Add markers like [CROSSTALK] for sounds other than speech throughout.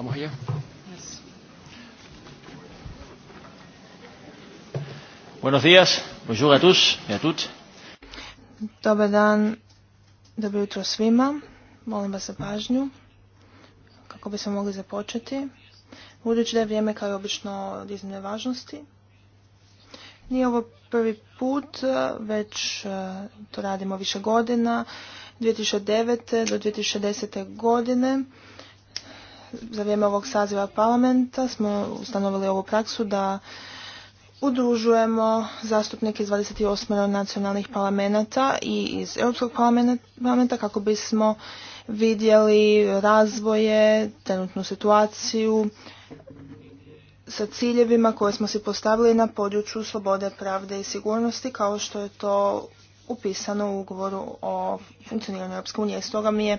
Vamos allá. Buenos días, bonjour a tous et à toutes. Dobar dan, dobro jutro svima. Molim vas za pažnju kako bismo mogli započeti. Budući da je vrijeme kao i obično od iznimne važnosti. Nije ovo prvi put, već e, to radimo više godina. 2009. do 2010. godine za vrijeme ovog saziva parlamenta smo ustanovili ovu praksu da udružujemo zastupnike iz 28 nacionalnih parlamenta i iz Europskog parlamenta kako bismo vidjeli razvoje, trenutnu situaciju sa ciljevima koje smo si postavili na području slobode, pravde i sigurnosti kao što je to upisano u ugovoru o funkcioniranju Europske unije. Stoga mi je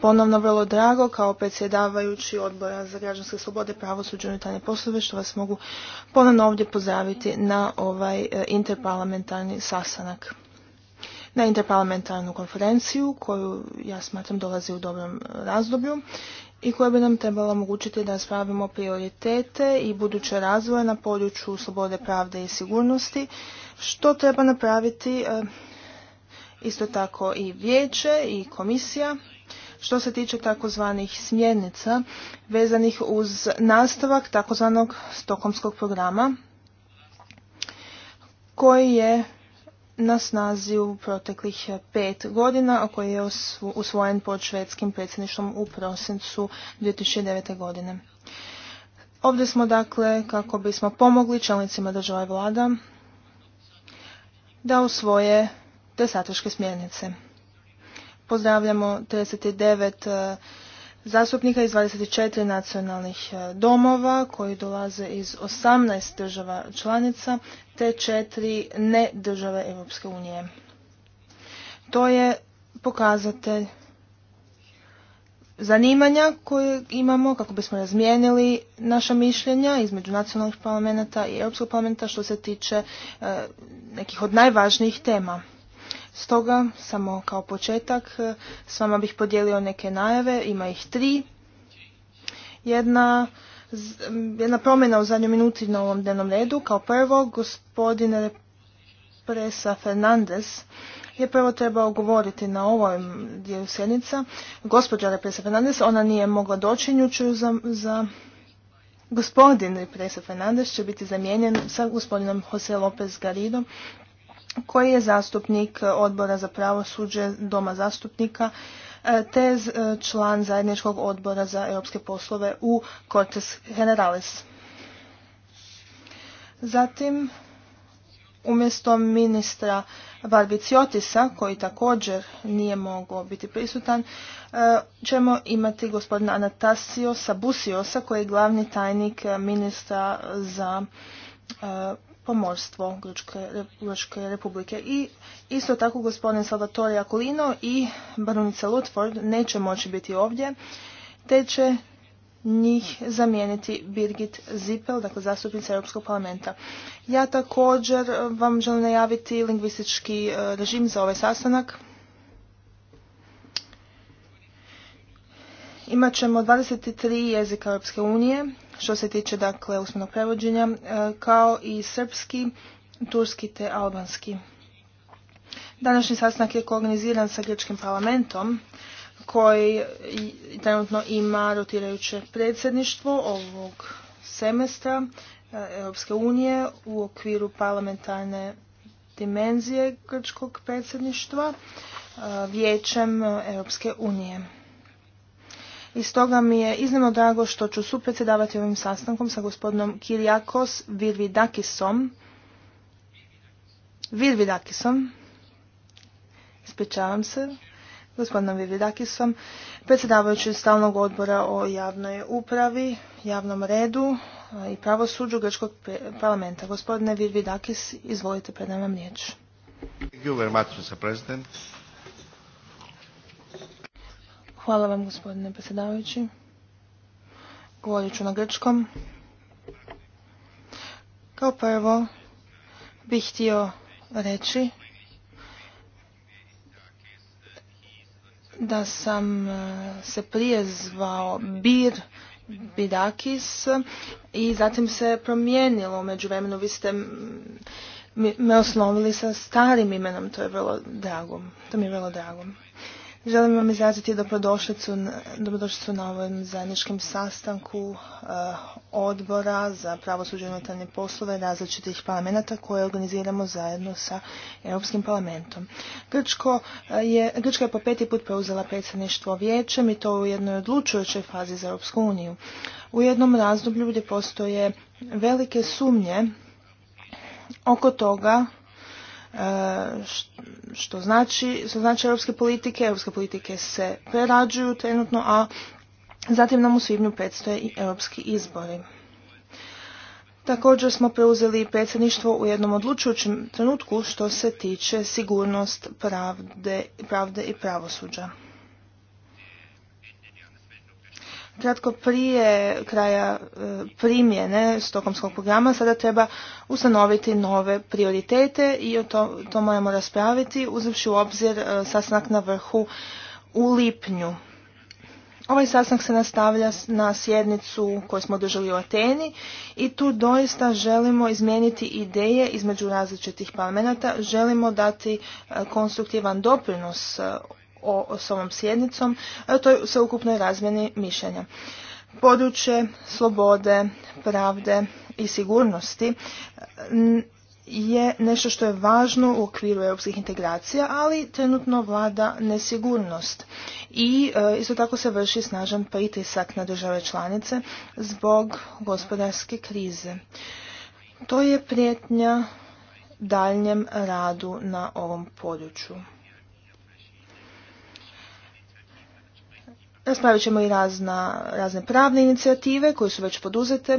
ponovno vrlo drago kao predsjedavajući odbora za građanske slobode, pravosuđe i unutarnje poslove što vas mogu ponovno ovdje pozdraviti na ovaj e, interparlamentarni sastanak. Na interparlamentarnu konferenciju koju ja smatram dolazi u dobrom razdoblju i koja bi nam trebala omogućiti da spravimo prioritete i buduće razvoje na području slobode, pravde i sigurnosti, što treba napraviti e, isto tako i vijeće i komisija što se tiče takozvanih smjernica vezanih uz nastavak takozvanog stokomskog programa koji je na snazi u proteklih pet godina, a koji je usvojen pod švedskim predsjedništvom u prosincu 2009. godine. Ovdje smo dakle kako bismo pomogli čelnicima država i vlada da usvoje te strateške smjernice. Pozdravljamo 39 e, zastupnika iz 24 nacionalnih e, domova koji dolaze iz 18 država članica te 4 ne države Europske unije. To je pokazatelj zanimanja koje imamo kako bismo razmijenili naša mišljenja između nacionalnih parlamenta i Europskog parlamenta što se tiče e, nekih od najvažnijih tema. Stoga, samo kao početak, e, s vama bih podijelio neke najave, ima ih tri. Jedna, jedna promjena u zadnjoj minuti na ovom dnevnom redu. Kao prvo, gospodine Presa Fernandez je prvo trebao govoriti na ovom dijelu sjednica. Gospođa Represa Fernandez, ona nije mogla doći, za, za gospodin Represa Fernandez će biti zamijenjen sa gospodinom Jose lopez Garidom koji je zastupnik odbora za pravosuđe Doma zastupnika e, te e, član zajedničkog odbora za europske poslove u Cortes Generales. Zatim, umjesto ministra Varbiciotisa, koji također nije mogao biti prisutan, e, ćemo imati gospodina Anatasiosa Busiosa koji je glavni tajnik ministra za pomorstvo Grčke republike. I isto tako gospodin Salvatore Jakolino i baronica Lutford neće moći biti ovdje, te će njih zamijeniti Birgit Zipel, dakle zastupnica Europskog parlamenta. Ja također vam želim najaviti lingvistički e, režim za ovaj sastanak. Imat ćemo 23 jezika Europske unije, što se tiče dakle usmenog prevođenja, e, kao i srpski, turski te albanski. Današnji sastanak je koorganiziran sa grčkim parlamentom koji trenutno ima rotirajuće predsjedništvo ovog semestra e, Europske unije u okviru parlamentarne dimenzije grčkog predsjedništva e, vijećem Europske unije i stoga mi je iznimno drago što ću supredsjedavati ovim sastankom sa gospodinom Kirijakos Virvidakisom. Virvidakisom, ispričavam se, gospodinom Virvidakisom, predsjedavajući stalnog odbora o javnoj upravi, javnom redu i pravosuđu Grčkog parlamenta. Gospodine Virvidakis, izvolite, pred vam riječ. Hvala vam gospodine predsjedavajući. Govorit ću na grčkom. Kao prvo bih htio reći da sam e, se prije zvao Bir Bidakis i zatim se promijenilo. Među vremenu vi ste me osnovili sa starim imenom, to je vrlo drago. To mi je vrlo drago. Želim vam izraziti dobrodošlicu, na ovom zajedničkom sastanku e, odbora za pravosuđe unutarnje poslove različitih parlamenta koje organiziramo zajedno sa Europskim parlamentom. E, Grčka je po peti put preuzela predsjedništvo vijećem i to u jednoj odlučujućoj fazi za Europsku uniju. U jednom razdoblju gdje postoje velike sumnje oko toga E, što znači, što znači europske politike. Europske politike se prerađuju trenutno, a zatim nam u svibnju predstoje i europski izbori. Također smo preuzeli predsjedništvo u jednom odlučujućem trenutku što se tiče sigurnost pravde, pravde i pravosuđa kratko prije kraja e, primjene stokomskog programa sada treba ustanoviti nove prioritete i to, to moramo raspraviti uzevši u obzir e, sastanak na vrhu u lipnju. Ovaj sastanak se nastavlja na sjednicu koju smo održali u Ateni i tu doista želimo izmijeniti ideje između različitih parlamenta, želimo dati e, konstruktivan doprinos s ovom sjednicom, to je u ukupnoj razmjeni mišljenja. Područje slobode, pravde i sigurnosti je nešto što je važno u okviru europskih integracija, ali trenutno vlada nesigurnost. I e, isto tako se vrši snažan pritisak na države članice zbog gospodarske krize. To je prijetnja daljnjem radu na ovom području. Raspravit ćemo i razna, razne pravne inicijative koje su već poduzete.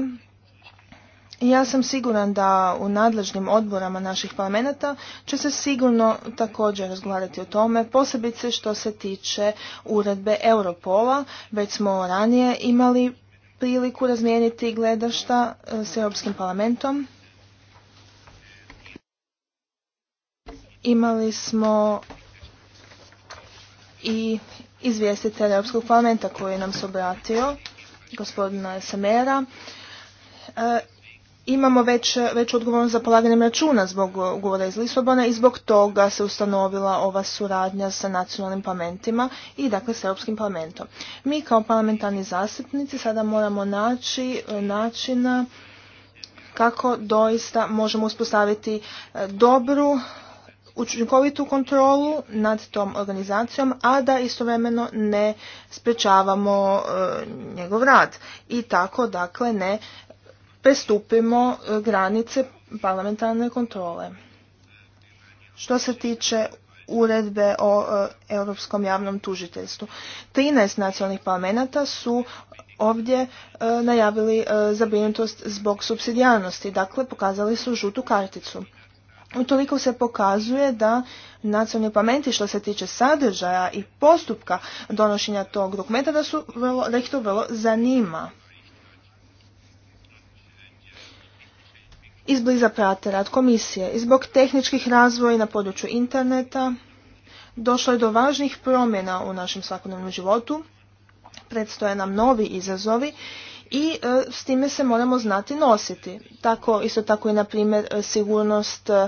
I ja sam siguran da u nadležnim odborama naših parlamenta će se sigurno također razgovarati o tome, posebice što se tiče uredbe Europola. Već smo ranije imali priliku razmijeniti gledašta e, s Europskim parlamentom. Imali smo i izvjestitelja Europskog parlamenta koji nam se obratio, gospodina Samera. E, imamo već, već odgovornost za polaganjem računa zbog ugovora iz Lisobona i zbog toga se ustanovila ova suradnja sa nacionalnim parlamentima i dakle s Europskim parlamentom. Mi kao parlamentarni zastupnici sada moramo naći e, načina kako doista možemo uspostaviti e, dobru učinkovitu kontrolu nad tom organizacijom, a da istovremeno ne sprečavamo e, njegov rad i tako dakle ne prestupimo e, granice parlamentarne kontrole. Što se tiče uredbe o e, Europskom javnom tužiteljstvu, 13 nacionalnih parlamenta su ovdje najavili zabrinutost zbog subsidijarnosti, dakle pokazali su žutu karticu toliko se pokazuje da nacionalni pamenti što se tiče sadržaja i postupka donošenja tog dokumenta da, su vrlo, da ih to vrlo zanima. Izbliza prate rad komisije i zbog tehničkih razvoja na području interneta došlo je do važnih promjena u našem svakodnevnom životu. Predstoje nam novi izazovi i e, s time se moramo znati nositi. Tako, isto tako i na primjer e, sigurnost e,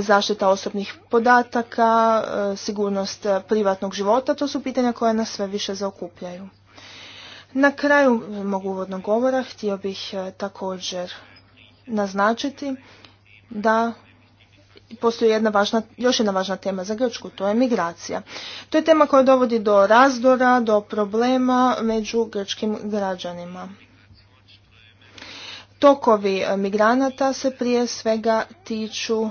zaštita osobnih podataka, sigurnost privatnog života, to su pitanja koja nas sve više zaokupljaju. Na kraju mog uvodnog govora htio bih također naznačiti da postoji jedna važna, još jedna važna tema za Grčku, to je migracija. To je tema koja dovodi do razdora, do problema među grčkim građanima tokovi e, migranata se prije svega tiču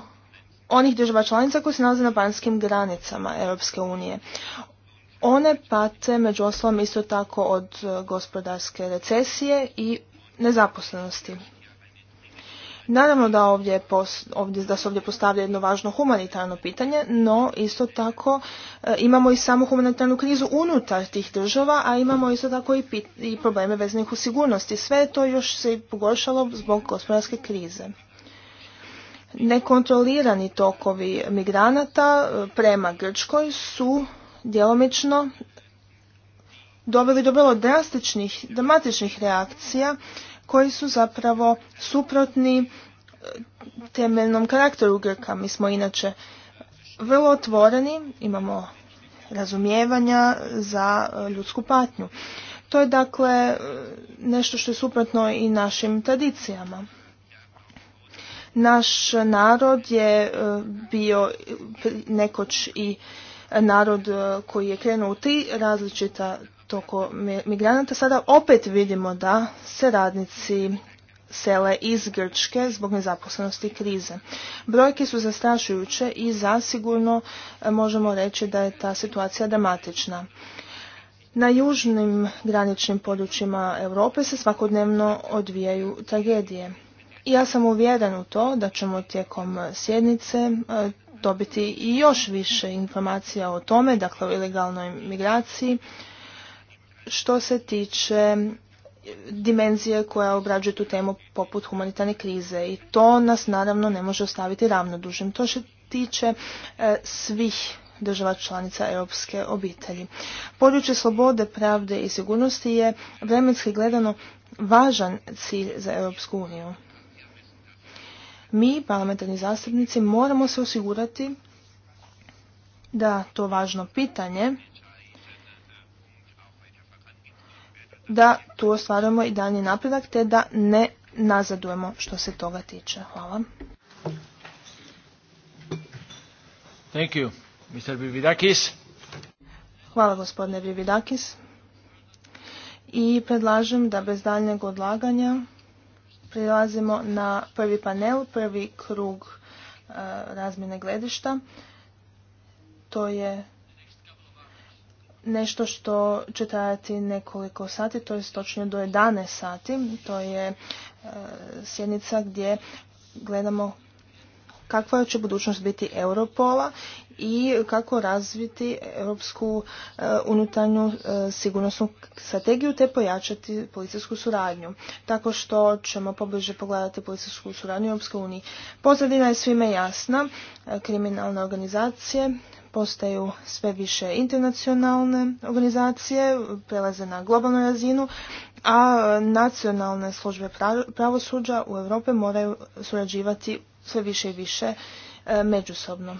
onih država članica koje se nalaze na vanjskim granicama Europske unije. One pate među ostalom isto tako od e, gospodarske recesije i nezaposlenosti. Naravno da, ovdje, ovdje, da se ovdje postavlja jedno važno humanitarno pitanje, no isto tako e, imamo i samu humanitarnu krizu unutar tih država, a imamo isto tako i, i probleme vezanih u sigurnosti. Sve je to još se pogoršalo zbog gospodarske krize. Nekontrolirani tokovi migranata e, prema Grčkoj su djelomično doveli do vrlo drastičnih, dramatičnih reakcija koji su zapravo suprotni e, temeljnom karakteru Grka. Mi smo inače vrlo otvoreni, imamo razumijevanja za e, ljudsku patnju. To je dakle e, nešto što je suprotno i našim tradicijama. Naš narod je bio nekoć i narod koji je krenuo u tri različita toko migranata sada opet vidimo da se radnici sele iz Grčke zbog nezaposlenosti krize. Brojke su zastrašujuće i zasigurno e, možemo reći da je ta situacija dramatična. Na južnim graničnim područjima Europe se svakodnevno odvijaju tragedije. ja sam uvjeren u to da ćemo tijekom sjednice e, dobiti i još više informacija o tome, dakle o ilegalnoj migraciji, što se tiče dimenzije koja obrađuje tu temu poput humanitarne krize i to nas naravno ne može ostaviti ravnodužim. To se tiče e, svih država članica europske obitelji. Područje slobode, pravde i sigurnosti je vremenski gledano važan cilj za Europsku uniju. Mi, parlamentarni zastupnici, moramo se osigurati da to važno pitanje da tu ostvarujemo i dalji napredak te da ne nazadujemo što se toga tiče. Hvala. Thank you, Mr. Bividakis. Hvala gospodine Bividakis. I predlažem da bez daljnjeg odlaganja prilazimo na prvi panel, prvi krug eh, razmjene gledišta. To je nešto što će trajati nekoliko sati, to je točno do 11 sati. To je e, sjednica gdje gledamo kakva će budućnost biti Europola i kako razviti europsku e, unutarnju e, sigurnosnu strategiju te pojačati policijsku suradnju. Tako što ćemo pobliže pogledati policijsku suradnju u Europskoj uniji. Pozadina je svime jasna, kriminalne organizacije postaju sve više internacionalne organizacije, prelaze na globalnu razinu, a nacionalne službe pravosuđa u Europi moraju surađivati sve više i više e, međusobno.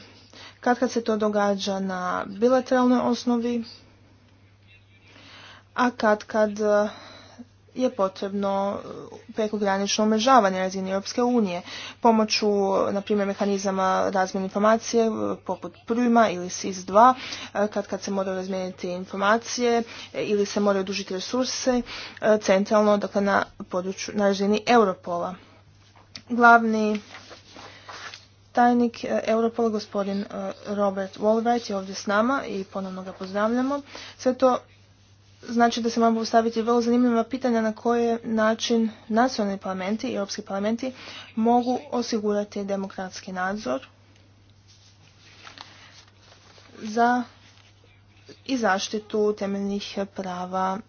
Kad kad se to događa na bilateralnoj osnovi, a kad kad e, je potrebno e, prekogranično umrežavanje razine Europske unije pomoću, na primjer, mehanizama razmjene informacije e, poput Prima ili SIS-2, e, kad, kad se moraju razmijeniti informacije ili se moraju dužiti resurse centralno, dakle na, području, na razini Europola. Glavni tajnik Europola, gospodin Robert Wallwright, je ovdje s nama i ponovno ga pozdravljamo. Sve to znači da se mogu postaviti vrlo zanimljiva pitanja na koje način nacionalni parlamenti i europski parlamenti mogu osigurati demokratski nadzor za i zaštitu temeljnih prava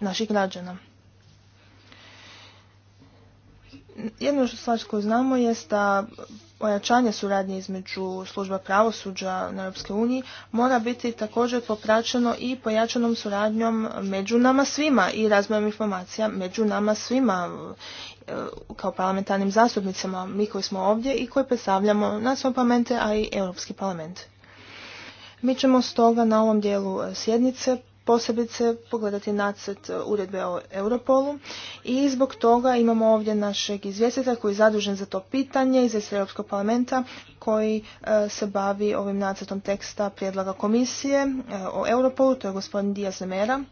naših građana. Jedno što stvar koju znamo je da ojačanje suradnje između služba pravosuđa na Europske uniji mora biti također popraćeno i pojačanom suradnjom među nama svima i razvojem informacija među nama svima e, kao parlamentarnim zastupnicama, mi koji smo ovdje i koji predstavljamo svom parlamente, a i Europski parlament. Mi ćemo stoga na ovom dijelu e, sjednice posebice pogledati nacrt uredbe o Europolu i zbog toga imamo ovdje našeg izvjestitelja koji je zadužen za to pitanje iz Europskog parlamenta koji e, se bavi ovim nacrtom teksta prijedloga komisije e, o Europolu, to je gospodin Diaz Nemera.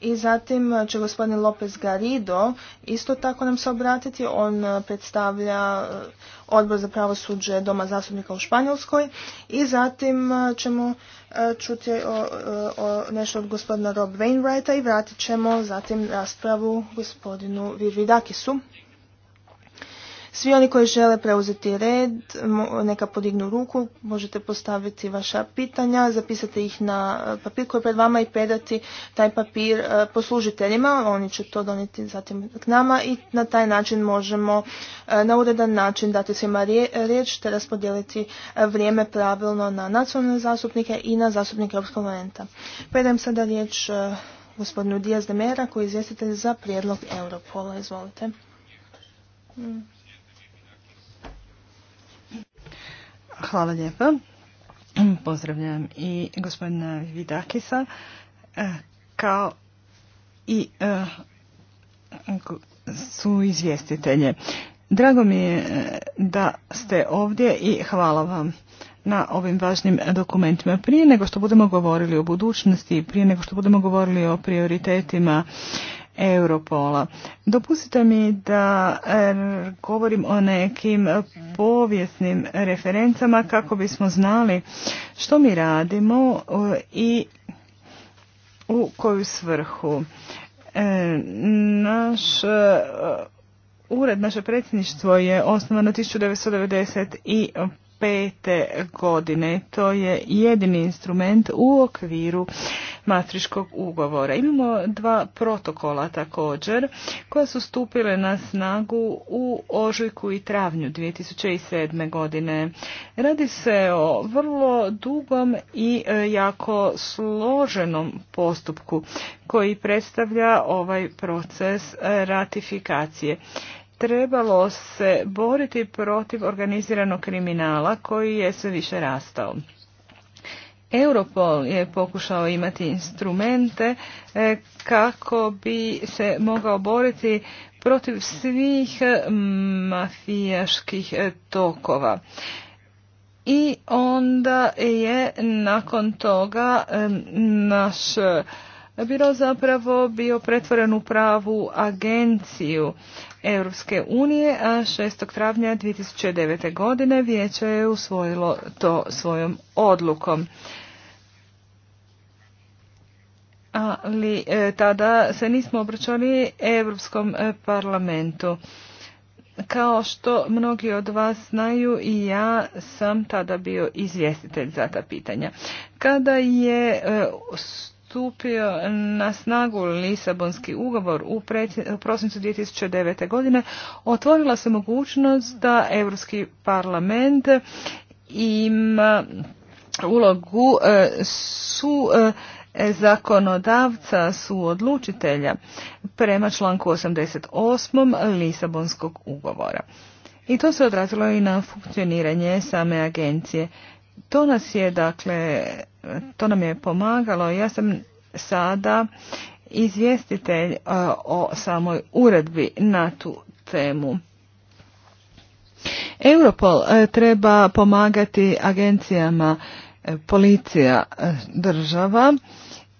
I zatim će gospodin Lopez Garido isto tako nam se obratiti. On e, predstavlja e, odbor za pravosuđe Doma zastupnika u Španjolskoj. I zatim e, ćemo čuti nešto od gospodina Rob Wainwrighta i vratit ćemo zatim raspravu gospodinu Virvidakisu. Svi oni koji žele preuzeti red, neka podignu ruku, možete postaviti vaša pitanja, zapisati ih na e, papir koji je pred vama i predati taj papir e, poslužiteljima, oni će to donijeti zatim k nama i na taj način možemo e, na uredan način dati svima riječ te raspodijeliti vrijeme pravilno na nacionalne zastupnike i na zastupnike Europskog parlamenta. Predajem sada riječ gospodinu Dijaz de Mera koji je izvjestitelj za prijedlog Europola. Izvolite. Mm. Hvala lijepa. Pozdravljam i gospodina Vidakisa e, kao i e, su izvjestitelje. Drago mi je e, da ste ovdje i hvala vam na ovim važnim dokumentima. Prije nego što budemo govorili o budućnosti, prije nego što budemo govorili o prioritetima Europola. Dopustite mi da er, govorim o nekim povijesnim referencama kako bismo znali što mi radimo i u koju svrhu. E, naš e, ured, naše predsjedništvo je osnovano 1995 godine. To je jedini instrument u okviru matriškog ugovora. Imamo dva protokola također koja su stupile na snagu u ožujku i travnju 2007. godine. Radi se o vrlo dugom i e, jako složenom postupku koji predstavlja ovaj proces ratifikacije trebalo se boriti protiv organiziranog kriminala koji je sve više rastao. Europol je pokušao imati instrumente e, kako bi se mogao boriti protiv svih mafijaških e, tokova. I onda je nakon toga e, naš biro zapravo bio pretvoren u pravu agenciju Europske unije, a 6. travnja 2009. godine vijeće je usvojilo to svojom odlukom. Ali e, tada se nismo obraćali Europskom e, parlamentu. Kao što mnogi od vas znaju i ja sam tada bio izvjestitelj za ta pitanja. Kada je e, stupio na snagu Lisabonski ugovor u prosincu 2009. godine, otvorila se mogućnost da Europski parlament ima ulogu e, su e, zakonodavca su odlučitelja prema članku 88. Lisabonskog ugovora. I to se odrazilo i na funkcioniranje same agencije. To nas je, dakle, to nam je pomagalo. Ja sam sada izvjestitelj e, o samoj uredbi na tu temu. Europol e, treba pomagati agencijama e, policija država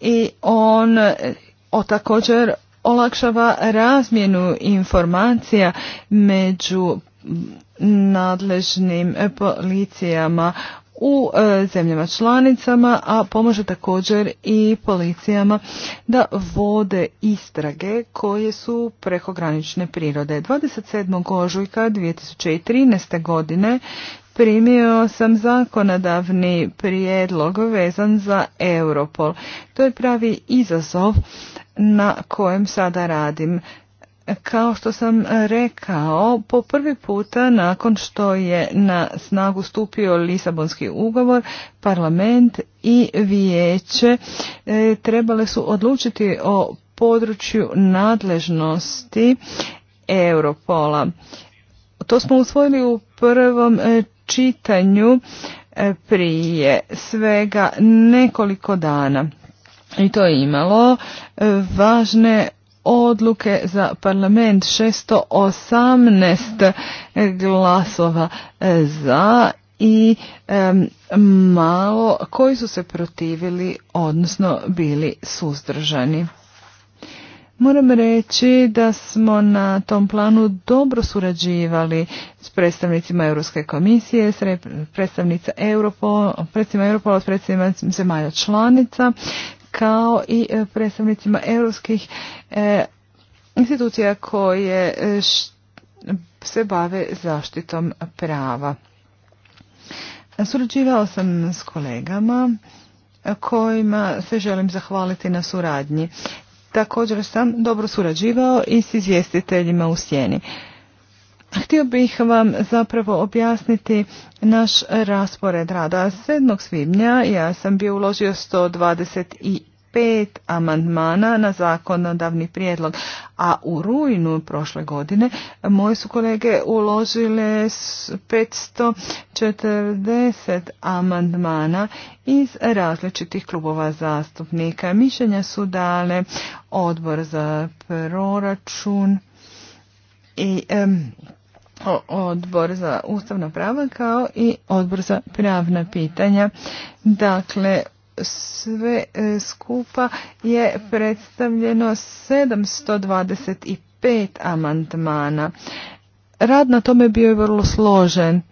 i on također olakšava razmjenu informacija među nadležnim policijama u e, zemljama članicama, a pomaže također i policijama da vode istrage koje su prekogranične prirode. 27. ožujka 2013. godine primio sam zakonodavni prijedlog vezan za Europol. To je pravi izazov na kojem sada radim. Kao što sam rekao, po prvi puta nakon što je na snagu stupio Lisabonski ugovor, parlament i vijeće e, trebale su odlučiti o području nadležnosti Europola. To smo usvojili u prvom e, čitanju e, prije svega nekoliko dana. I to je imalo važne odluke za parlament 618 glasova e, za i e, malo koji su se protivili odnosno bili suzdržani. Moram reći da smo na tom planu dobro surađivali s predstavnicima Europske komisije, s predstavnicima Europola, s predstavnicima zemalja članica, kao i e, predstavnicima europskih e, institucija koje e, se bave zaštitom prava. Surađivao sam s kolegama kojima se želim zahvaliti na suradnji. Također sam dobro surađivao i s izvjestiteljima u sjeni. Htio bih vam zapravo objasniti naš raspored rada. 7. svibnja ja sam bio uložio i pet amandmana na zakonodavni prijedlog, a u rujnu prošle godine moje su kolege uložile 540 amandmana iz različitih klubova zastupnika. Mišljenja su dale odbor za proračun i odbor za ustavno pravo kao i odbor za pravna pitanja. Dakle, sve e, skupa je predstavljeno 725 amandmana. Rad na tome bio je vrlo složen.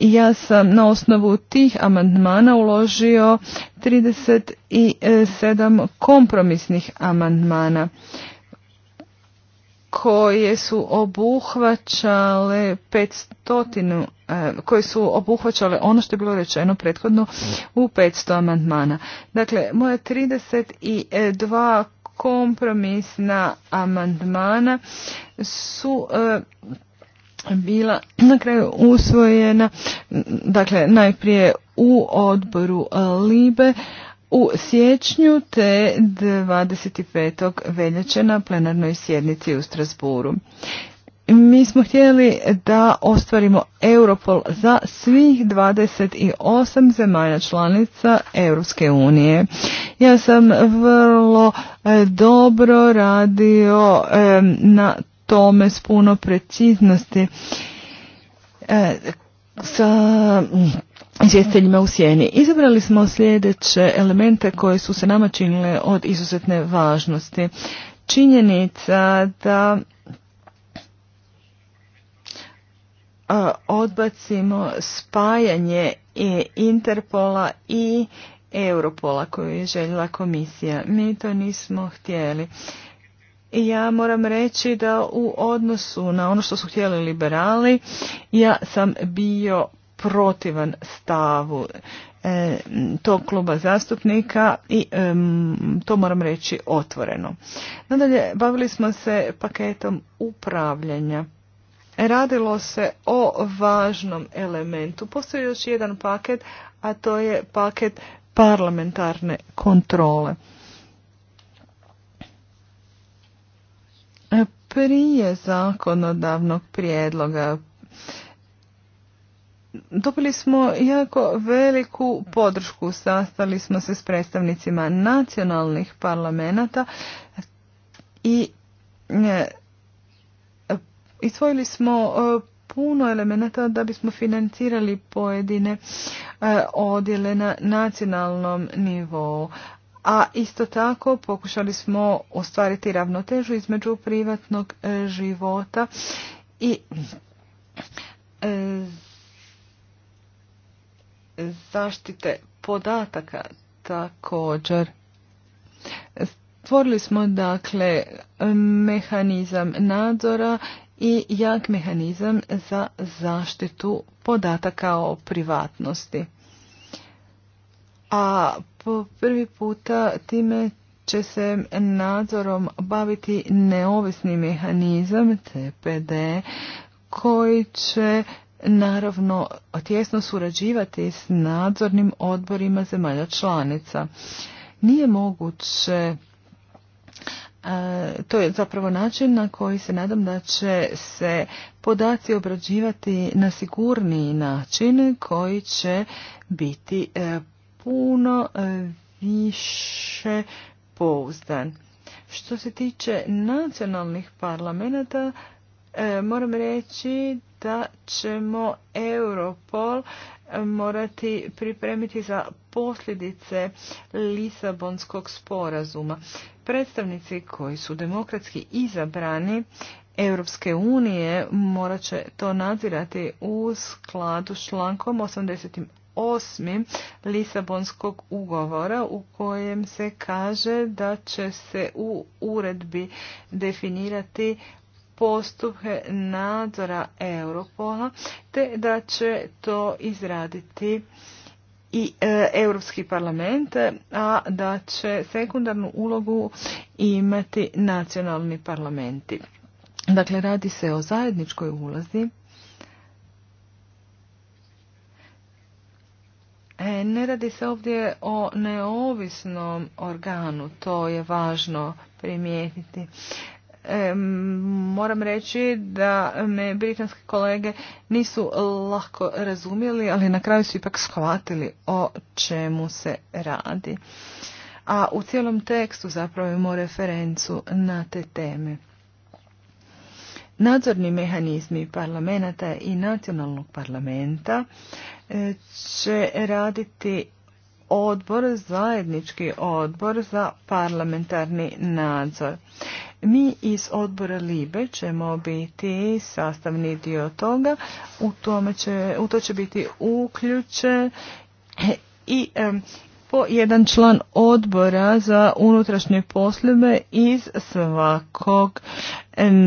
Ja sam na osnovu tih amandmana uložio 37 kompromisnih amandmana koje su obuhvaćale 500 E, koje su obuhvaćale ono što je bilo rečeno prethodno u 500 amandmana. Dakle, moja 32 kompromisna amandmana su e, bila na kraju usvojena, dakle najprije u odboru Libe u siječnju te 25. veljače na plenarnoj sjednici u Strasburu. Mi smo htjeli da ostvarimo Europol za svih 28 zemalja članica Europske unije. Ja sam vrlo e, dobro radio e, na tome s puno preciznosti e, sa mm, izvjestiteljima u sjeni. Izabrali smo sljedeće elemente koje su se nama činile od izuzetne važnosti. Činjenica da odbacimo spajanje Interpola i Europola koju je željela komisija. Mi to nismo htjeli. Ja moram reći da u odnosu na ono što su htjeli liberali, ja sam bio protivan stavu e, tog kluba zastupnika i e, to moram reći otvoreno. Nadalje, bavili smo se paketom upravljanja. Radilo se o važnom elementu. Postoji još jedan paket, a to je paket parlamentarne kontrole. Prije zakonodavnog prijedloga dobili smo jako veliku podršku. Sastali smo se s predstavnicima nacionalnih parlamenta i e, Isvojili smo e, puno elemenata da bismo financirali pojedine e, odjele na nacionalnom nivou. A isto tako pokušali smo ostvariti ravnotežu između privatnog e, života i zaštite podataka također. Stvorili smo dakle mehanizam nadzora i jak mehanizam za zaštitu podataka o privatnosti. A po prvi puta time će se nadzorom baviti neovisni mehanizam CPD koji će naravno tjesno surađivati s nadzornim odborima zemalja članica. Nije moguće to je zapravo način na koji se nadam da će se podaci obrađivati na sigurniji način koji će biti e, puno e, više pouzdan. Što se tiče nacionalnih parlamenta, e, moram reći da ćemo Europol morati pripremiti za posljedice Lisabonskog sporazuma. Predstavnici koji su demokratski izabrani Europske unije morat će to nadzirati u skladu s člankom 88. Lisabonskog ugovora u kojem se kaže da će se u uredbi definirati postupke nadzora Europola te da će to izraditi i e, Europski parlament, a da će sekundarnu ulogu imati nacionalni parlamenti. Dakle, radi se o zajedničkoj ulazi. E, ne radi se ovdje o neovisnom organu, to je važno primijetiti moram reći da me britanske kolege nisu lako razumjeli, ali na kraju su ipak shvatili o čemu se radi. A u cijelom tekstu zapravo imamo referencu na te teme. Nadzorni mehanizmi parlamenta i nacionalnog parlamenta e, će raditi odbor, zajednički odbor za parlamentarni nadzor. Mi iz odbora Libe ćemo biti sastavni dio toga, u, tome će, u to će biti uključen i jedan član odbora za unutrašnje poslove iz svakog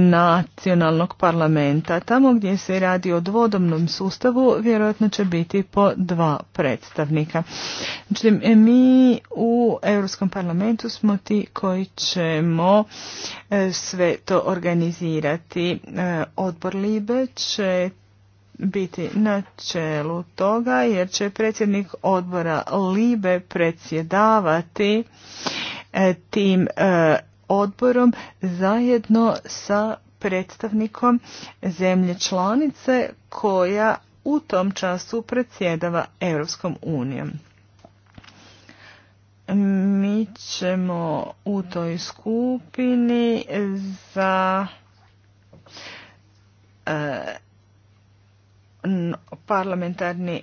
nacionalnog parlamenta. Tamo gdje se radi o dvodomnom sustavu vjerojatno će biti po dva predstavnika. Znači, mi u Europskom parlamentu smo ti koji ćemo e, sve to organizirati. E, odbor Libe će biti na čelu toga jer će predsjednik odbora Libe predsjedavati e, tim e, odborom zajedno sa predstavnikom zemlje članice koja u tom času predsjedava Europskom unijom. Mi ćemo u toj skupini za e, parlamentarni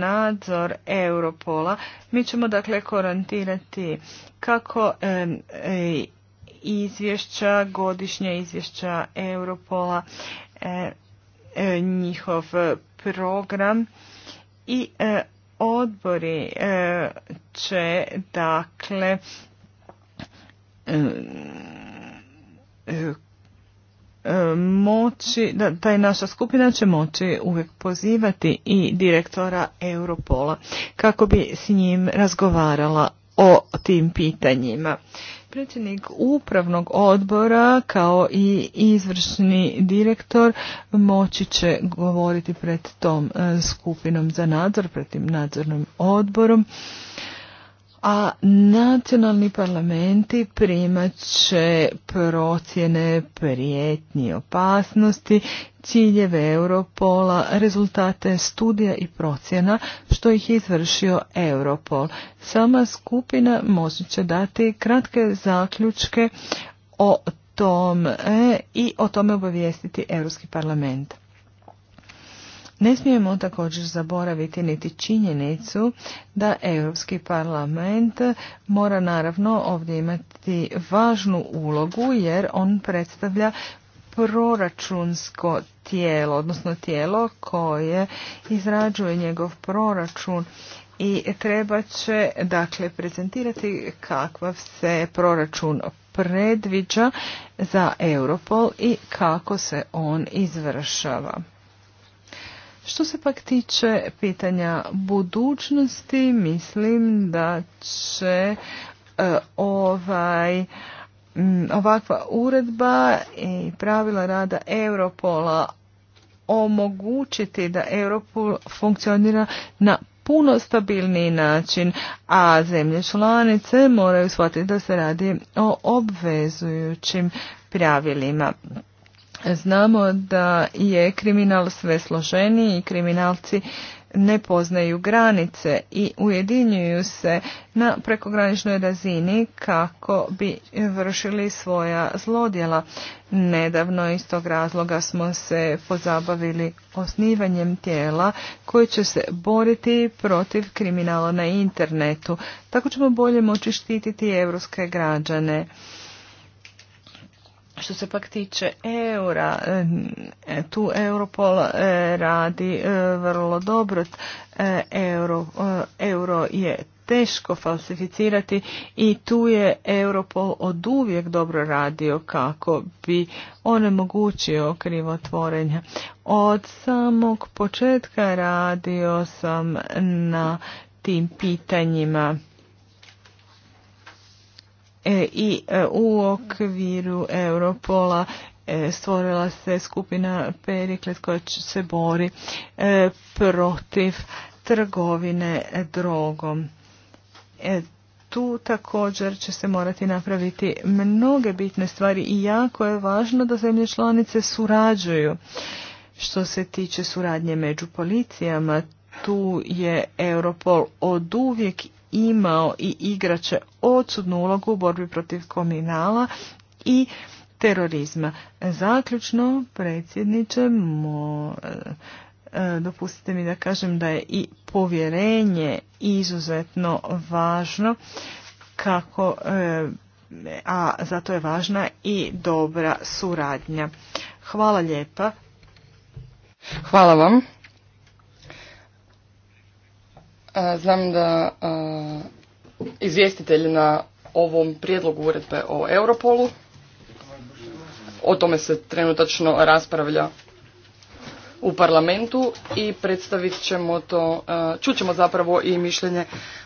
nadzor Europola. Mi ćemo dakle korantirati kako e, izvješća, godišnja izvješća Europola, e, e, njihov program i odbori će dakle E, moći, da taj naša skupina će moći uvijek pozivati i direktora Europola kako bi s njim razgovarala o tim pitanjima. Predsjednik upravnog odbora kao i izvršni direktor moći će govoriti pred tom e, skupinom za nadzor, pred tim nadzornim odborom a nacionalni parlamenti primat će procjene prijetnji opasnosti, ciljeve Europola, rezultate studija i procjena što ih je izvršio Europol. Sama skupina moći će dati kratke zaključke o tom e, i o tome obavijestiti Europski parlament. Ne smijemo također zaboraviti niti činjenicu da Europski parlament mora naravno ovdje imati važnu ulogu jer on predstavlja proračunsko tijelo, odnosno tijelo koje izrađuje njegov proračun i treba će dakle prezentirati kakav se proračun predviđa za Europol i kako se on izvršava. Što se pak tiče pitanja budućnosti, mislim da će e, ovaj ovakva uredba i pravila rada Europola omogućiti da Europol funkcionira na puno stabilniji način, a zemlje članice moraju shvatiti da se radi o obvezujućim pravilima. Znamo da je kriminal sve složeniji i kriminalci ne poznaju granice i ujedinjuju se na prekograničnoj razini kako bi vršili svoja zlodjela. Nedavno iz tog razloga smo se pozabavili osnivanjem tijela koje će se boriti protiv kriminala na internetu. Tako ćemo bolje moći štititi evropske građane. Što se pak tiče eura, e, tu Europol e, radi e, vrlo dobro. Euro, euro je teško falsificirati i tu je Europol od uvijek dobro radio kako bi onemogućio krivotvorenja. Od samog početka radio sam na tim pitanjima. E, i e, u okviru Europola e, stvorila se skupina Periklet koja se bori protiv trgovine drogom. Tu također će se morati napraviti mnoge bitne stvari i jako je važno da zemlje članice surađuju. Što se tiče suradnje među policijama, tu je Europol oduvijek imao i igraće odsudnu ulogu u borbi protiv kominala i terorizma. Zaključno, predsjedniče, mo, e, e, dopustite mi da kažem da je i povjerenje izuzetno važno kako e, a zato je važna i dobra suradnja. Hvala lijepa. Hvala vam. E, znam da e, izvjestitelj na ovom prijedlogu uredbe o Europolu, o tome se trenutačno raspravlja u parlamentu i predstavit ćemo to, e, čućemo zapravo i mišljenje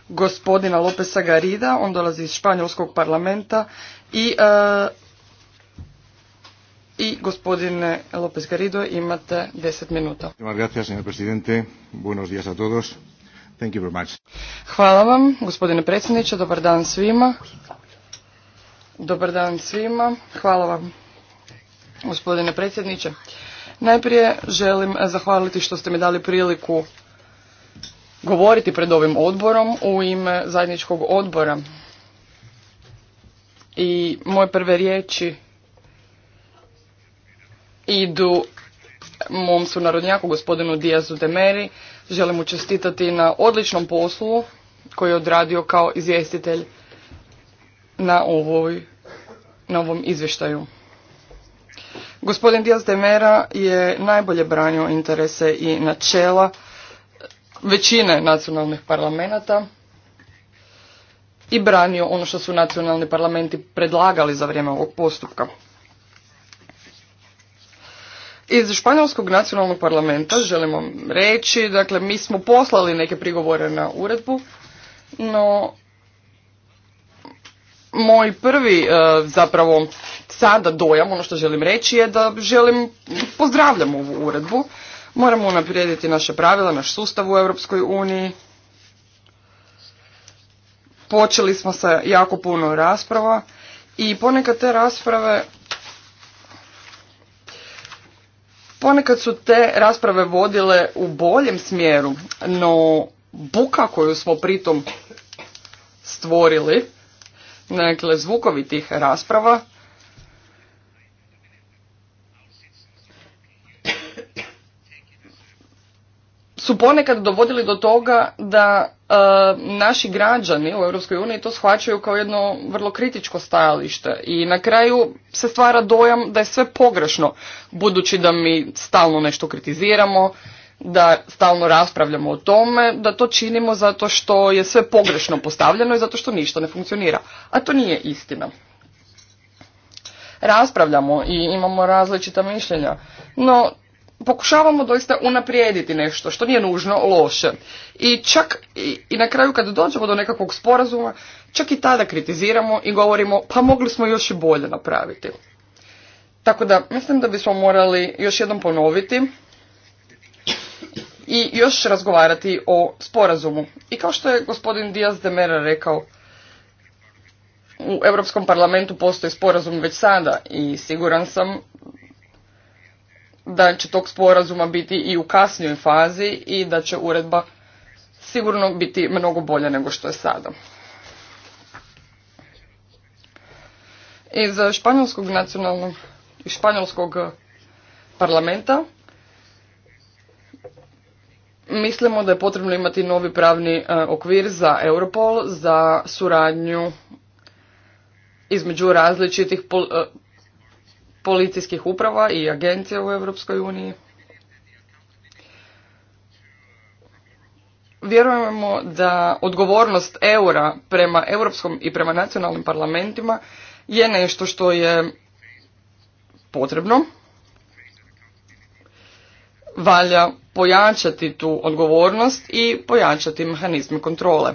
gospodina Lopesa Garida, on dolazi iz Španjolskog parlamenta i, i gospodine Lopes Garido imate deset minuta. Gracias, señor presidente. Buenos días a todos. Hvala vam, gospodine predsjedniče. Dobar dan svima. Dobar dan svima. Hvala vam, gospodine predsjedniče. Najprije želim zahvaliti što ste mi dali priliku govoriti pred ovim odborom u ime zajedničkog odbora. I moje prve riječi idu mom sunarodnjaku, gospodinu de Demeri, Želim mu čestitati na odličnom poslu koji je odradio kao izvjestitelj na, ovoj, na ovom izvještaju. Gospodin Diaz de Mera je najbolje branio interese i načela većine nacionalnih parlamenta i branio ono što su nacionalni parlamenti predlagali za vrijeme ovog postupka. Iz Španjolskog nacionalnog parlamenta želimo reći, dakle mi smo poslali neke prigovore na uredbu, no moj prvi e, zapravo sada dojam, ono što želim reći je da želim, pozdravljam ovu uredbu, moramo unaprijediti naše pravila, naš sustav u Europskoj uniji. Počeli smo sa jako puno rasprava i ponekad te rasprave Ponekad su te rasprave vodile u boljem smjeru, no buka koju smo pritom stvorili, dakle zvukovi tih rasprava, su ponekad dovodili do toga da E, naši građani u Europskoj uniji to shvaćaju kao jedno vrlo kritičko stajalište i na kraju se stvara dojam da je sve pogrešno budući da mi stalno nešto kritiziramo, da stalno raspravljamo o tome, da to činimo zato što je sve pogrešno postavljeno i zato što ništa ne funkcionira. A to nije istina. Raspravljamo i imamo različita mišljenja, no pokušavamo doista unaprijediti nešto što nije nužno loše. I čak i, na kraju kada dođemo do nekakvog sporazuma, čak i tada kritiziramo i govorimo pa mogli smo još i bolje napraviti. Tako da mislim da bismo morali još jednom ponoviti i još razgovarati o sporazumu. I kao što je gospodin Diaz de Mera rekao, u Europskom parlamentu postoji sporazum već sada i siguran sam da će tog sporazuma biti i u kasnijoj fazi i da će uredba sigurno biti mnogo bolja nego što je sada. Iz španjolskog nacionalnog španjolskog parlamenta mislimo da je potrebno imati novi pravni e, okvir za Europol za suradnju između različitih e, policijskih uprava i agencija u Europskoj uniji. Vjerujemo da odgovornost eura prema europskom i prema nacionalnim parlamentima je nešto što je potrebno. Valja pojačati tu odgovornost i pojačati mehanizme kontrole.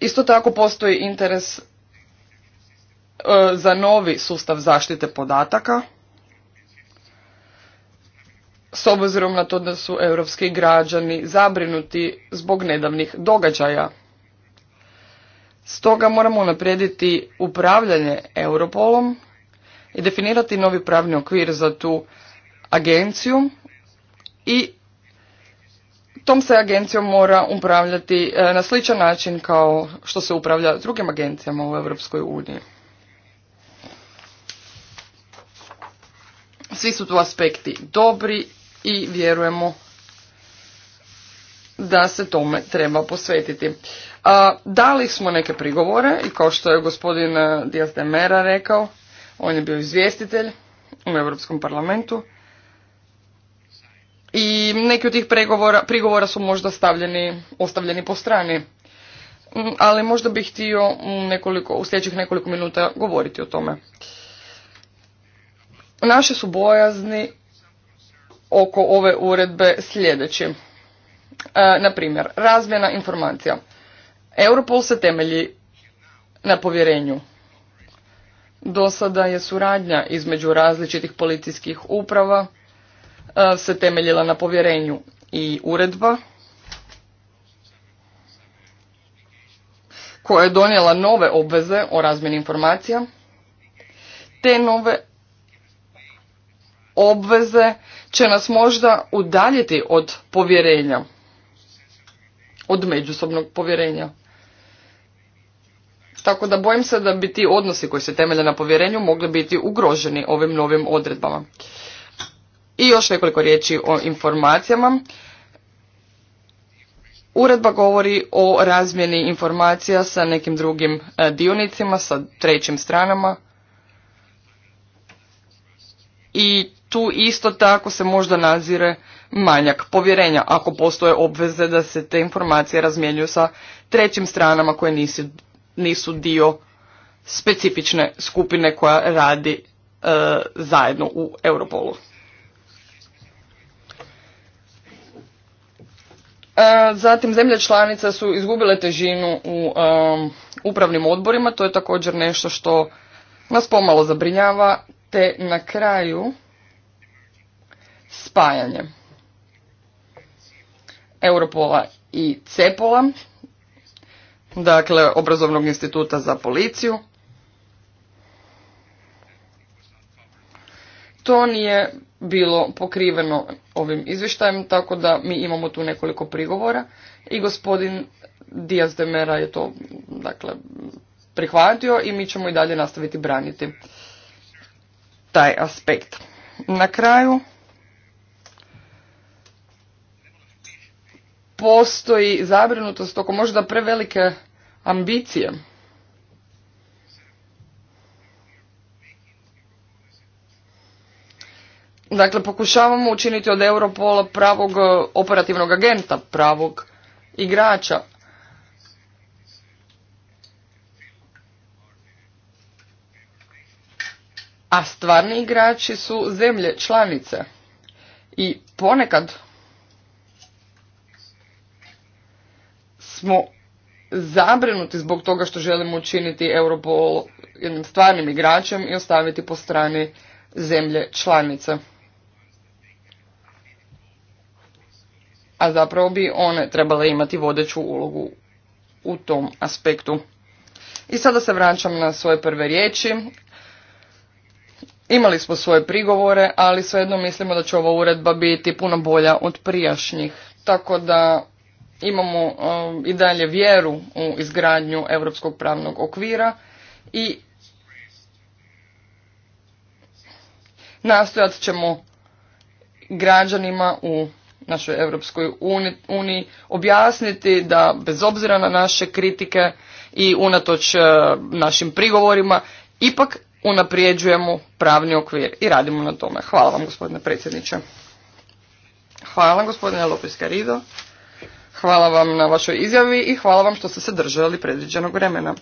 Isto tako postoji interes E, za novi sustav zaštite podataka s obzirom na to da su europski građani zabrinuti zbog nedavnih događaja. Stoga moramo naprijediti upravljanje Europolom i definirati novi pravni okvir za tu agenciju i tom se agencijom mora upravljati e, na sličan način kao što se upravlja drugim agencijama u Europskoj uniji. Svi su tu aspekti dobri i vjerujemo da se tome treba posvetiti. A, dali smo neke prigovore i kao što je gospodin Dias de Mera rekao, on je bio izvjestitelj u Europskom parlamentu i neki od tih prigovora su možda stavljeni, ostavljeni po strani. Mm, ali možda bih htio nekoliko, u sljedećih nekoliko minuta govoriti o tome. Naše su bojazni oko ove uredbe sljedeći. E, na primjer, razmjena informacija. Europol se temelji na povjerenju. Do sada je suradnja između različitih policijskih uprava e, se temeljila na povjerenju i uredba koja je donijela nove obveze o razmjeni informacija te nove obveze će nas možda udaljiti od povjerenja, od međusobnog povjerenja. Tako da bojim se da bi ti odnosi koji se temelje na povjerenju mogli biti ugroženi ovim novim odredbama. I još nekoliko riječi o informacijama. Uredba govori o razmjeni informacija sa nekim drugim e, dionicima, sa trećim stranama. I tu isto tako se možda nazire manjak povjerenja ako postoje obveze da se te informacije razmjenjuju sa trećim stranama koje nisu dio specifične skupine koja radi e, zajedno u Europolu. E, zatim zemlje članice su izgubile težinu u e, upravnim odborima, to je također nešto što nas pomalo zabrinjava, te na kraju spajanje Europola i Cepola, dakle obrazovnog instituta za policiju. To nije bilo pokriveno ovim izvještajem, tako da mi imamo tu nekoliko prigovora i gospodin Diaz de Mera je to dakle, prihvatio i mi ćemo i dalje nastaviti braniti taj aspekt. Na kraju postoji zabrinutost oko možda prevelike ambicije. Dakle, pokušavamo učiniti od Europola pravog e, operativnog agenta, pravog igrača. A stvarni igrači su zemlje, članice. I ponekad smo zabrinuti zbog toga što želimo učiniti Europol jednim stvarnim igračem i ostaviti po strani zemlje članice. A zapravo bi one trebale imati vodeću ulogu u tom aspektu. I sada se vraćam na svoje prve riječi. Imali smo svoje prigovore, ali svejedno mislimo da će ova uredba biti puno bolja od prijašnjih. Tako da imamo e, i dalje vjeru u izgradnju europskog pravnog okvira i nastojat ćemo građanima u našoj Europskoj uniji objasniti da bez obzira na naše kritike i unatoč e, našim prigovorima ipak unaprijeđujemo pravni okvir i radimo na tome. Hvala vam gospodine predsjedniče. Hvala vam, gospodine Lopez Carido. Hvala vam na vašoj izjavi i hvala vam što ste se držali predviđenog vremena.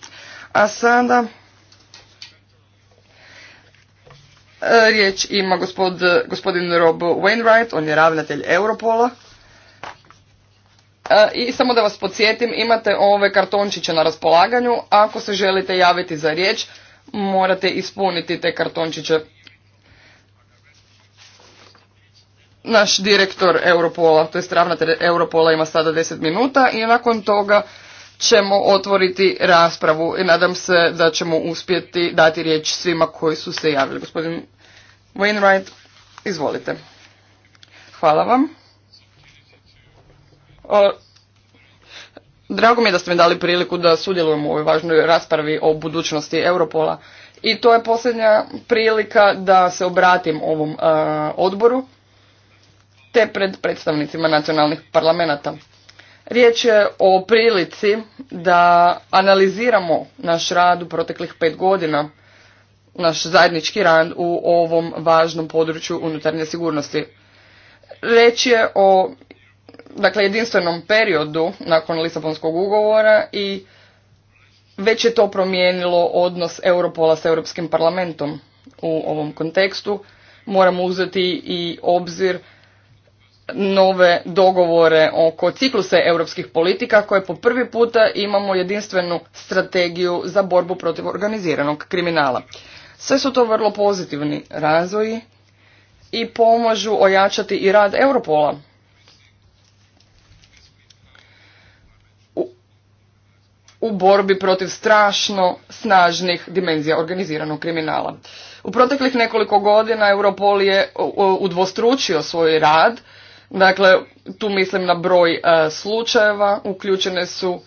A sada e, riječ ima gospodin Rob Wainwright, on je ravnatelj Europola. E, I samo da vas podsjetim, imate ove kartončiće na raspolaganju. Ako se želite javiti za riječ, morate ispuniti te kartončiće naš direktor Europola, to je ravnatelj Europola ima sada 10 minuta i nakon toga ćemo otvoriti raspravu i nadam se da ćemo uspjeti dati riječ svima koji su se javili. Gospodin Wainwright, izvolite. Hvala vam. drago mi je da ste mi dali priliku da sudjelujemo u ovoj važnoj raspravi o budućnosti Europola i to je posljednja prilika da se obratim ovom odboru te pred predstavnicima nacionalnih parlamenata. Riječ je o prilici da analiziramo naš rad u proteklih pet godina, naš zajednički rad u ovom važnom području unutarnje sigurnosti. Riječ je o dakle, jedinstvenom periodu nakon Lisabonskog ugovora i već je to promijenilo odnos Europola s Europskim parlamentom u ovom kontekstu. Moramo uzeti i obzir nove dogovore oko cikluse europskih politika koje po prvi puta imamo jedinstvenu strategiju za borbu protiv organiziranog kriminala. Sve su to vrlo pozitivni razvoji i pomažu ojačati i rad Europola. U, u borbi protiv strašno snažnih dimenzija organiziranog kriminala. U proteklih nekoliko godina Europol je udvostručio svoj rad Dakle, tu mislim na broj e, slučajeva, uključene su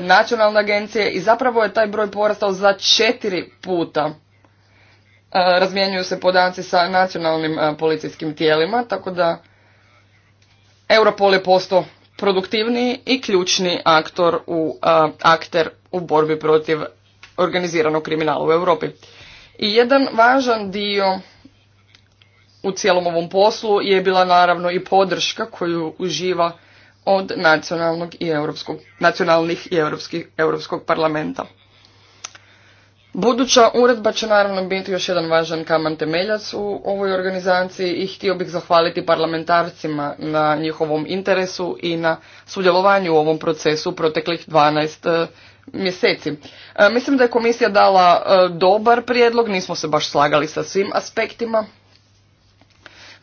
nacionalne agencije i zapravo je taj broj porastao za četiri puta. E, razmjenjuju se podaci sa nacionalnim e, policijskim tijelima, tako da Europol je postao produktivniji i ključni aktor u, akter u borbi protiv organiziranog kriminala u Europi. I jedan važan dio u cijelom ovom poslu je bila naravno i podrška koju uživa od nacionalnog i europskog, nacionalnih i europskih, europskog parlamenta. Buduća uredba će naravno biti još jedan važan kaman temeljac u ovoj organizaciji i htio bih zahvaliti parlamentarcima na njihovom interesu i na sudjelovanju u ovom procesu proteklih 12 e, mjeseci. E, mislim da je komisija dala e, dobar prijedlog, nismo se baš slagali sa svim aspektima.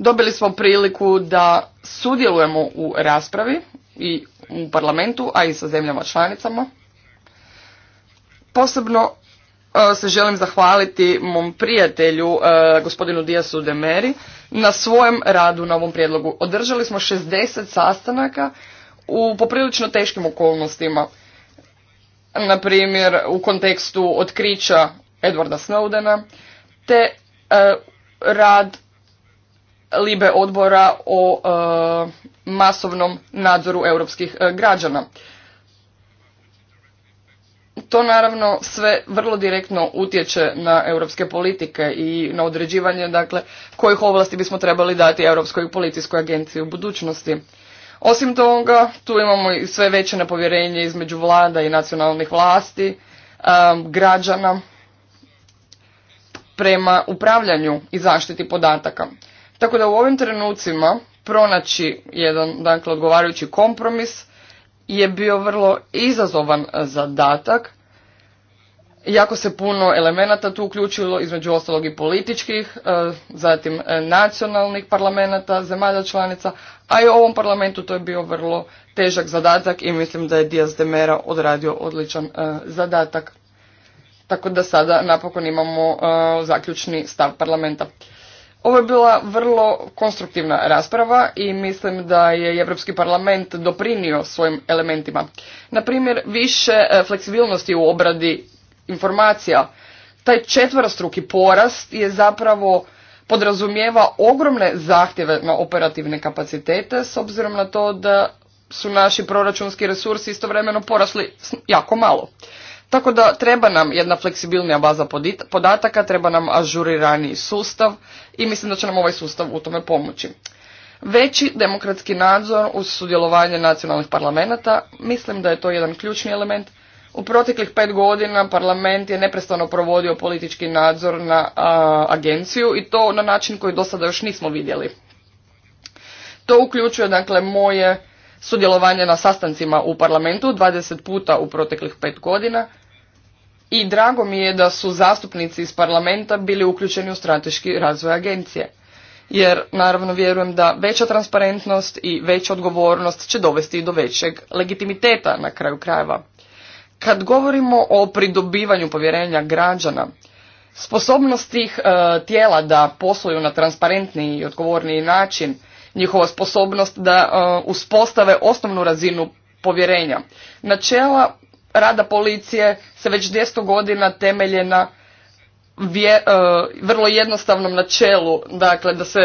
Dobili smo priliku da sudjelujemo u raspravi i u parlamentu, a i sa zemljama članicama. Posebno e, se želim zahvaliti mom prijatelju e, gospodinu Diasu de Meri na svojem radu na ovom prijedlogu. Održali smo 60 sastanaka u poprilično teškim okolnostima. Na primjer u kontekstu otkrića Edwarda Snowdena te e, rad libe odbora o e, masovnom nadzoru europskih e, građana. To naravno sve vrlo direktno utječe na europske politike i na određivanje dakle kojih ovlasti bismo trebali dati Europskoj policijskoj agenciji u budućnosti. Osim toga, tu imamo i sve veće nepovjerenje između vlada i nacionalnih vlasti, e, građana prema upravljanju i zaštiti podataka. Tako da u ovim trenucima pronaći jedan dakle, odgovarajući kompromis je bio vrlo izazovan zadatak. Jako se puno elemenata tu uključilo, između ostalog i političkih, e, zatim e, nacionalnih parlamenta, zemalja članica, a i u ovom parlamentu to je bio vrlo težak zadatak i mislim da je Dias de Mera odradio odličan e, zadatak. Tako da sada napokon imamo zaključni stav parlamenta. Ovo je bila vrlo konstruktivna rasprava i mislim da je Europski parlament doprinio svojim elementima. Na primjer, više e, fleksibilnosti u obradi informacija. Taj četvrostruki porast je zapravo podrazumijeva ogromne zahtjeve na operativne kapacitete s obzirom na to da su naši proračunski resursi istovremeno porasli jako malo. Tako da treba nam jedna fleksibilnija baza podataka, treba nam ažuriraniji sustav i mislim da će nam ovaj sustav u tome pomoći. Veći demokratski nadzor uz sudjelovanje nacionalnih parlamenta, mislim da je to jedan ključni element. U proteklih pet godina parlament je neprestano provodio politički nadzor na agenciju i to na način koji do sada još nismo vidjeli. To uključuje dakle moje sudjelovanje na sastancima u parlamentu 20 puta u proteklih pet godina i drago mi je da su zastupnici iz parlamenta bili uključeni u strateški razvoj agencije. Jer naravno vjerujem da veća transparentnost i veća odgovornost će dovesti do većeg legitimiteta na kraju krajeva. Kad govorimo o pridobivanju povjerenja građana, sposobnost tih e, tijela da posluju na transparentniji i odgovorniji način, njihova sposobnost da e, uspostave osnovnu razinu povjerenja, načela rada policije se već 200 godina temelje na e, vrlo jednostavnom načelu, dakle da se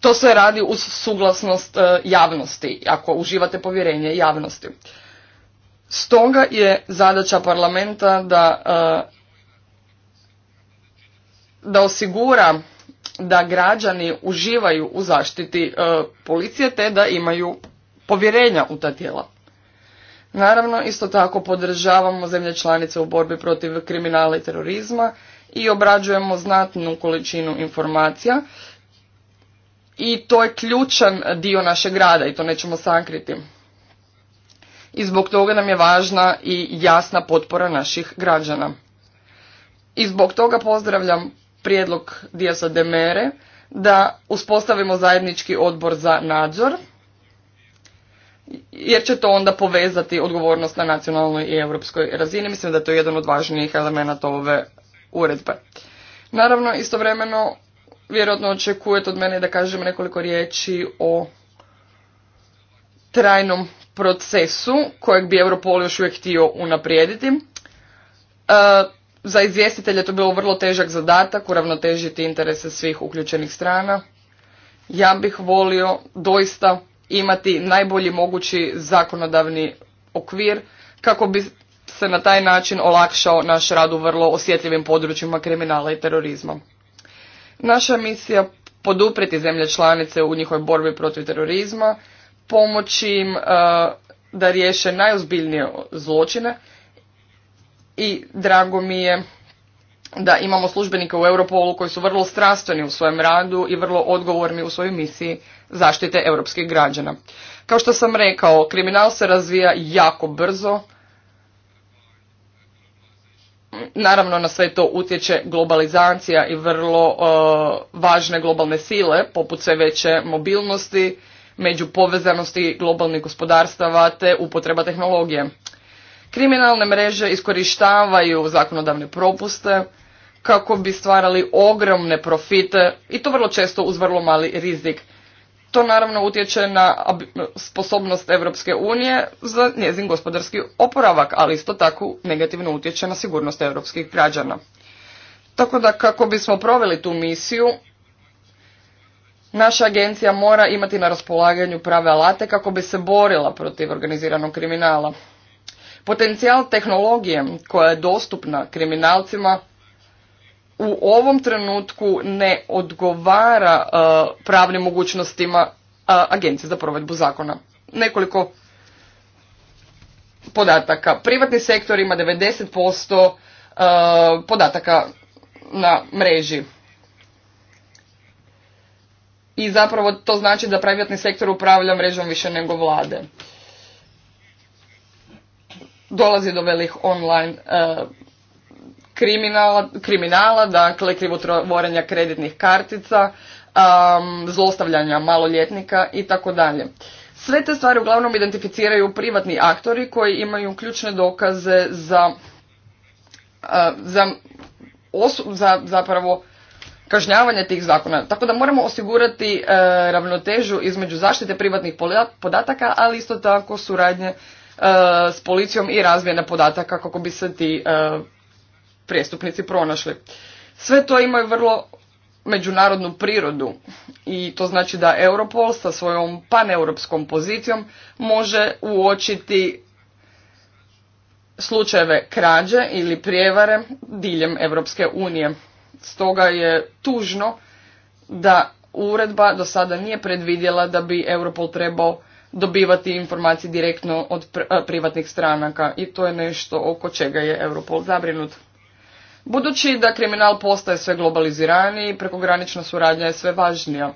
to se radi uz suglasnost e, javnosti, ako uživate povjerenje javnosti. Stoga je zadaća parlamenta da, e, da osigura da građani uživaju u zaštiti policije te da imaju povjerenja u ta tijela. Naravno, isto tako podržavamo zemlje članice u borbi protiv kriminala i terorizma i obrađujemo znatnu količinu informacija i to je ključan dio našeg rada i to nećemo sankriti. I zbog toga nam je važna i jasna potpora naših građana. I zbog toga pozdravljam prijedlog Dijasa Demere da uspostavimo zajednički odbor za nadzor jer će to onda povezati odgovornost na nacionalnoj i europskoj razini. Mislim da je to jedan od važnijih elemenata ove uredbe. Naravno, istovremeno, vjerojatno očekujete od mene da kažem nekoliko riječi o trajnom procesu kojeg bi Europol još uvijek htio unaprijediti. E, za izvjestitelje to bilo vrlo težak zadatak, uravnotežiti interese svih uključenih strana. Ja bih volio doista imati najbolji mogući zakonodavni okvir kako bi se na taj način olakšao naš rad u vrlo osjetljivim područjima kriminala i terorizma. Naša misija poduprijeti zemlje članice u njihovoj borbi protiv terorizma, pomoći im e, da riješe najozbiljnije zločine i drago mi je da imamo službenike u Europolu koji su vrlo strastveni u svojem radu i vrlo odgovorni u svojoj misiji zaštite europskih građana. Kao što sam rekao, kriminal se razvija jako brzo. Naravno na sve to utječe globalizacija i vrlo e, važne globalne sile poput sve veće mobilnosti, među povezanosti globalnih gospodarstava te upotreba tehnologije. Kriminalne mreže iskorištavaju zakonodavne propuste, kako bi stvarali ogromne profite i to vrlo često uz vrlo mali rizik. To naravno utječe na sposobnost Europske unije za njezin gospodarski oporavak, ali isto tako negativno utječe na sigurnost europskih građana. Tako da kako bismo proveli tu misiju, naša agencija mora imati na raspolaganju prave alate kako bi se borila protiv organiziranog kriminala. Potencijal tehnologije koja je dostupna kriminalcima u ovom trenutku ne odgovara e, pravnim mogućnostima e, Agencije za provedbu zakona. Nekoliko podataka. Privatni sektor ima 90% e, podataka na mreži. I zapravo to znači da privatni sektor upravlja mrežom više nego vlade. Dolazi do velih online kriminala, kriminala dakle krivotvorenja kreditnih kartica, um, zlostavljanja maloljetnika i tako dalje. Sve te stvari uglavnom identificiraju privatni aktori koji imaju ključne dokaze za, za, za zapravo kažnjavanje tih zakona. Tako da moramo osigurati e, ravnotežu između zaštite privatnih podataka, ali isto tako suradnje e, s policijom i razmjene podataka kako bi se ti e, prijestupnici pronašli. Sve to ima vrlo međunarodnu prirodu i to znači da Europol sa svojom paneuropskom pozicijom može uočiti slučajeve krađe ili prijevare diljem Europske unije. Stoga je tužno da uredba do sada nije predvidjela da bi Europol trebao dobivati informacije direktno od privatnih stranaka i to je nešto oko čega je Europol zabrinut. Budući da kriminal postaje sve globaliziraniji, prekogranična suradnja je sve važnija.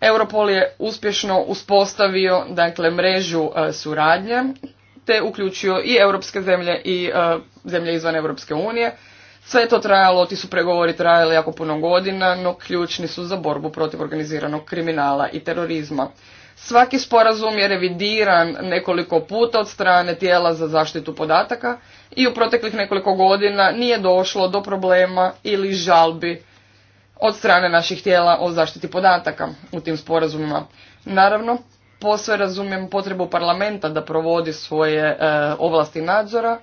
Europol je uspješno uspostavio dakle, mrežu e, suradnje, te uključio i europske zemlje i e, zemlje izvan Europske unije. Sve to trajalo, ti su pregovori trajali jako puno godina, no ključni su za borbu protiv organiziranog kriminala i terorizma. Svaki sporazum je revidiran nekoliko puta od strane tijela za zaštitu podataka, i u proteklih nekoliko godina nije došlo do problema ili žalbi od strane naših tijela o zaštiti podataka u tim sporazumima. Naravno, posve razumijem potrebu parlamenta da provodi svoje e, ovlasti nadzora,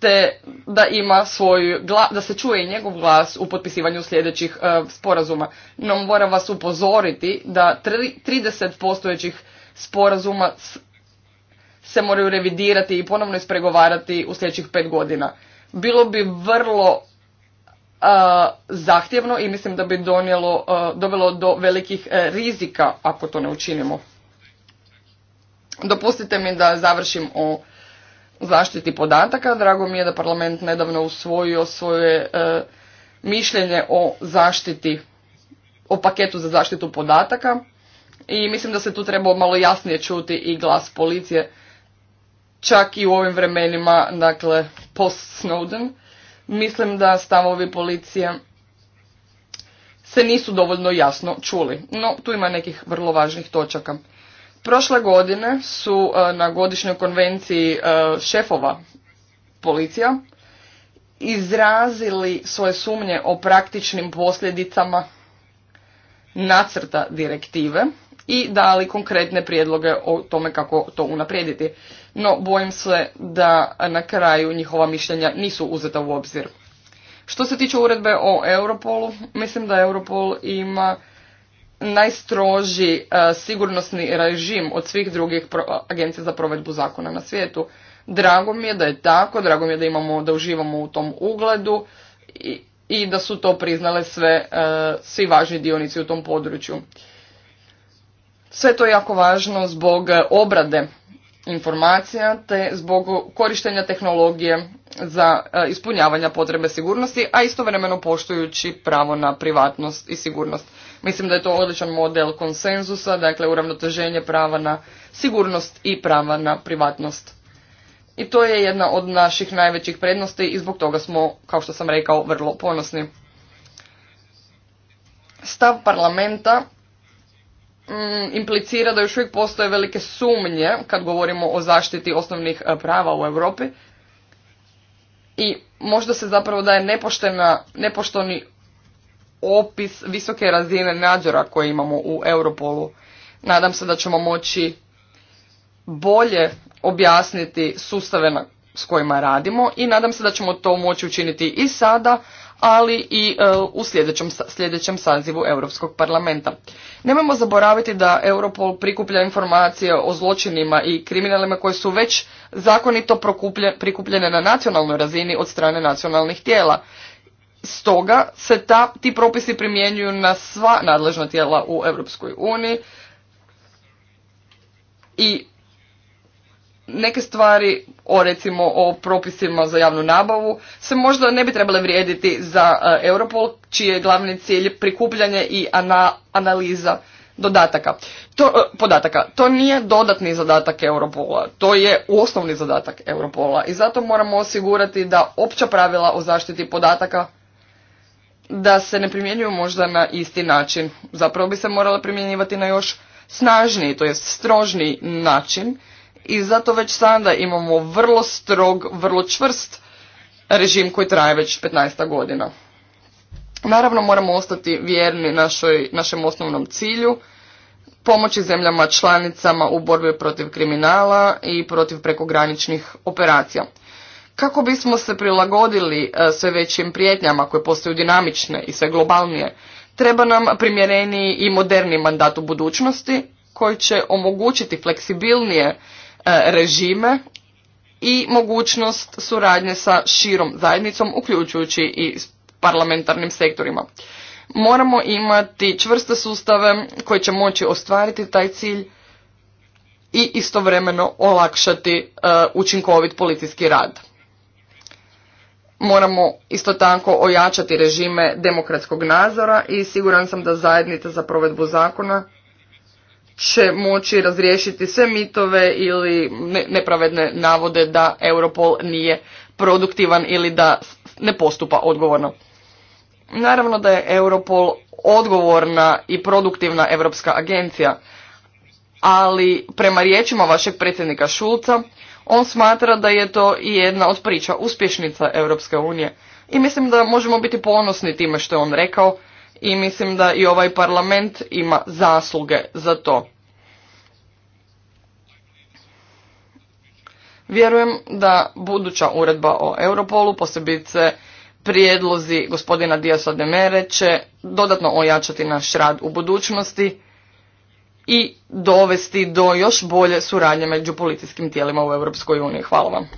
te da ima svoju da se čuje i njegov glas u potpisivanju sljedećih e, sporazuma. No moram vas upozoriti da 30 postojećih sporazuma se moraju revidirati i ponovno ispregovarati u sljedećih pet godina. Bilo bi vrlo uh, zahtjevno i mislim da bi donijelo, dovelo do velikih e, rizika ako to ne učinimo. Dopustite mi da završim o zaštiti podataka. Drago mi je da parlament nedavno usvojio svoje e, mišljenje o zaštiti, o paketu za zaštitu podataka i mislim da se tu treba malo jasnije čuti i glas policije čak i u ovim vremenima, dakle post Snowden. Mislim da stavovi policije se nisu dovoljno jasno čuli. No, tu ima nekih vrlo važnih točaka. Prošle godine su e, na godišnjoj konvenciji e, šefova policija izrazili svoje sumnje o praktičnim posljedicama nacrta direktive i dali konkretne prijedloge o tome kako to unaprijediti no bojim se da na kraju njihova mišljenja nisu uzeta u obzir. Što se tiče uredbe o Europolu, mislim da Europol ima najstroži e, sigurnosni režim od svih drugih agencija za provedbu zakona na svijetu. Drago mi je da je tako, drago mi je da imamo, da uživamo u tom ugledu i, da su to priznale sve, e, svi važni dionici u tom području. Sve to je jako važno zbog obrade informacija te zbog korištenja tehnologije za e, ispunjavanje potrebe sigurnosti, a istovremeno poštujući pravo na privatnost i sigurnost. Mislim da je to odličan model konsenzusa, dakle uravnoteženje prava na sigurnost i prava na privatnost. I to je jedna od naših najvećih prednosti i zbog toga smo, kao što sam rekao, vrlo ponosni. Stav parlamenta Mm, implicira da još uvijek postoje velike sumnje kad govorimo o zaštiti osnovnih e, prava u Europi i možda se zapravo daje nepoštena, nepošteni opis visoke razine nadzora koje imamo u Europolu. Nadam se da ćemo moći bolje objasniti sustave na, s kojima radimo i nadam se da ćemo to moći učiniti i sada, ali i e, u sljedećem, sljedećem sazivu Europskog parlamenta. Nemojmo zaboraviti da Europol prikuplja informacije o zločinima i kriminalima koje su već zakonito prikupljene na nacionalnoj razini od strane nacionalnih tijela. Stoga se ta, ti propisi primjenjuju na sva nadležna tijela u Europskoj uniji i neke stvari o recimo o propisima za javnu nabavu se možda ne bi trebale vrijediti za e, Europol čiji je glavni cilj prikupljanje i ana, analiza dodataka. To, e, podataka. To nije dodatni zadatak Europola, to je osnovni zadatak Europola i zato moramo osigurati da opća pravila o zaštiti podataka da se ne primjenjuju možda na isti način. Zapravo bi se morala primjenjivati na još snažniji, to je strožniji način i zato već sada imamo vrlo strog, vrlo čvrst režim koji traje već 15 godina. Naravno moramo ostati vjerni našoj, našem osnovnom cilju, pomoći zemljama članicama u borbi protiv kriminala i protiv prekograničnih operacija. Kako bismo se prilagodili e, sve većim prijetnjama koje postaju dinamične i sve globalnije, treba nam primjereniji i moderni mandat u budućnosti koji će omogućiti fleksibilnije E, režime i mogućnost suradnje sa širom zajednicom, uključujući i parlamentarnim sektorima. Moramo imati čvrste sustave koji će moći ostvariti taj cilj i istovremeno olakšati e, učinkovit policijski rad. Moramo isto tako ojačati režime demokratskog nadzora i siguran sam da zajednica za provedbu zakona će moći razriješiti sve mitove ili nepravedne navode da Europol nije produktivan ili da ne postupa odgovorno. Naravno da je Europol odgovorna i produktivna europska agencija, ali prema riječima vašeg predsjednika Šulca, on smatra da je to i jedna od priča uspješnica Europske unije. I mislim da možemo biti ponosni time što je on rekao i mislim da i ovaj parlament ima zasluge za to. Vjerujem da buduća uredba o Europolu, posebice prijedlozi gospodina Diasa de Mere će dodatno ojačati naš rad u budućnosti i dovesti do još bolje suradnje među policijskim tijelima u Europskoj uniji. Hvala vam.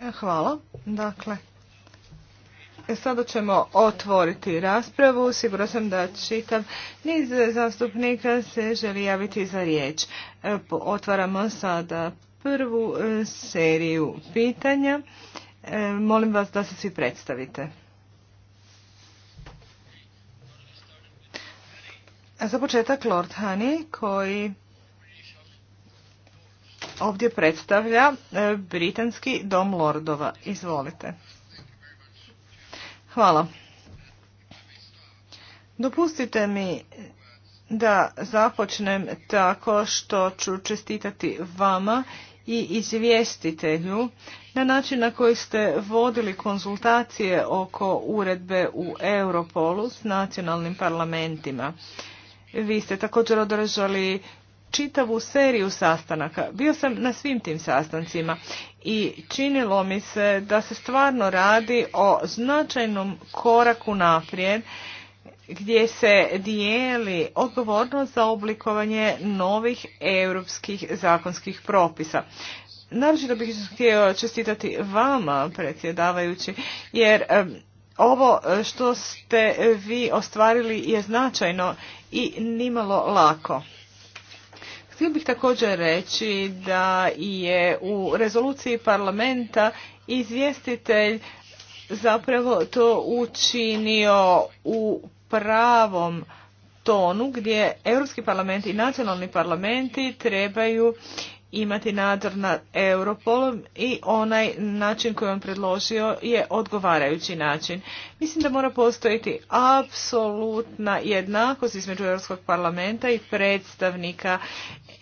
E, hvala. Dakle, e, sada ćemo otvoriti raspravu. Sigurno sam da čitav niz zastupnika se želi javiti za riječ. E, otvaramo sada prvu seriju pitanja. Molim vas da se svi predstavite. Za početak Lord Honey koji ovdje predstavlja e, Britanski dom lordova. Izvolite. Hvala. Dopustite mi da započnem tako što ću čestitati vama i izvjestitelju na način na koji ste vodili konzultacije oko uredbe u Europolu s nacionalnim parlamentima. Vi ste također održali čitavu seriju sastanaka. Bio sam na svim tim sastancima i činilo mi se da se stvarno radi o značajnom koraku naprijed gdje se dijeli odgovornost za oblikovanje novih europskih zakonskih propisa. Naravno bih htio čestitati vama, predsjedavajući, jer ovo što ste vi ostvarili je značajno i nimalo lako. Htio bih također reći da je u rezoluciji parlamenta izvjestitelj zapravo to učinio u pravom tonu gdje Europski parlament i nacionalni parlamenti trebaju imati nadzor nad Europolom i onaj način koji on predložio je odgovarajući način. Mislim da mora postojiti apsolutna jednakost između Europskog parlamenta i predstavnika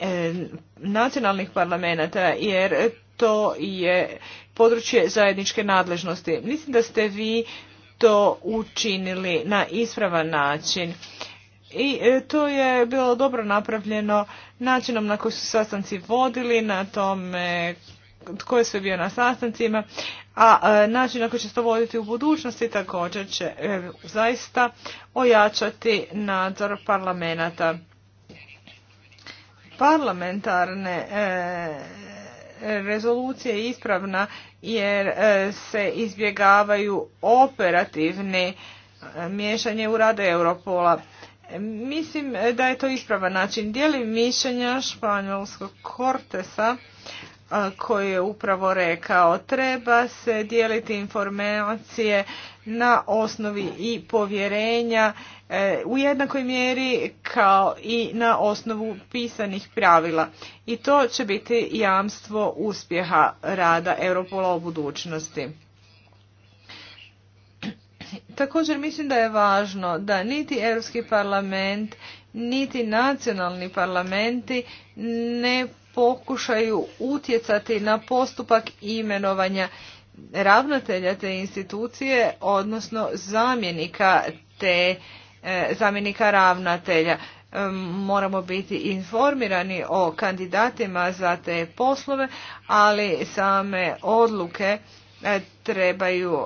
e, nacionalnih parlamenta jer to je područje zajedničke nadležnosti. Mislim da ste vi to učinili na ispravan način i e, to je bilo dobro napravljeno načinom na koji su sastanci vodili, na tome tko je sve bio na sastancima, a e, način na koji će se to voditi u budućnosti također će e, zaista ojačati nadzor parlamenta. Parlamentarne rezolucije je ispravna jer se izbjegavaju operativni miješanje u rade Europola. Mislim da je to ispravan način. Dijeli mišljenja španjolskog kortesa koji je upravo rekao treba se dijeliti informacije na osnovi i povjerenja e, u jednakoj mjeri kao i na osnovu pisanih pravila. I to će biti jamstvo uspjeha rada Europola u budućnosti. Također mislim da je važno da niti Europski parlament, niti nacionalni parlamenti ne pokušaju utjecati na postupak imenovanja ravnatelja te institucije, odnosno zamjenika te e, zamjenika ravnatelja. E, moramo biti informirani o kandidatima za te poslove, ali same odluke e, trebaju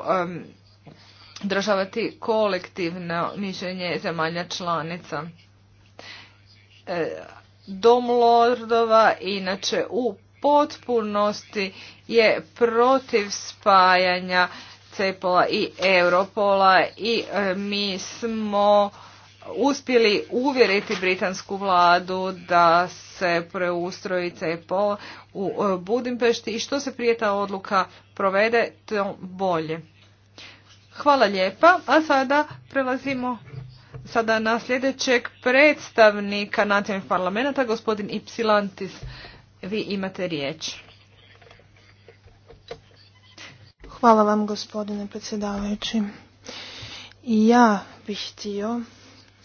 državati kolektivno mišljenje zemalja članica. E, Dom Lordova inače u potpunosti je protiv spajanja Cepola i Europola i e, mi smo uspjeli uvjeriti britansku vladu da se preustroji CEPO u e, Budimpešti i što se prije ta odluka provede, to bolje. Hvala lijepa. A sada prelazimo sada na sljedećeg predstavnika nacionalnih parlamenta, gospodin Ipsilantis. Vi imate riječ. Hvala vam gospodine predsjedavajući. Ja bih htio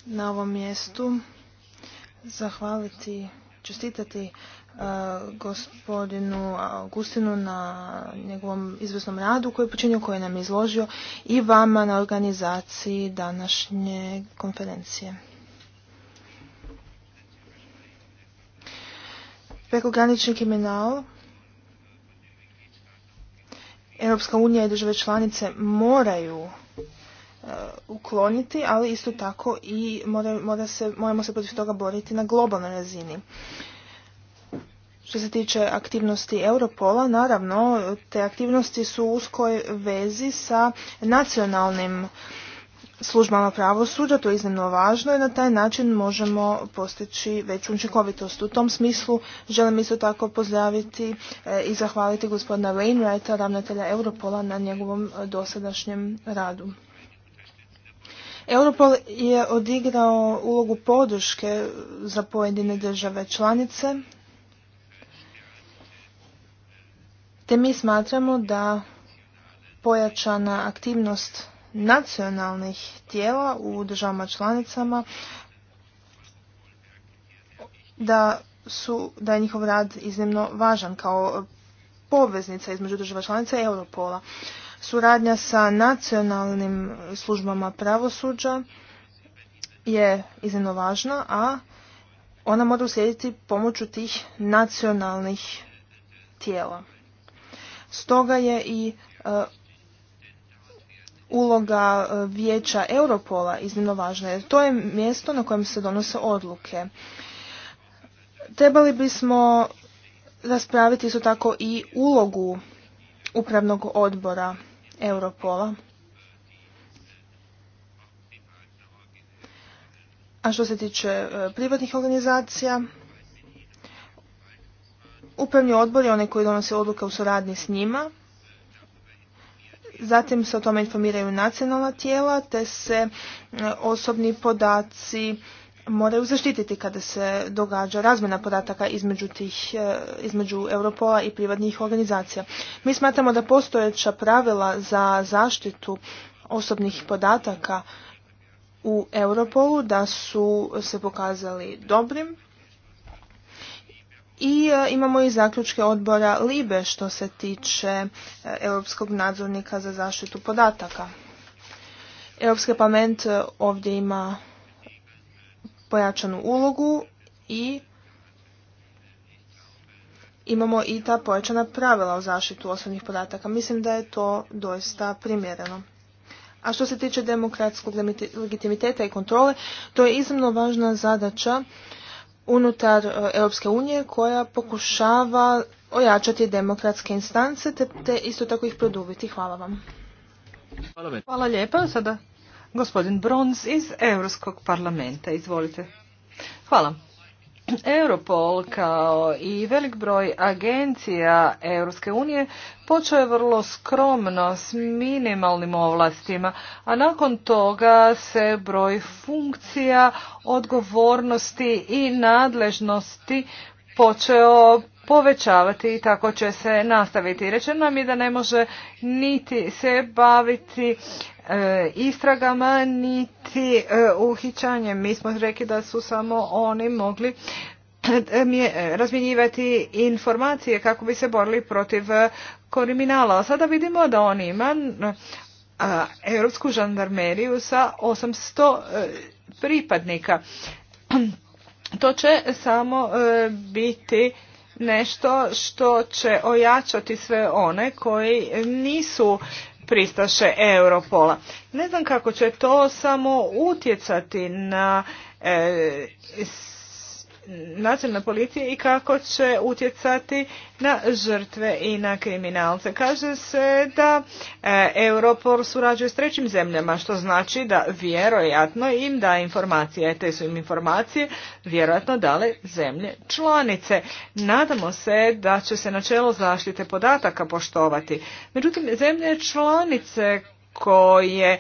na ovom mjestu zahvaliti, čestitati E, gospodinu Augustinu na njegovom izvrsnom radu koji je počinio, koji nam je izložio i vama na organizaciji današnje konferencije. Prekogranični kriminal Europska unija i države članice moraju e, ukloniti, ali isto tako i se, moramo se protiv toga boriti na globalnoj razini. Što se tiče aktivnosti Europola, naravno, te aktivnosti su u uskoj vezi sa nacionalnim službama pravosuđa, to je iznimno važno i na taj način možemo postići veću učinkovitost. U tom smislu želim isto tako pozdraviti e, i zahvaliti gospodina Wainwrighta, ravnatelja Europola, na njegovom e, dosadašnjem radu. Europol je odigrao ulogu podrške za pojedine države članice Te mi smatramo da pojačana aktivnost nacionalnih tijela u državama članicama da su, da je njihov rad iznimno važan kao poveznica između država članica i Europola. Suradnja sa nacionalnim službama pravosuđa je iznimno važna, a ona mora uslijediti pomoću tih nacionalnih tijela. Stoga je i e, uloga e, vijeća Europola iznimno važna jer to je mjesto na kojem se donose odluke. Trebali bismo raspraviti isto tako i ulogu upravnog odbora Europola. A što se tiče e, privatnih organizacija, Upravni odbor je onaj koji donose odluke u suradnji s njima. Zatim se o tome informiraju nacionalna tijela, te se e, osobni podaci moraju zaštititi kada se događa razmjena podataka između, tih, e, između Europola i privatnih organizacija. Mi smatramo da postojeća pravila za zaštitu osobnih podataka u Europolu da su se pokazali dobrim i e, imamo i zaključke odbora LIBE što se tiče e, Europskog nadzornika za zaštitu podataka. Europski parlament e, ovdje ima pojačanu ulogu i imamo i ta pojačana pravila o zaštitu osobnih podataka. Mislim da je to doista primjereno. A što se tiče demokratskog legitimiteta i kontrole, to je iznimno važna zadaća unutar e, Europske unije koja pokušava ojačati demokratske instance te, te isto tako ih produbiti. Hvala vam. Hvala, Hvala lijepa. Sada gospodin Brons iz Europskog parlamenta. Izvolite. Hvala. Europol kao i velik broj agencija Europske unije počeo je vrlo skromno s minimalnim ovlastima, a nakon toga se broj funkcija, odgovornosti i nadležnosti počeo povećavati i tako će se nastaviti. Rečeno nam je da ne može niti se baviti E, istragama niti e, uhićanjem. Mi smo rekli da su samo oni mogli e, razmjenjivati informacije kako bi se borili protiv kriminala. A sada vidimo da on ima europsku žandarmeriju sa 800 pripadnika. To će samo biti nešto što će ojačati sve one koji nisu pristaše Europola. Ne znam kako će to samo utjecati na e, nacionalne policije i kako će utjecati na žrtve i na kriminalce. Kaže se da e, Europol surađuje s trećim zemljama, što znači da vjerojatno im da informacije, te su im informacije vjerojatno dale zemlje članice. Nadamo se da će se načelo zaštite podataka poštovati. Međutim, zemlje članice koje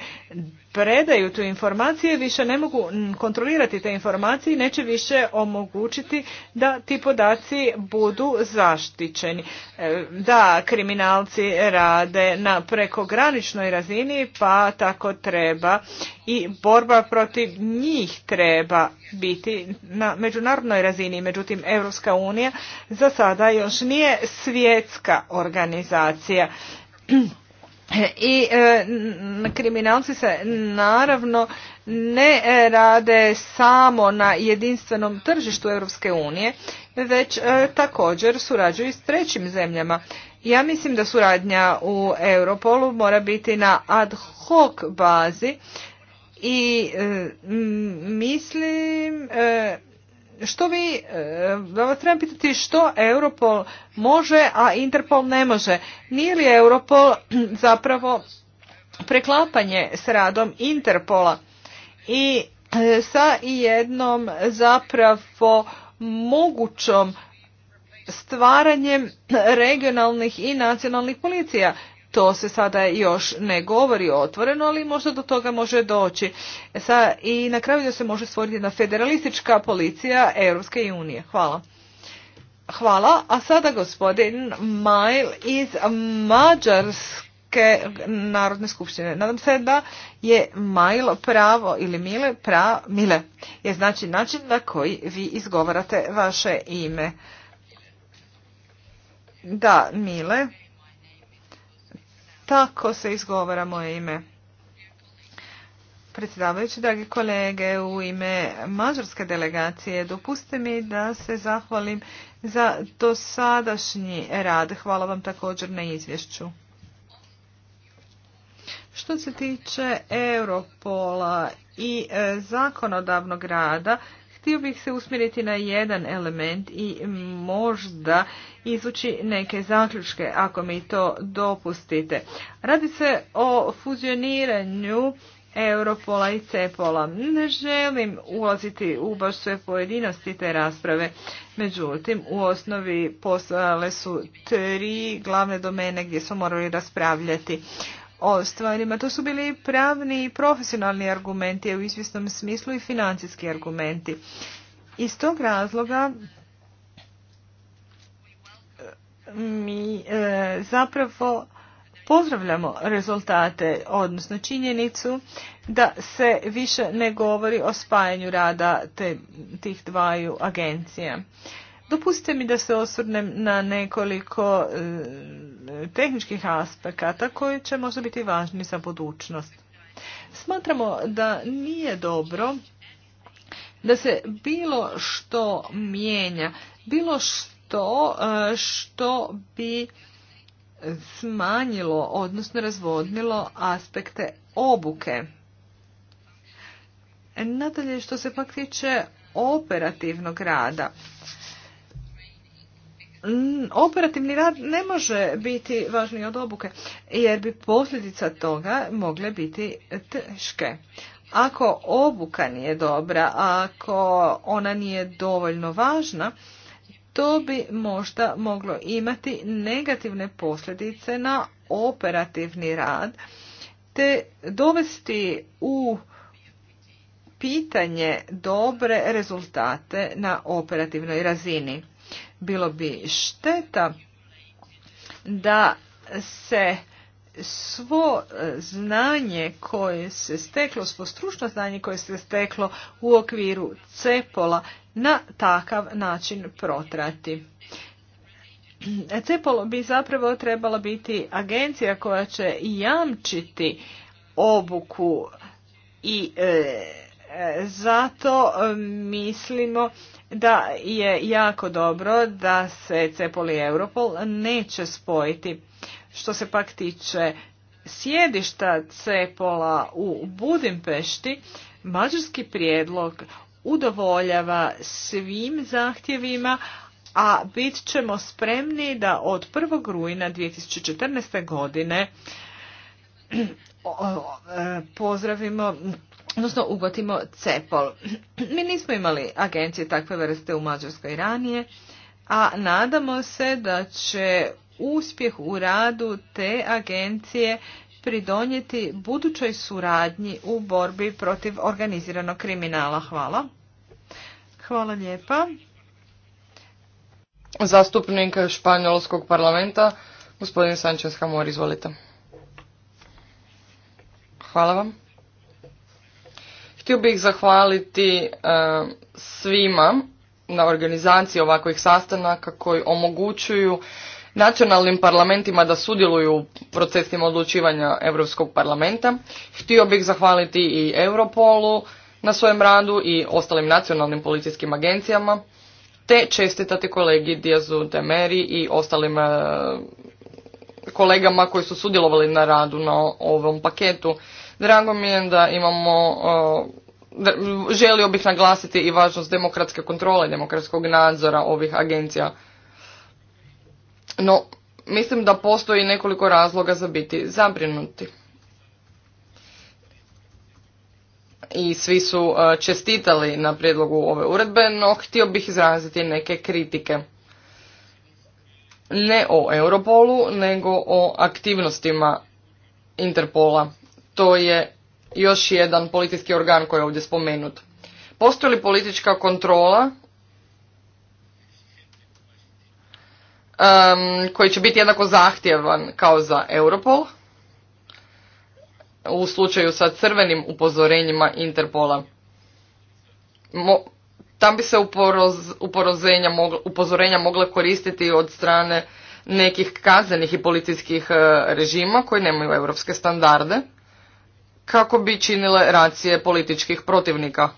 predaju tu informacije više ne mogu kontrolirati te informacije i neće više omogućiti da ti podaci budu zaštićeni. E, da, kriminalci rade na prekograničnoj razini pa tako treba i borba protiv njih treba biti na međunarodnoj razini. Međutim, Europska unija za sada još nije svjetska organizacija [CLEARS THROAT] i e, kriminalci se naravno ne e, rade samo na jedinstvenom tržištu Europske unije, već e, također surađuju s trećim zemljama. Ja mislim da suradnja u Europolu mora biti na ad hoc bazi i mislim što vi, e, vas trebam pitati što Europol može, a Interpol ne može. Nije li Europol [CLEARS THROAT] zapravo preklapanje s radom Interpola i e, sa jednom zapravo mogućom stvaranjem regionalnih i nacionalnih policija to se sada još ne govori otvoreno, ali možda do toga može doći. Sa, I na kraju da se može stvoriti jedna federalistička policija Europske unije. Hvala. Hvala. A sada gospodin Majl iz Mađarske narodne skupštine. Nadam se da je Majl pravo ili Mile pra, Mile. Je znači način na koji vi izgovarate vaše ime. Da, Mile. Tako se izgovara moje ime. Predsjedavajući, dragi kolege, u ime mađarske delegacije dopuste mi da se zahvalim za dosadašnji rad. Hvala vam također na izvješću. Što se tiče Europola i e, zakonodavnog rada, htio bih se usmjeriti na jedan element i možda izvući neke zaključke, ako mi to dopustite. Radi se o fuzioniranju Europola i Cepola. Ne želim ulaziti u baš sve pojedinosti te rasprave. Međutim, u osnovi postojale su tri glavne domene gdje smo morali raspravljati o stvarima. To su bili pravni i profesionalni argumenti, u izvjesnom smislu i financijski argumenti. Iz tog razloga mi e, zapravo pozdravljamo rezultate, odnosno činjenicu da se više ne govori o spajanju rada te, tih dvaju agencija. Dopustite mi da se osvrnem na nekoliko e, tehničkih aspekata koji će možda biti važni za budućnost. Smatramo da nije dobro da se bilo što mijenja, bilo što to e, što bi smanjilo, odnosno razvodnilo aspekte obuke. Nadalje, što se pak tiče operativnog rada. Operativni rad ne može biti važniji od obuke, jer bi posljedica toga mogle biti teške. Ako obuka nije dobra, ako ona nije dovoljno važna, to bi možda moglo imati negativne posljedice na operativni rad te dovesti u pitanje dobre rezultate na operativnoj razini. Bilo bi šteta da se svo e, znanje koje se steklo, svo stručno znanje koje se steklo u okviru Cepola na takav način protrati. Cepolo bi zapravo trebala biti agencija koja će jamčiti obuku i e, e, zato mislimo da je jako dobro da se Cepol i Europol neće spojiti. Što se pak tiče sjedišta Cepola u Budimpešti, mađarski prijedlog udovoljava svim zahtjevima, a bit ćemo spremni da od 1. rujna 2014. godine [CLEARS THROAT] e, pozdravimo odnosno ugotimo CEPOL. [CLEARS THROAT] Mi nismo imali agencije takve vrste u Mađarskoj ranije, a nadamo se da će uspjeh u radu te agencije pridonijeti budućoj suradnji u borbi protiv organiziranog kriminala. Hvala. Hvala lijepa. Zastupnik Španjolskog parlamenta, gospodin Sanchez Hamor, izvolite. Hvala vam. Htio bih zahvaliti e, svima na organizaciji ovakvih sastanaka koji omogućuju nacionalnim parlamentima da sudjeluju u procesima odlučivanja Europskog parlamenta. Htio bih zahvaliti i Europolu na svojem radu i ostalim nacionalnim policijskim agencijama, te čestitati kolegi Diazu Demeri i ostalim e, kolegama koji su sudjelovali na radu na ovom paketu. Drago mi je da imamo, e, želio bih naglasiti i važnost demokratske kontrole, demokratskog nadzora ovih agencija no, mislim da postoji nekoliko razloga za biti zabrinuti. I svi su e, čestitali na prijedlogu ove uredbe, no htio bih izraziti neke kritike. Ne o Europolu, nego o aktivnostima Interpola. To je još jedan politički organ koji je ovdje spomenut. Postoji li politička kontrola um, koji će biti jednako zahtjevan kao za Europol u slučaju sa crvenim upozorenjima Interpola. Mo, tam bi se uporoz, upozorenja mogle koristiti od strane nekih kaznenih i policijskih e, režima koji nemaju europske standarde kako bi činile racije političkih protivnika.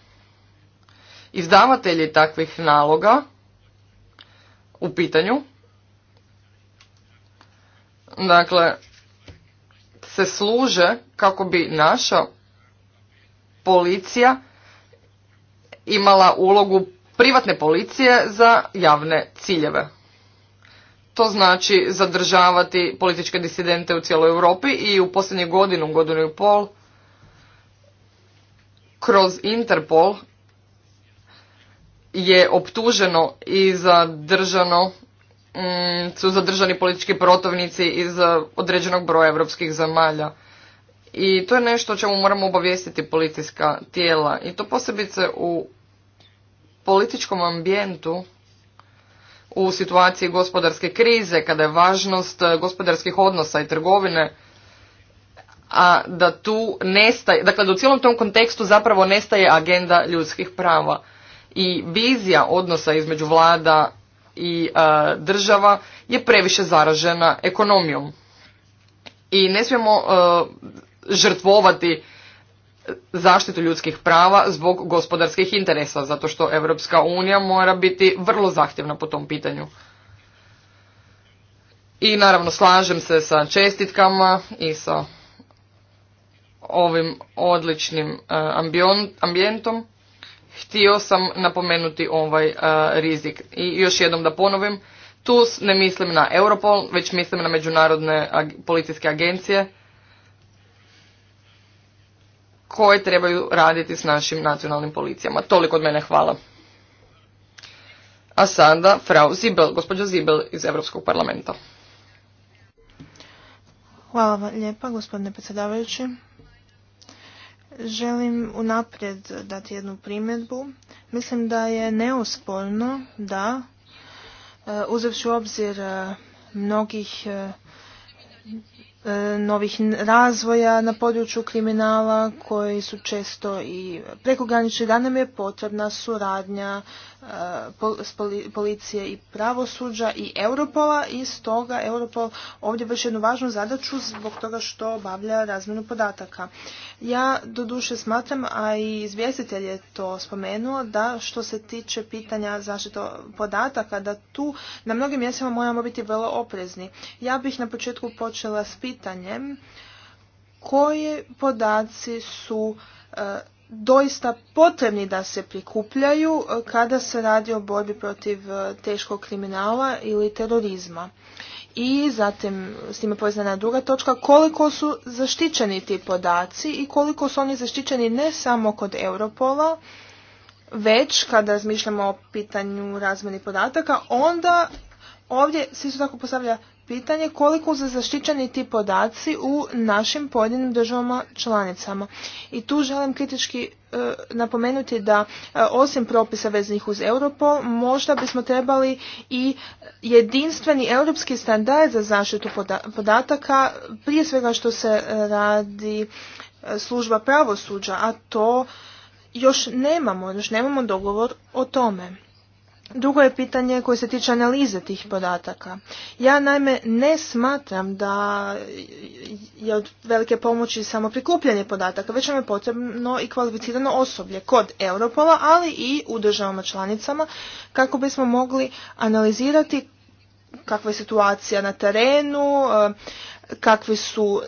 Izdavatelji takvih naloga u pitanju dakle, se služe kako bi naša policija imala ulogu privatne policije za javne ciljeve. To znači zadržavati političke disidente u cijeloj Europi i u posljednju godinu, godinu i pol, kroz Interpol je optuženo i zadržano Mm, su zadržani politički protovnici iz eh, određenog broja europskih zemalja. I to je nešto o čemu moramo obavijestiti politička tijela. I to posebice u političkom ambijentu, u situaciji gospodarske krize, kada je važnost eh, gospodarskih odnosa i trgovine, a da tu nestaje, dakle da u cijelom tom kontekstu zapravo nestaje agenda ljudskih prava. I vizija odnosa između vlada i e, država je previše zaražena ekonomijom. I ne smijemo e, žrtvovati zaštitu ljudskih prava zbog gospodarskih interesa, zato što Europska unija mora biti vrlo zahtjevna po tom pitanju. I naravno slažem se sa čestitkama i sa ovim odličnim e, ambijentom htio sam napomenuti ovaj e, rizik. I još jednom da ponovim, tu ne mislim na Europol, već mislim na međunarodne policijske agencije koje trebaju raditi s našim nacionalnim policijama. Toliko od mene hvala. A sada Frau Zibel, gospođa Zibel iz Europskog parlamenta. Hvala vam lijepa, gospodine predsjedavajući. Želim unaprijed dati jednu primjedbu. Mislim da je neosporno da e, uzevši u obzir e, mnogih e, novih razvoja na području kriminala koji su često i prekogranični da nam je potrebna suradnja policije i pravosuđa i Europola i stoga Europol ovdje vrši jednu važnu zadaću zbog toga što obavlja razmjenu podataka. Ja doduše smatram, a i izvjestitelj je to spomenuo, da što se tiče pitanja zaštite podataka, da tu na mnogim mjestima moramo biti vrlo oprezni. Ja bih na početku počela s pitanjem koje podaci su e, doista potrebni da se prikupljaju e, kada se radi o borbi protiv e, teškog kriminala ili terorizma. I zatim s time povezana druga točka, koliko su zaštićeni ti podaci i koliko su oni zaštićeni ne samo kod Europola, već kada razmišljamo o pitanju razmjeni podataka, onda ovdje se isto tako postavlja pitanje koliko su zaštićeni ti podaci u našim pojedinim državama članicama. I tu želim kritički e, napomenuti da e, osim propisa veznih uz Europol, možda bismo trebali i jedinstveni europski standard za zaštitu podataka, prije svega što se radi e, služba pravosuđa, a to još nemamo, još nemamo dogovor o tome. Drugo je pitanje koje se tiče analize tih podataka. Ja naime ne smatram da je od velike pomoći samo prikupljanje podataka, već nam je potrebno i kvalificirano osoblje kod Europola, ali i u državama članicama kako bismo mogli analizirati kakva je situacija na terenu, eh, kakvi su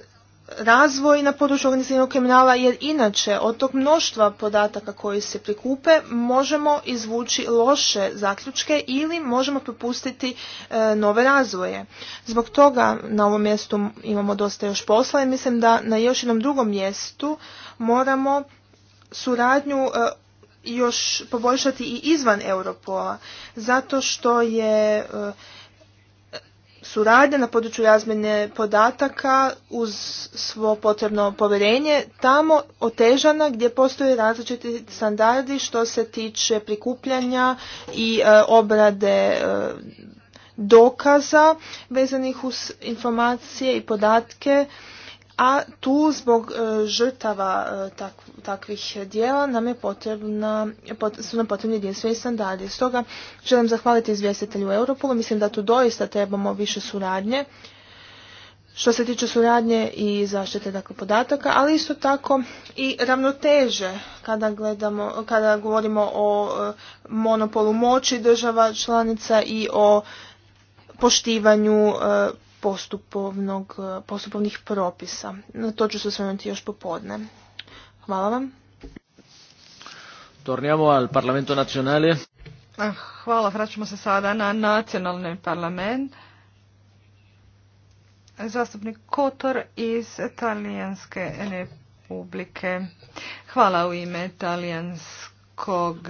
razvoj na području organiziranog kriminala jer inače od tog mnoštva podataka koji se prikupe možemo izvući loše zaključke ili možemo propustiti e, nove razvoje. Zbog toga na ovom mjestu imamo dosta još posla i mislim da na još jednom drugom mjestu moramo suradnju e, još poboljšati i izvan Europola zato što je e, suradnje na području razmjene podataka uz svo potrebno povjerenje tamo otežana gdje postoje različiti standardi što se tiče prikupljanja i e, obrade e, dokaza vezanih uz informacije i podatke a tu zbog e, žrtava e, takvih dijela nam je potrebna, su nam potrebni jedinstveni standardi. Stoga želim zahvaliti izvjestitelju Europolu, mislim da tu doista trebamo više suradnje što se tiče suradnje i zaštite dakle, podataka, ali isto tako i ravnoteže kada, gledamo, kada govorimo o e, monopolu moći država članica i o poštivanju postupovnog, e, postupovnih propisa. Na to ću se osvrnuti još popodne. Hvala vam. Torniamo al Parlamento Nacionale. Ah, hvala, vraćamo se sada na nacionalni parlament. Zastupnik Kotor iz Talijanske republike. Hvala u ime talijanskog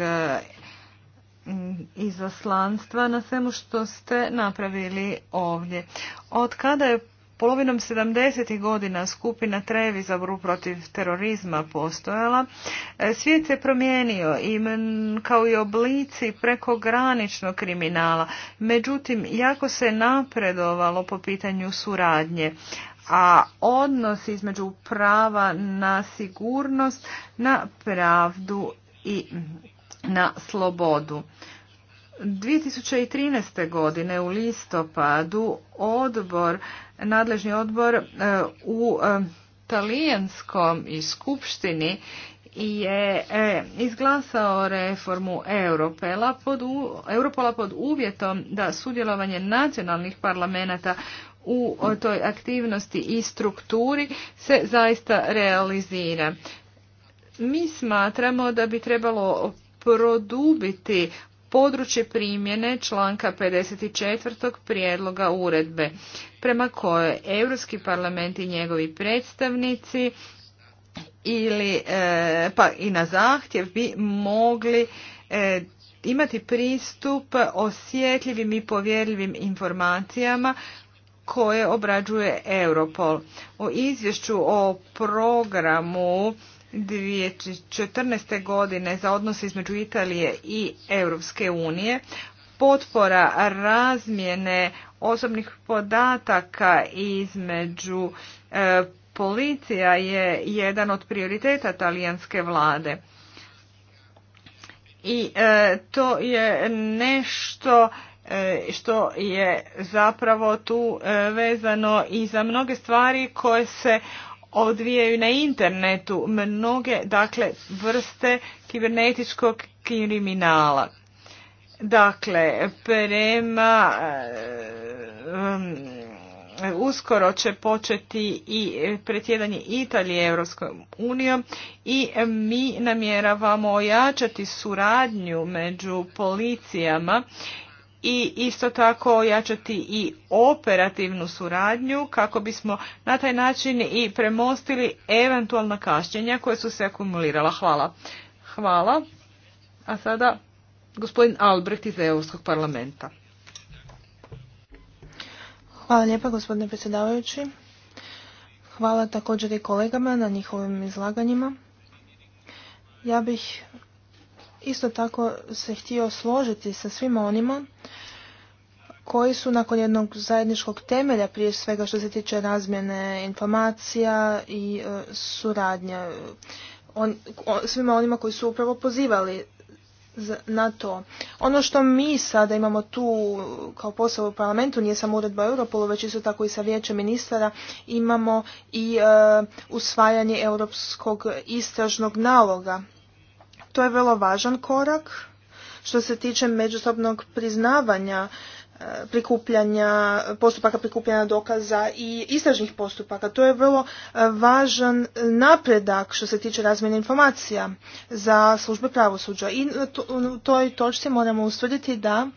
izaslanstva na svemu što ste napravili ovdje. Od kada je polovinom 70. godina skupina Trevi za boru protiv terorizma postojala, e, svijet se promijenio i kao i oblici prekograničnog kriminala. Međutim, jako se napredovalo po pitanju suradnje a odnos između prava na sigurnost, na pravdu i na slobodu. 2013. godine u listopadu odbor, nadležni odbor e, u e, talijanskom i skupštini je e, izglasao reformu Europela pod, Europola pod uvjetom da sudjelovanje nacionalnih parlamenta u toj aktivnosti i strukturi se zaista realizira. Mi smatramo da bi trebalo produbiti područje primjene članka 54. prijedloga uredbe, prema kojoj Europski parlament i njegovi predstavnici ili e, pa i na zahtjev bi mogli e, imati pristup osjetljivim i povjerljivim informacijama koje obrađuje Europol. U izvješću o programu 2014. godine za odnos između Italije i Europske unije, potpora razmjene osobnih podataka između e, policija je jedan od prioriteta talijanske vlade. I e, to je nešto e, što je zapravo tu vezano i za mnoge stvari koje se odvijaju na internetu mnoge dakle vrste kibernetičkog kriminala. Dakle, prema e, um, uskoro će početi i predsjedanje Italije Europskom unijom i mi namjeravamo ojačati suradnju među policijama i isto tako ojačati i operativnu suradnju kako bismo na taj način i premostili eventualna kašnjenja koje su se akumulirala. Hvala. Hvala. A sada gospodin Albrecht iz Europskog parlamenta. Hvala lijepa gospodine predsjedavajući. Hvala također i kolegama na njihovim izlaganjima. Ja bih isto tako se htio složiti sa svima onima koji su nakon jednog zajedničkog temelja, prije svega što se tiče razmjene informacija i e, suradnje, svima onima koji su upravo pozivali na to. Ono što mi sada imamo tu kao posao u parlamentu nije samo uredba Europolu, već isto tako i sa vijećem ministara imamo i e, usvajanje europskog istražnog naloga to je vrlo važan korak što se tiče međusobnog priznavanja e, prikupljanja, postupaka prikupljanja dokaza i istražnih postupaka. To je vrlo e, važan napredak što se tiče razmjene informacija za službe pravosuđa. I u toj točci moramo ustvrditi da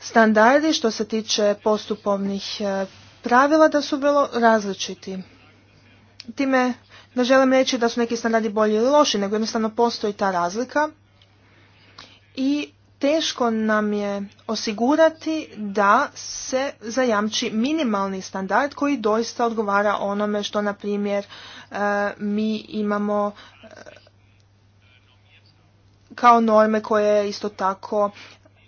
standardi što se tiče postupovnih e, pravila da su vrlo različiti. Time ne želim reći da su neki standardi bolji ili loši, nego jednostavno postoji ta razlika i teško nam je osigurati da se zajamči minimalni standard koji doista odgovara onome što, na primjer, e, mi imamo e, kao norme koje isto tako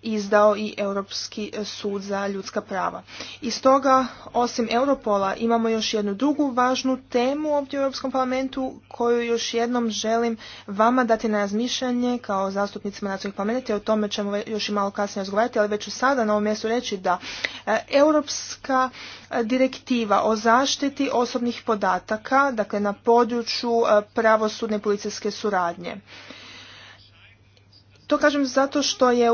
izdao i Europski sud za ljudska prava. I stoga, osim Europola, imamo još jednu drugu važnu temu ovdje u Europskom parlamentu koju još jednom želim vama dati na razmišljanje kao zastupnicima nacionalnih parlamenta i o tome ćemo još i malo kasnije razgovarati, ali već ću sada na ovom mjestu reći da e, Europska e, direktiva o zaštiti osobnih podataka, dakle na području e, pravosudne policijske suradnje. To kažem zato što je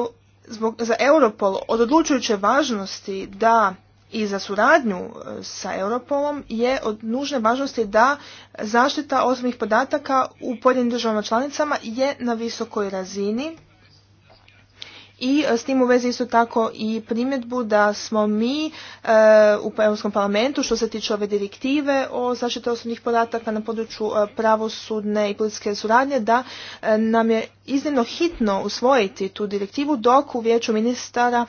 zbog, za Europol od odlučujuće važnosti da i za suradnju e, sa Europolom je od nužne važnosti da zaštita osobnih podataka u pojedinim državama članicama je na visokoj razini i e, s tim u vezi isto tako i primjedbu da smo mi e, u pa-, Europskom parlamentu što se tiče ove direktive o zaštiti osobnih podataka na području e, pravosudne i politiske suradnje da nam je iznimno hitno usvojiti tu direktivu dok u vijeću ministara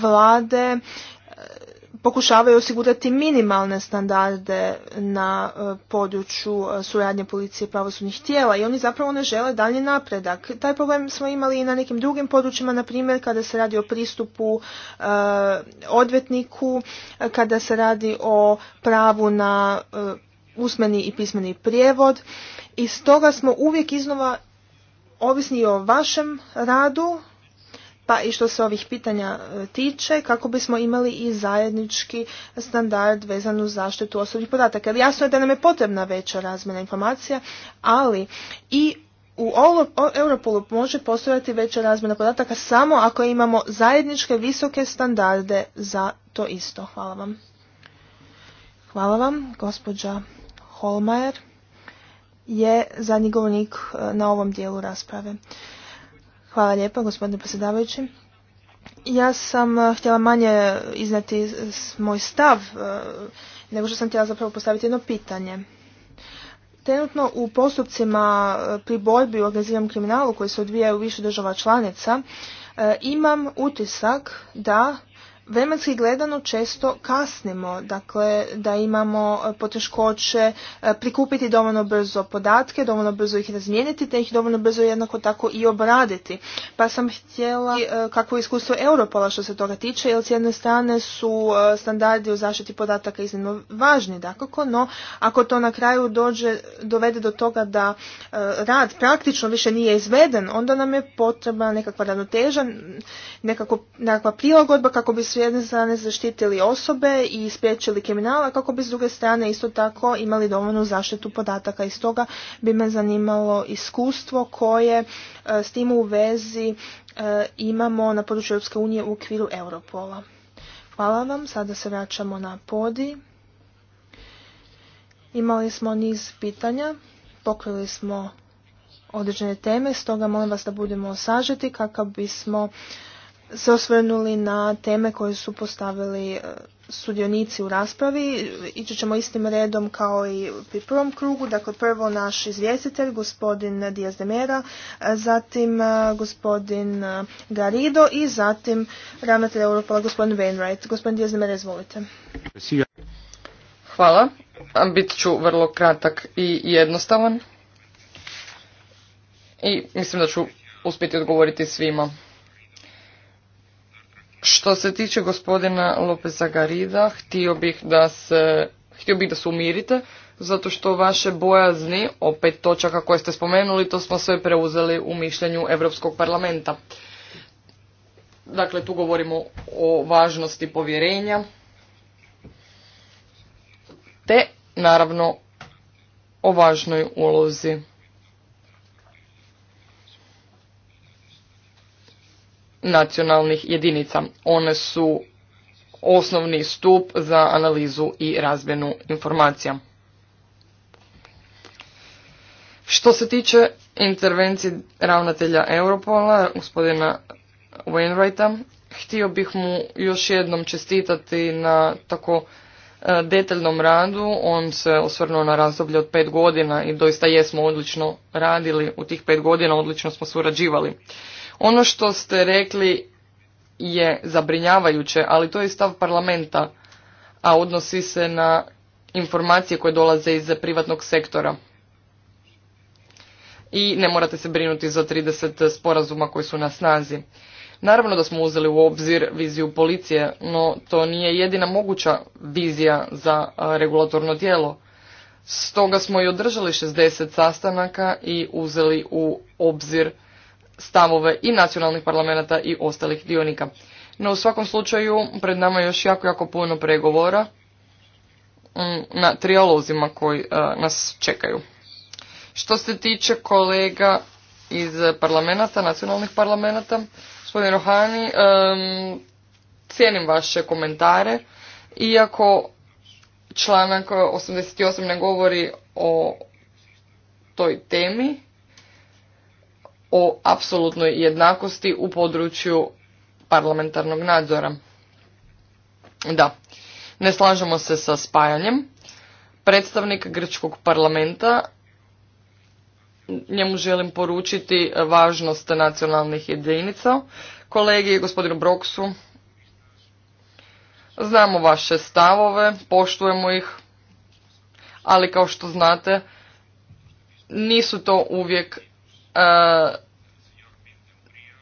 vlade pokušavaju osigurati minimalne standarde na e, području e, suradnje policije i pravosudnih tijela i oni zapravo ne žele dalji napredak. Taj problem smo imali i na nekim drugim područjima, na primjer kada se radi o pristupu odvetniku, odvjetniku, e, kada se radi o pravu na usmeni i pismeni prijevod. I stoga smo uvijek iznova ovisni o vašem radu, pa i što se ovih pitanja e, tiče kako bismo imali i zajednički standard vezan uz zaštitu osobnih podataka. Jer jasno je da nam je potrebna veća razmjena informacija, ali i u Europolu može postojati veća razmjena podataka samo ako imamo zajedničke visoke standarde za to isto. Hvala vam. Hvala vam, gospođa Holmajer je zadnji govornik e, na ovom dijelu rasprave. Hvala lijepa gospodine predsjedavajući. Ja sam eh, htjela manje izneti moj stav eh, nego što sam htjela zapravo postaviti jedno pitanje. Trenutno u postupcima eh, pri borbi u organiziranom kriminalu koji se odvijaju u više država članica imam utisak da vremenski gledano često kasnimo, dakle da imamo e, poteškoće e, prikupiti dovoljno brzo podatke, dovoljno brzo ih razmijeniti, te ih dovoljno brzo jednako tako i obraditi. Pa sam htjela e, kako iskustvo Europola što se toga tiče, jer s jedne strane su standardi u zaštiti podataka iznimno važni, dakako, no ako to na kraju dođe, dovede do toga da rad praktično više nije izveden, onda nam je potreba nekakva ravnoteža, nekako, nekakva prilagodba kako bi s jedne strane zaštitili osobe i spriječili kriminala, kako bi s druge strane isto tako imali dovoljnu zaštitu podataka. I stoga bi me zanimalo iskustvo koje e, s tim u vezi e, imamo na području Europske unije u okviru Europola. Hvala vam, sada se vraćamo na podi. Imali smo niz pitanja, pokrili smo određene teme, stoga molim vas da budemo sažeti kako bismo se osvrnuli na teme koje su postavili e, sudionici u raspravi. Ići ćemo istim redom kao i pri prvom krugu. Dakle, prvo naš izvjestitelj, gospodin Diaz de Mera, e, zatim e, gospodin Garido i zatim ravnatelj Europola, gospodin Wainwright. Gospodin Diaz de Mera, izvolite. Hvala. Bit ću vrlo kratak i jednostavan. I mislim da ću uspjeti odgovoriti svima. Što se tiče gospodina Lopeza Garida, htio bih da se, htio bih da se umirite, zato što vaše bojazni, opet točaka koje ste spomenuli, to smo sve preuzeli u mišljenju Europskog parlamenta. Dakle, tu govorimo o važnosti povjerenja, te naravno o važnoj ulozi nacionalnih jedinica. One su osnovni stup za analizu i razmjenu informacija. Što se tiče intervencije ravnatelja Europola, gospodina Wainwrighta, htio bih mu još jednom čestitati na tako e, detaljnom radu. On se osvrnuo na razdoblje od pet godina i doista jesmo odlično radili. U tih pet godina odlično smo surađivali. Ono što ste rekli je zabrinjavajuće, ali to je stav parlamenta, a odnosi se na informacije koje dolaze iz privatnog sektora. I ne morate se brinuti za 30 sporazuma koji su na snazi. Naravno da smo uzeli u obzir viziju policije, no to nije jedina moguća vizija za regulatorno tijelo. Stoga smo i održali 60 sastanaka i uzeli u obzir stavove i nacionalnih parlamenta i ostalih dionika. No u svakom slučaju pred nama je još jako, jako puno pregovora mm, na trijalozima koji e, nas čekaju. Što se tiče kolega iz parlamenta, nacionalnih parlamenta, gospodin Rohani, e, cijenim vaše komentare, iako članak 88 ne govori o toj temi, o apsolutnoj jednakosti u području parlamentarnog nadzora. Da, ne slažemo se sa spajanjem. Predstavnik Grčkog parlamenta, njemu želim poručiti važnost nacionalnih jedinica. Kolegi gospodinu Broksu, znamo vaše stavove, poštujemo ih, ali kao što znate, nisu to uvijek E,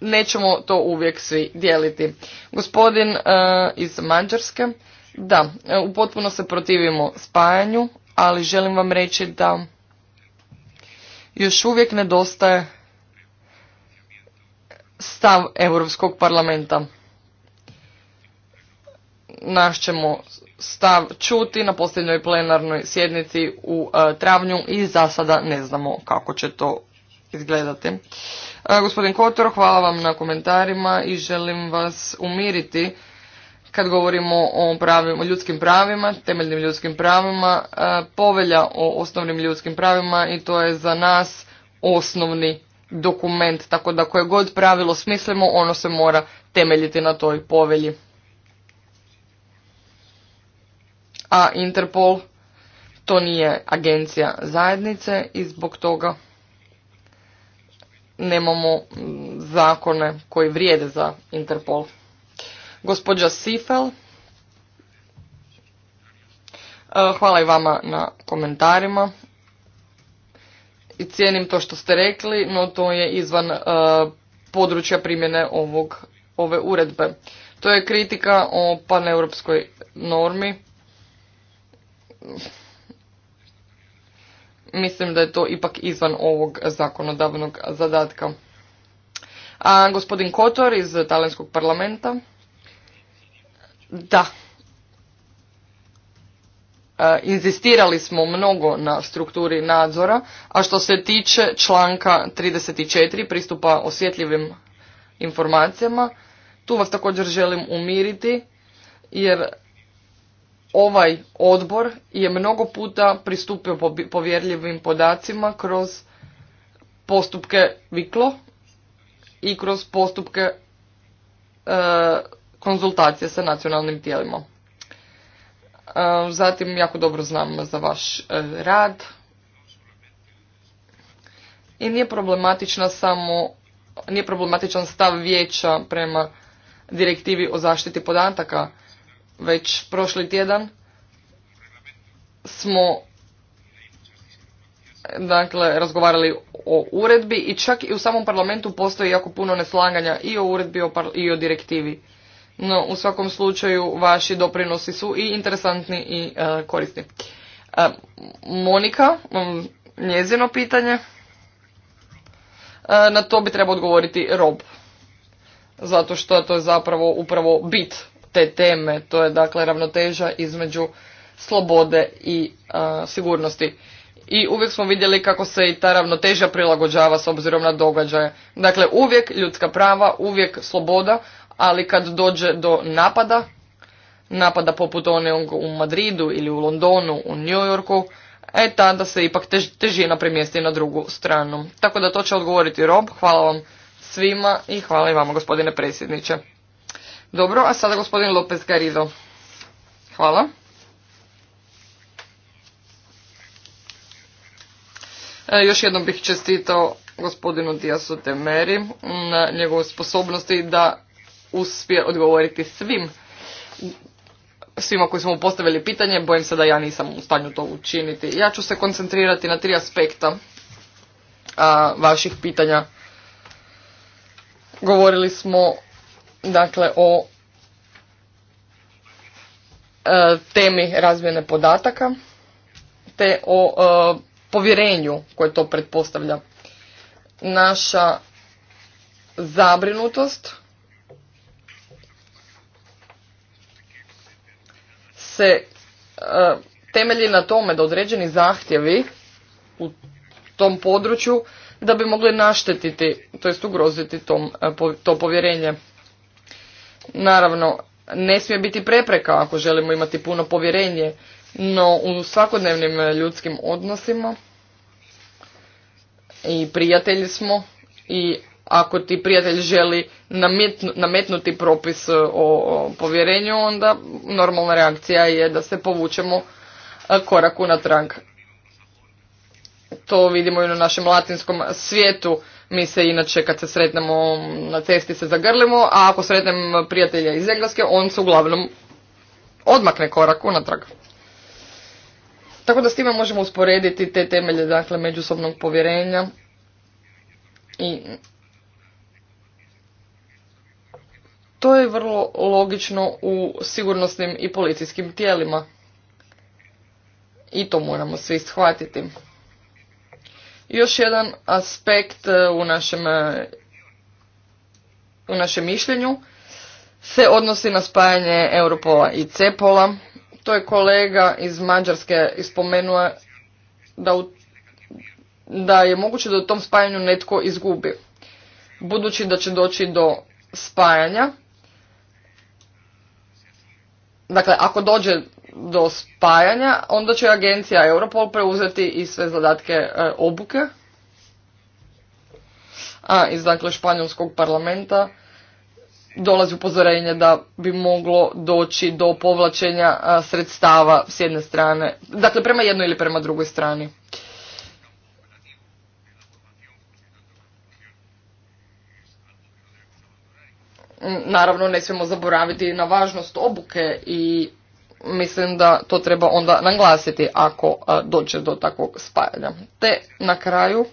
nećemo to uvijek svi dijeliti. Gospodin e, iz Mađarske, da, e, u potpuno se protivimo spajanju, ali želim vam reći da još uvijek nedostaje stav Europskog parlamenta. Naš ćemo stav čuti na posljednjoj plenarnoj sjednici u travnju i za sada ne znamo kako će to izgledati. E, gospodin Kotor, hvala vam na komentarima i želim vas umiriti kad govorimo o, o ljudskim pravima, temeljnim ljudskim pravima, e, povelja o osnovnim ljudskim pravima i to je za nas osnovni dokument, tako da koje god pravilo smislimo, ono se mora temeljiti na toj povelji. A Interpol to nije agencija zajednice i zbog toga nemamo mm, zakone koji vrijede za Interpol. Gospođa Sifel, e, hvala i vama na komentarima. I cijenim to što ste rekli, no to je izvan e, područja primjene ovog, ove uredbe. To je kritika o paneuropskoj normi mislim da je to ipak izvan ovog zakonodavnog zadatka. A gospodin Kotor iz talijanskog parlamenta. Da. E, inzistirali smo mnogo na strukturi nadzora, a što se tiče članka 34 pristupa osjetljivim informacijama, tu vas također želim umiriti jer ovaj odbor je mnogo puta pristupio povjerljivim podacima kroz postupke viklo i kroz postupke e, konzultacije sa nacionalnim tijelima. E, zatim jako dobro znam za vaš e, rad i nije problematična samo, nije problematičan stav vijeća prema direktivi o zaštiti podataka već prošli tjedan smo dakle razgovarali o uredbi i čak i u samom parlamentu postoji jako puno neslaganja i o uredbi i o direktivi. No, u svakom slučaju vaši doprinosi su i interesantni i e, korisni. E, Monika, njezino pitanje. E, na to bi trebao odgovoriti Rob. Zato što to je zapravo upravo bit te teme, to je dakle ravnoteža između slobode i sigurnosti. I uvijek smo vidjeli kako se i ta ravnoteža prilagođava s obzirom na događaje. Dakle, uvijek ljudska prava, uvijek sloboda, ali kad dođe do napada, napada poput onog u Madridu ili u Londonu, u New Yorku, e tada se ipak težina premjesti na drugu stranu. Tako da to će odgovoriti Rob. Hvala vam svima i hvala i vama gospodine predsjedniče. Dobro, a sada gospodin Lopez Garido. Hvala. E, još jednom bih čestitao gospodinu Diasu Temeri na njegovoj sposobnosti da uspije odgovoriti svim svima koji smo mu postavili pitanje, bojim se da ja nisam u stanju to učiniti. Ja ću se koncentrirati na tri aspekta vaših pitanja. Govorili smo dakle o e, temi razmjene podataka te o e, povjerenju koje to pretpostavlja. Naša zabrinutost se e, temelji na tome da određeni zahtjevi u tom području da bi mogli naštetiti, to jest ugroziti tom, to povjerenje. Naravno, ne smije biti prepreka ako želimo imati puno povjerenje, no u svakodnevnim e, ljudskim odnosima i prijatelji smo i ako ti prijatelj želi nametnuti propis e, o povjerenju, onda normalna reakcija je da se povučemo e, korak unatrag. To vidimo i na našem latinskom svijetu mi se inače kad se sretnemo na cesti se zagrlimo, a ako sretnem prijatelja iz Engleske, on se uglavnom odmakne korak unatrag. Tako da s time možemo usporediti te temelje dakle, međusobnog povjerenja i to je vrlo logično u sigurnosnim i policijskim tijelima. I to moramo svi shvatiti. Još jedan aspekt e, u našem, e, u našem mišljenju se odnosi na spajanje Europola i Cepola. To je kolega iz Mađarske ispomenuo da, da je moguće da u tom spajanju netko izgubi. Budući da će doći do spajanja, dakle ako dođe do spajanja, onda će agencija Europol preuzeti i sve zadatke e, obuke a iz dakle španjolskog parlamenta dolazi upozorenje da bi moglo doći do povlačenja e, sredstava s jedne strane, dakle prema jednoj ili prema drugoj strani. Naravno ne smijemo zaboraviti na važnost obuke i mislim da to treba onda naglasiti ako dođe do takvog spajanja. Te na kraju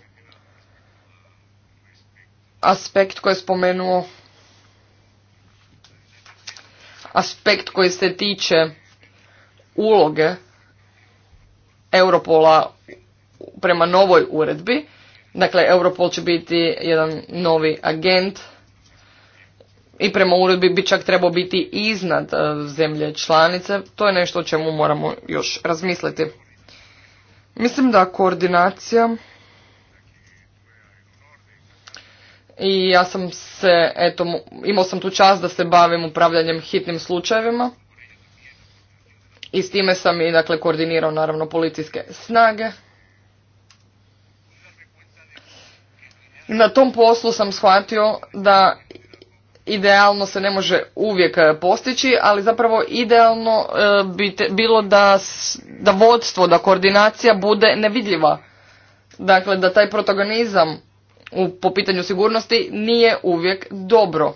aspekt koji je spomenuo aspekt koji se tiče uloge Europola prema novoj uredbi. Dakle, Europol će biti jedan novi agent i prema uredbi bi čak trebao biti iznad e, zemlje članice, to je nešto o čemu moramo još razmisliti. Mislim da koordinacija i ja sam se, eto, imao sam tu čast da se bavim upravljanjem hitnim slučajevima i s time sam i, dakle, koordinirao, naravno, policijske snage. Na tom poslu sam shvatio da idealno se ne može uvijek e, postići, ali zapravo idealno e, bi bilo da, da vodstvo, da koordinacija bude nevidljiva. Dakle, da taj protagonizam u, po pitanju sigurnosti nije uvijek dobro.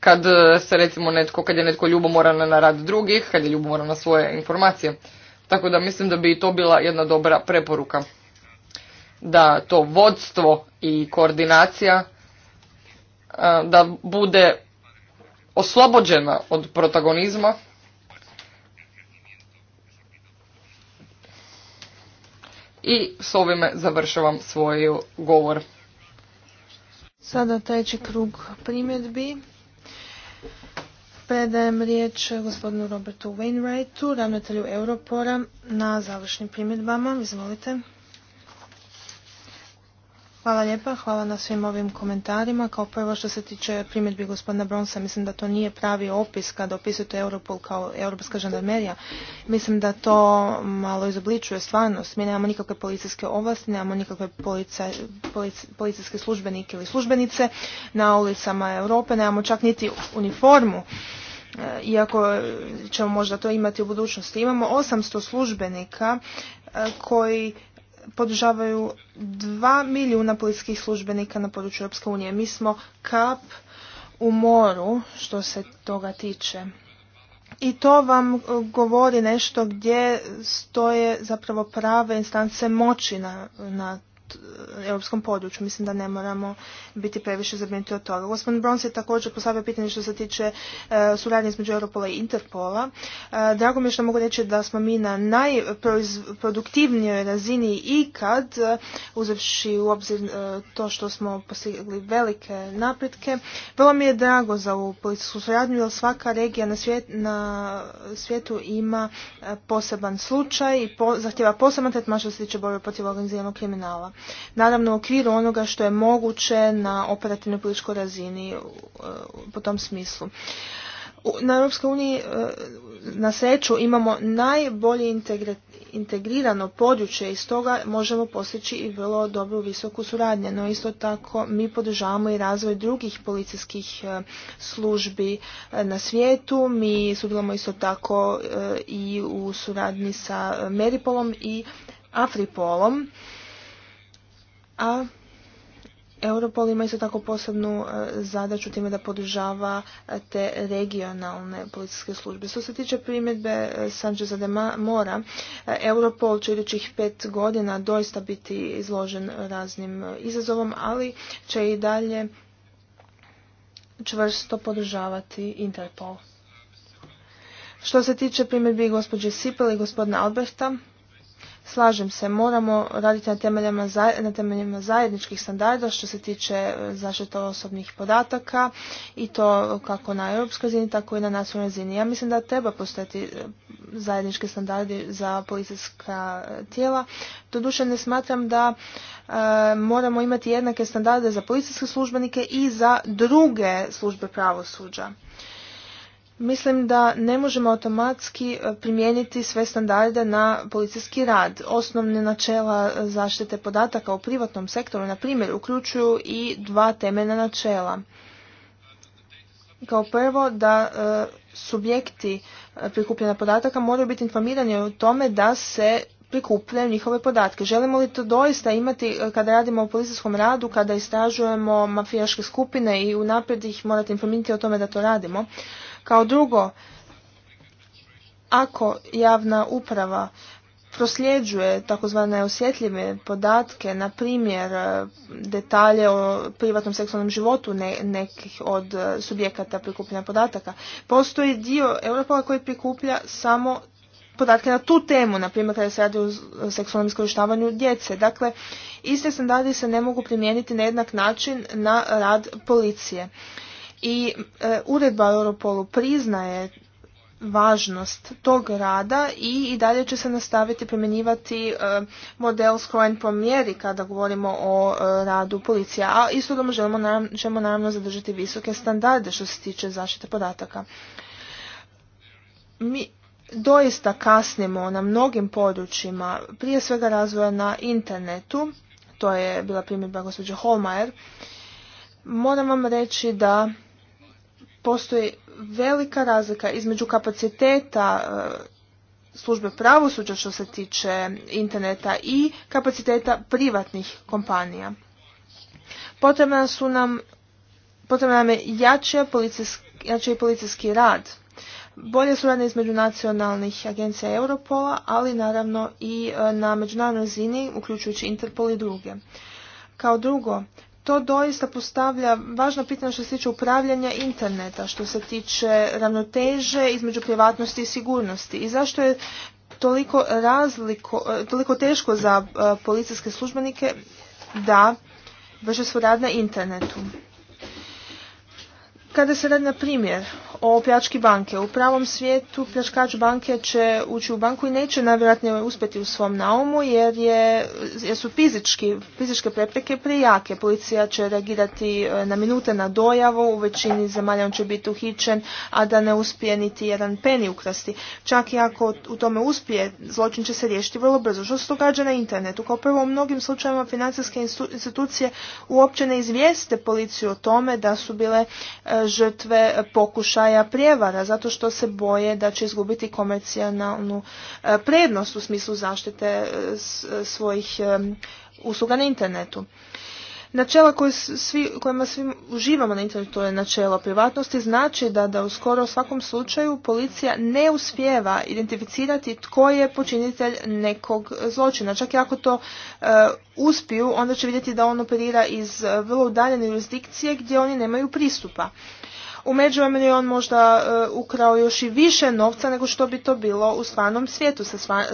Kad e, se recimo netko, kad je netko ljubomoran na rad drugih, kad je ljubomoran na svoje informacije. Tako da mislim da bi i to bila jedna dobra preporuka. Da to vodstvo i koordinacija E, da bude oslobođena od protagonizma i s ovime završavam svoj govor. Sada treći krug primjedbi. Predajem riječ gospodinu Robertu Wainwrightu, ravnatelju Europora, na završnim primjedbama. Izvolite. Hvala lijepa, hvala na svim ovim komentarima. Kao prvo što se tiče primjedbi gospodina Bronsa, mislim da to nije pravi opis kada opisujete Europol kao europska žandarmerija. Mislim da to malo izobličuje stvarnost. Mi nemamo nikakve policijske ovlasti, nemamo nikakve policijske službenike ili službenice na ulicama Europe, nemamo čak niti uniformu e, iako ćemo možda to imati u budućnosti. Imamo 800 službenika e, koji podržavaju dva milijuna policijskih službenika na području Europske unije. Mi smo kap u moru što se toga tiče. I to vam e, govori nešto gdje stoje zapravo prave instance moći na, na europskom području. Mislim da ne moramo biti previše zabrinuti od toga. Gospodin Brons je također postavio pitanje što se tiče e, suradnje između Europola i Interpola. E, drago mi je što mogu reći da smo mi na najproduktivnijoj razini ikad, e, uzevši u obzir to što smo postigli velike napretke. Vrlo mi je drago za ovu policijsku suradnju, jer svaka regija na, svijetu ima poseban slučaj i zahtjeva poseban tretman što se tiče borbe protiv organiziranog kriminala naravno u okviru onoga što je moguće na operativnoj političkoj razini e, po tom smislu. Na Europskoj uniji e, na sreću imamo najbolje integrirano područje i stoga možemo postići i vrlo dobru visoku suradnju. No isto tako mi podržavamo i razvoj drugih policijskih e, službi na svijetu. Mi sudjelujemo isto tako i u suradnji sa Meripolom i Afripolom a Europol ima isto tako posebnu e, zadaću time da podržava e, te regionalne policijske službe. Što se tiče primjedbe e, Sančeza de Mora, Europol će idućih pet godina doista biti izložen raznim izazovom, ali će i dalje čvrsto podržavati Interpol. Što se tiče primjedbi gospođe Sipel i gospodina Alberta, Slažem se, moramo raditi na temeljima, na temeljima zajedničkih standarda što se tiče e, zaštite osobnih podataka i to kako na europskoj razini, tako i na nacionalnoj razini. Ja mislim da treba postojati e, zajednički standardi za policijska e, tijela. Doduše ne smatram da moramo imati jednake standarde za policijske službenike i za druge službe pravosuđa. Mislim da ne možemo automatski e, primijeniti sve standarde na policijski rad. Osnovne načela e, zaštite podataka u privatnom sektoru, na primjer, uključuju i dva temeljna načela. Kao prvo, da e, subjekti prikupljena podataka moraju biti informirani o tome da se prikupljaju njihove podatke. Želimo li to doista imati kada radimo o policijskom radu, kada istražujemo mafijaške skupine i unaprijed ih morate informirati o tome da to radimo. Kao drugo, ako javna uprava prosljeđuje takozvane osjetljive podatke, na primjer e, detalje o privatnom seksualnom životu nekih od e, subjekata prikupljanja podataka. Postoji dio Europola koji prikuplja samo podatke na tu temu, na primjer kada se radi o seksualnom iskorištavanju djece. Dakle, iste standardi se ne mogu primijeniti na jednak način na rad policije i e, uredba Europolu priznaje važnost tog rada i i dalje će se nastaviti primjenjivati e, model skrojen po mjeri kada govorimo o e, radu policija, a istodobno želimo, naravno, naravno zadržati visoke standarde što se tiče zaštite podataka. Mi doista kasnimo na mnogim područjima, prije svega razvoja na internetu, to je bila primjedba gospođa Holmajer, moram vam reći da postoji velika razlika između kapaciteta e, službe pravosuđa što se tiče interneta i kapaciteta privatnih kompanija. Potrebna su nam potrebna je jače policijski, jači policijski rad. Bolje suradnje između nacionalnih agencija Europola, ali naravno i e, na međunarodnoj razini, uključujući Interpol i druge. Kao drugo, to doista postavlja važno pitanje što se tiče upravljanja interneta, što se tiče ravnoteže između privatnosti i sigurnosti. I zašto je toliko, razliko, toliko teško za e, policijske službenike da vrše svoj rad na internetu? Kada se radi na primjer o pljački banke, u pravom svijetu pljačkač banke će ući u banku i neće najvjerojatnije uspjeti u svom naumu jer, je, jer su fizički, fizičke prepreke prijake. Policija će reagirati e, na minute na dojavu, u većini zemalja on će biti uhićen, a da ne uspije niti jedan peni ukrasti. Čak i ako u tome uspije, zločin će se riješiti vrlo brzo. Što se događa na internetu? Kao prvo u mnogim slučajevima financijske institucije uopće ne izvijeste policiju o tome da su bile e, žrtve pokušaja prijevara zato što se boje da će izgubiti komercijalnu e, prednost u smislu zaštite e, e, svojih usluga na internetu. Načela koje svi, kojima svi uživamo na internetu je načelo privatnosti znači da, da u skoro svakom slučaju policija ne uspjeva identificirati tko je počinitelj nekog zločina. Čak i ako to e, uspiju, onda će vidjeti da on operira iz e, vrlo udaljene jurisdikcije gdje oni nemaju pristupa. U međuvremenu je on možda e, ukrao još i više novca nego što bi to bilo u stvarnom svijetu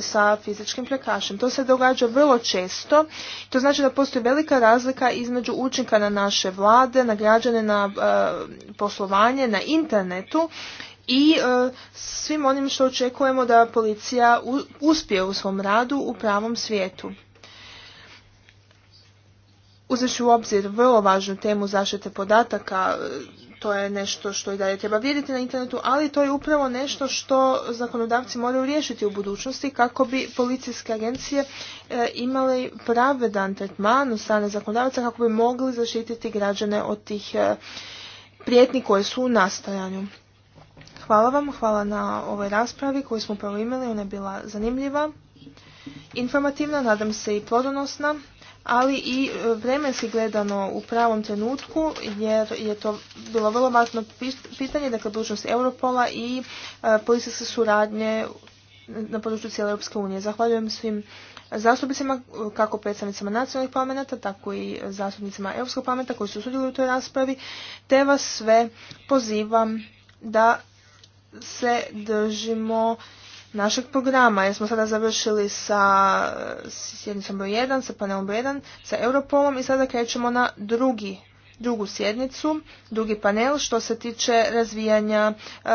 sa, fizičkim prekašem. To se događa vrlo često. To znači da postoji velika razlika između učinka na naše vlade, na građane, na e, poslovanje, na internetu i e, svim onim što očekujemo da policija uspije u svom radu u pravom svijetu. Uzeći u obzir vrlo važnu temu zaštite podataka to je nešto što i dalje treba vidjeti na internetu, ali to je upravo nešto što zakonodavci moraju riješiti u budućnosti kako bi policijske agencije eh, imali pravedan tretman od strane zakonodavca kako bi mogli zaštititi građane od tih eh, prijetni koje su u nastajanju. Hvala vam, hvala na ovoj raspravi koju smo upravo imali, ona je bila zanimljiva, informativna, nadam se i plodonosna ali i e, vremenski gledano u pravom trenutku, jer je to bilo vrlo važno pitanje, dakle budućnost Europola i e, policijske suradnje na području cijele Europske unije. Zahvaljujem svim zastupnicima, kako predstavnicima nacionalnih parlamenta, tako i zastupnicima Europskog parlamenta koji su sudjeli u toj raspravi, te vas sve pozivam da se držimo našeg programa. Jer smo sada završili sa eh, sjednicom broj 1, sa panelom broj 1, sa Europolom i sada krećemo na drugi drugu sjednicu, drugi panel što se tiče razvijanja eh,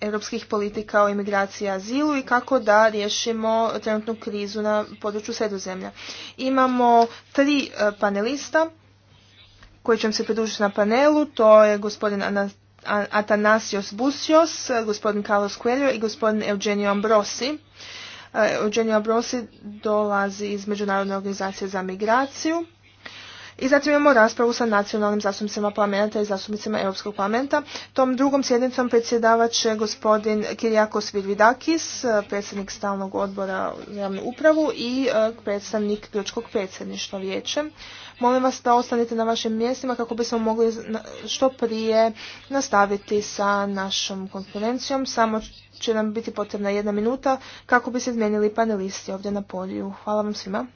europskih politika o imigraciji i azilu i kako da riješimo trenutnu krizu na području sredozemlja. Imamo tri eh, panelista koji će se pridružiti na panelu, to je gospodin Anastasija, Atanasios Busios, gospodin Carlos Coelho i gospodin Eugenio Ambrosi. E, Eugenio Ambrosi dolazi iz Međunarodne organizacije za migraciju i zatim imamo raspravu sa nacionalnim zastupnicima parlamenta i zastupnicima Europskog parlamenta. Tom drugom sjednicom predsjedavat će gospodin Kirijakos Vidvidakis, predsjednik stalnog odbora za javnu upravu i e, predstavnik grčkog predsjedništva vijeće. Molim vas da ostanete na vašim mjestima kako bismo mogli što prije nastaviti sa našom konferencijom. Samo će nam biti potrebna jedna minuta kako bi se izmijenili panelisti ovdje na polju. Hvala vam svima.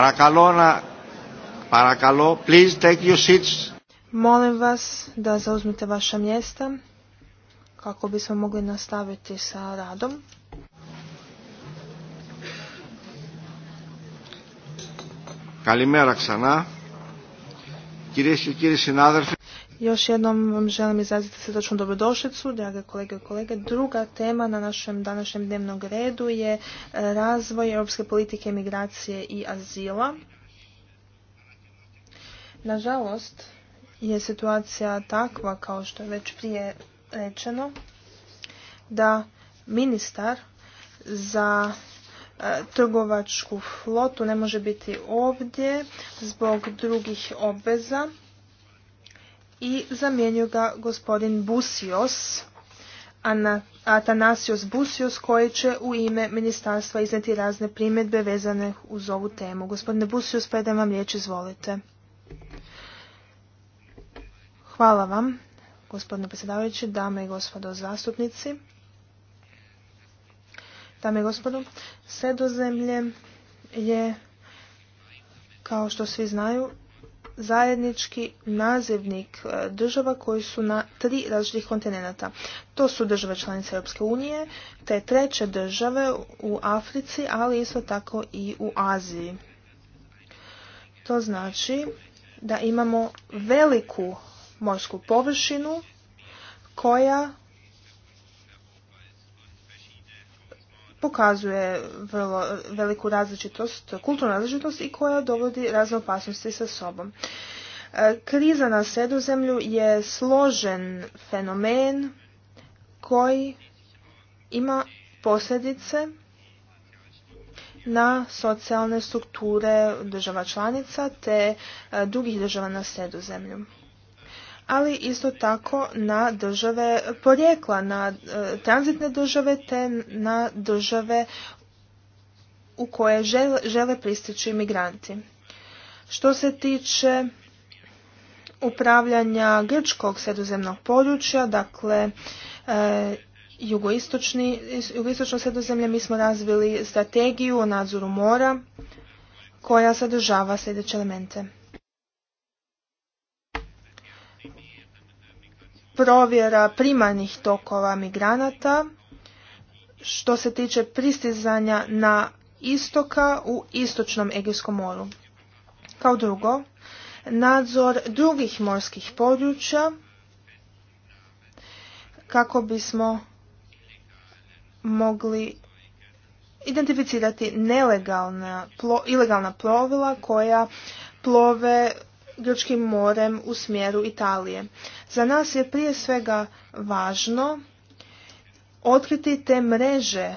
Παρακαλώ να... Παρακαλώ, please take your seats. Molim vas da zauzmite vaša mjesta kako bismo mogli nastaviti sa radom. Kalimera ksana. Κυρίες i κύριοι još jednom vam želim izraziti srdačnu dobrodošlicu, drage kolege i kolege. Druga tema na našem današnjem dnevnom redu je e, razvoj europske politike migracije i azila. Nažalost je situacija takva, kao što je već prije rečeno, da ministar za e, trgovačku flotu ne može biti ovdje zbog drugih obveza i zamijenio ga gospodin Busios, Atanasios Busios koji će u ime ministarstva izneti razne primjedbe vezane uz ovu temu. Gospodine Busios, predajem vam riječ, izvolite. Hvala vam, gospodine predsjedavajući, dame i gospodo zastupnici. Dame i gospodo, sredozemlje je, kao što svi znaju, zajednički nazivnik e, država koji su na tri različitih kontinenta. To su države članice Europske unije, te treće države u Africi, ali isto tako i u Aziji. To znači da imamo veliku morsku površinu koja pokazuje vrlo veliku različitost, kulturnu različitost i koja dovodi razne opasnosti sa sobom. E, kriza na sredozemlju je složen fenomen koji ima posljedice na socijalne strukture država članica te e, drugih država na sredozemlju ali isto tako na države porijekla, na e, tranzitne države te na države u koje žele, pristići imigranti. Što se tiče upravljanja grčkog sredozemnog područja, dakle e, jugoistočno sredozemlje, mi smo razvili strategiju o nadzoru mora koja sadržava sljedeće elemente. provjera primarnih tokova migranata što se tiče pristizanja na istoka u istočnom Egejskom moru. Kao drugo, nadzor drugih morskih područja kako bismo mogli identificirati nelegalna, ilegalna plovila koja plove Grčkim morem u smjeru Italije. Za nas je prije svega važno otkriti te mreže e,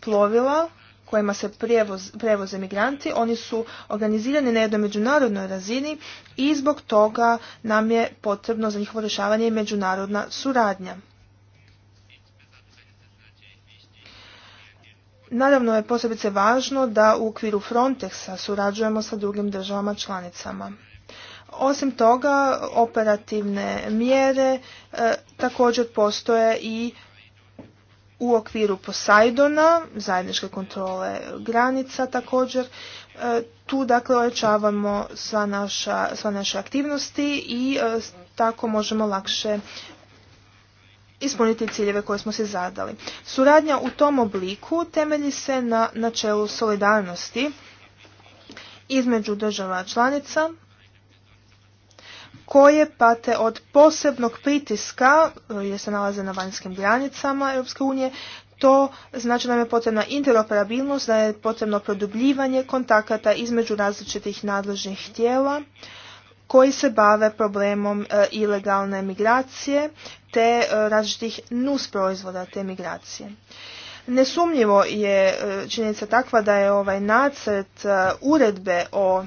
plovila kojima se prevoz, prevoze migranti. Oni su organizirani na jednoj međunarodnoj razini i zbog toga nam je potrebno za njihovo rješavanje i međunarodna suradnja. Naravno je posebice važno da u okviru Frontexa surađujemo sa drugim državama članicama. Osim toga, operativne mjere e, također postoje i u okviru Poseidona, zajedničke kontrole granica također. E, tu dakle ojačavamo sva, naša, sva naše aktivnosti i e, tako možemo lakše ispuniti ciljeve koje smo se zadali. Suradnja u tom obliku temelji se na načelu solidarnosti između država članica koje pate od posebnog pritiska e, jer se nalaze na vanjskim granicama Europske unije, to znači da nam je potrebna interoperabilnost, da je potrebno produbljivanje kontakata između različitih nadležnih tijela koji se bave problemom e, ilegalne migracije te e, različitih nus proizvoda te migracije. Nesumnjivo je činjenica takva da je ovaj nacrt uredbe o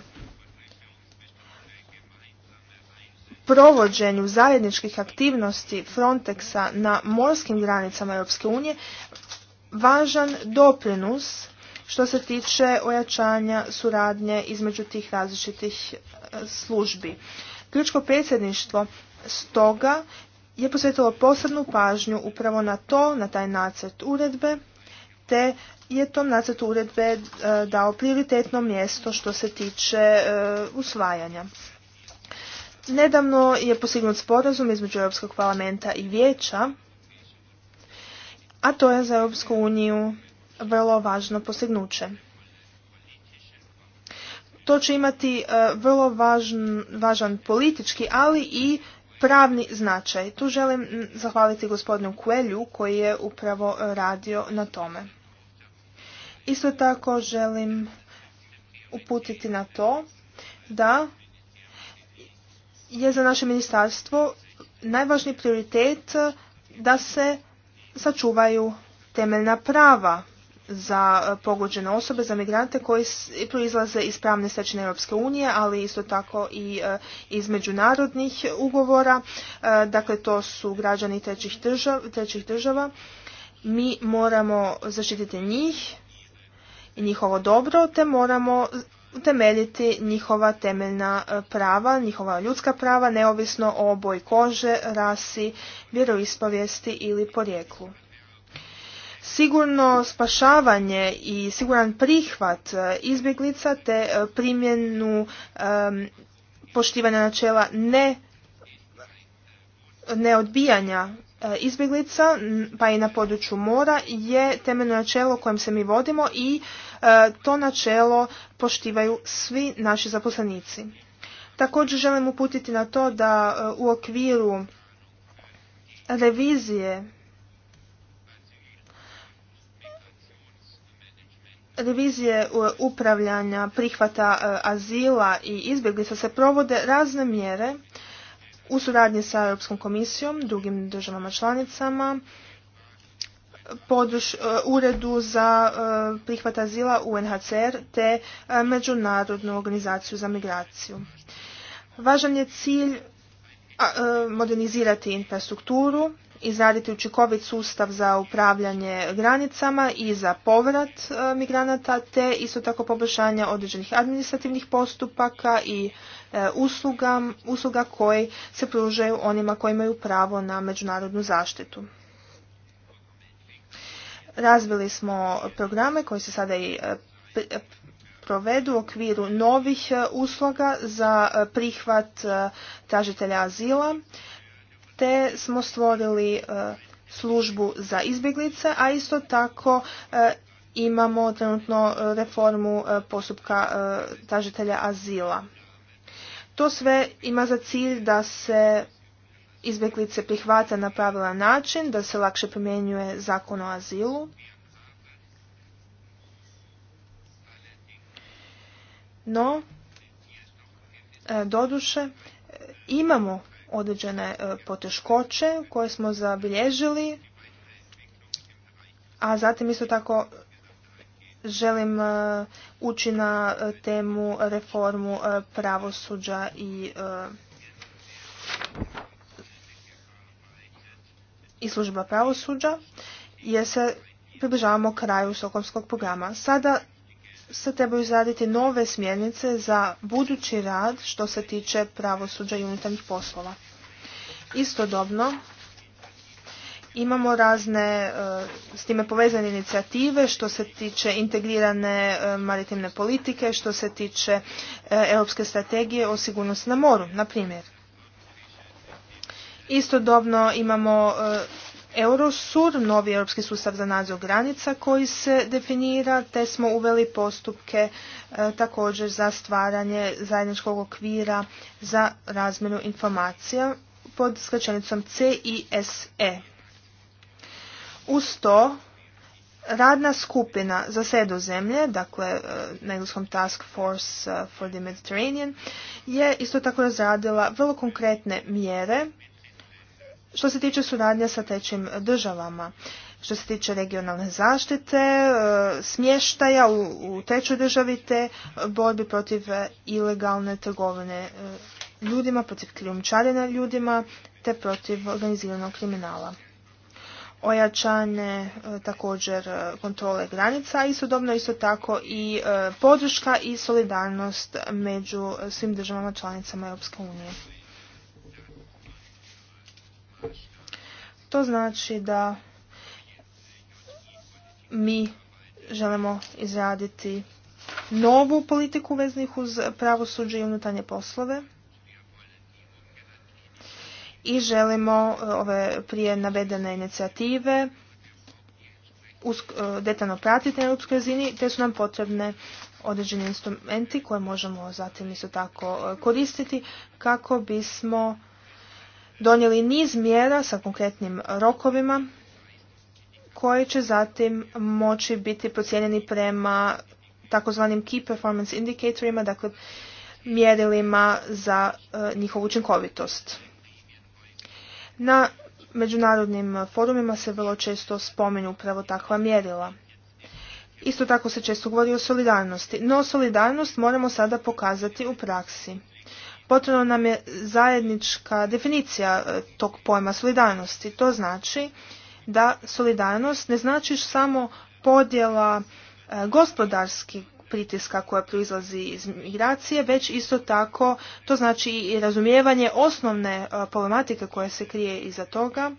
provođenju zajedničkih aktivnosti Frontexa na morskim granicama Europske unije važan doprinos što se tiče ojačanja suradnje između tih različitih e, službi. Ključko predsjedništvo stoga je posvetilo posebnu pažnju upravo na to, na taj nacrt uredbe, te je tom nacrtu uredbe e, dao prioritetno mjesto što se tiče e, usvajanja. Nedavno je postignut sporazum između Europskog parlamenta i vijeća, a to je za Europsku uniju vrlo važno postignuće. To će imati e, vrlo važan politički, ali i pravni značaj. Tu želim zahvaliti gospodinu Kuelju koji je upravo radio na tome. Isto tako želim uputiti na to da je za naše ministarstvo najvažniji prioritet da se sačuvaju temeljna prava za e, pogođene osobe, za migrante koji proizlaze iz pravne stečine Europske unije, ali isto tako i e, iz međunarodnih ugovora. E, dakle, to su građani trećih država. Trećih država. Mi moramo zaštititi njih i njihovo dobro, te moramo utemeljiti njihova temeljna e, prava, njihova ljudska prava, neovisno o boji kože, rasi, vjeroispovijesti ili porijeklu. Sigurno spašavanje i siguran prihvat e, izbjeglica te e, primjenu um, poštivanja načela ne neodbijanja izbjeglica pa i na području mora je temeljno načelo kojem se mi vodimo i to načelo poštivaju svi naši zaposlenici. Također želim uputiti na to da e, u okviru revizije revizije e, upravljanja prihvata e, azila i izbjeglica se provode razne mjere u suradnji sa Europskom komisijom, drugim državama članicama, E, uredu za e, prihvat azila UNHCR te e, Međunarodnu organizaciju za migraciju. Važan je cilj modernizirati infrastrukturu, izraditi učinkovit sustav za upravljanje granicama i za povrat migranata, te isto tako poboljšanje određenih administrativnih postupaka i usluga, usluga koje se pružaju onima koji imaju pravo na međunarodnu zaštitu. Razvili smo programe koji se sada i e, e, provedu u okviru novih e, usluga za prihvat tražitelja azila, te smo stvorili službu za izbjeglice, a isto tako imamo trenutno reformu postupka tražitelja azila. To sve ima za cilj da se izbjeglice prihvata na pravilan način, da se lakše primjenjuje zakon o azilu. No, e, doduše, e, imamo određene e, poteškoće koje smo zabilježili, a zatim isto tako želim ući na temu reformu pravosuđa i i služba pravosuđa jer se približavamo kraju sokolskog programa. Sada se trebaju izraditi nove smjernice za budući rad što se tiče pravosuđa i unutarnjih poslova. Istodobno imamo razne e, s time povezane inicijative što se tiče integrirane e, maritimne politike, što se tiče e, europske strategije o sigurnosti na moru, na primjer. Istodobno imamo e, Eurosur, novi europski sustav za nadzor granica koji se definira, te smo uveli postupke e, također za stvaranje zajedničkog okvira za razmjenu informacija pod skraćenicom CISE. Uz to, radna skupina za zemlje dakle e, na engleskom Task Force for the Mediterranean, je isto tako razradila vrlo konkretne mjere što se tiče suradnja sa trećim državama, što se tiče regionalne zaštite, e, smještaja u trećoj državi te borbi protiv e, ilegalne trgovine e, ljudima, protiv krijumčarenja ljudima te protiv organiziranog kriminala. Ojačane također kontrole granica i sudobno isto tako i podrška i solidarnost među svim državama članicama Europske unije. To znači da mi želimo izraditi novu politiku veznih uz pravosuđe i unutarnje poslove i želimo e, ove prije navedene inicijative e, detaljno pratiti na europskoj razini, te su nam potrebne određeni instrumenti koje možemo zatim isto tako e, koristiti kako bismo donijeli niz mjera sa konkretnim rokovima koji će zatim moći biti procijenjeni prema takozvanim key performance indicatorima, dakle mjerilima za e, njihovu učinkovitost. Na međunarodnim forumima se vrlo često spominju upravo takva mjerila. Isto tako se često govori o solidarnosti, no solidarnost moramo sada pokazati u praksi. Potrebno nam je zajednička definicija e, tog pojma solidarnosti. To znači da solidarnost ne znači samo podjela e, gospodarskih pritiska koja proizlazi iz migracije, već isto tako to znači i razumijevanje osnovne e, problematike koja se krije iza toga.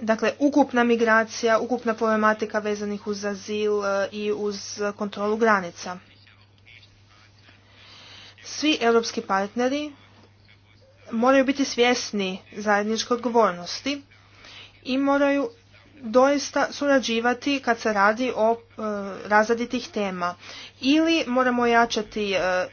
Dakle, ukupna migracija, ukupna problematika vezanih uz azil i uz kontrolu granica. Svi europski partneri moraju biti svjesni zajedničke odgovornosti i moraju doista surađivati kad se radi o e, tema. Ili moramo jačati e,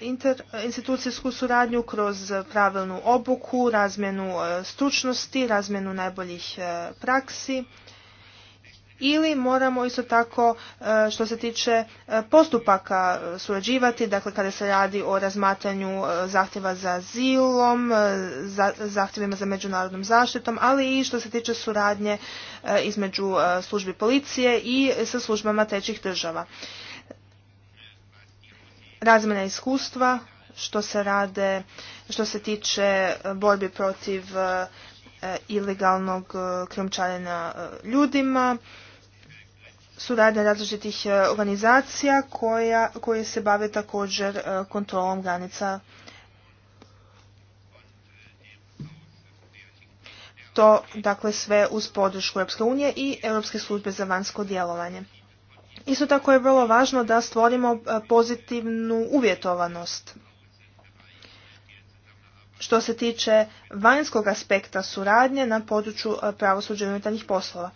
interinstitucijsku suradnju kroz pravilnu obuku, razmjenu e, stručnosti, razmjenu najboljih e, praksi ili moramo isto tako e, što se tiče e, postupaka e, surađivati, dakle kada se radi o razmatranju zahtjeva za zilom, zahtjevima za međunarodnom zaštitom, ali i što se tiče suradnje između službi policije i sa službama trećih država. Razmjena iskustva što se rade, što se tiče borbi protiv ilegalnog krijumčarenja ljudima, suradnja različitih e, organizacija koja, koje se bave također e, kontrolom granica. To dakle sve uz podršku Europske unije i Europske službe za vanjsko djelovanje. Isto tako je vrlo važno da stvorimo e, pozitivnu uvjetovanost. Što se tiče vanjskog aspekta suradnje na području pravosuđa i unutarnjih poslova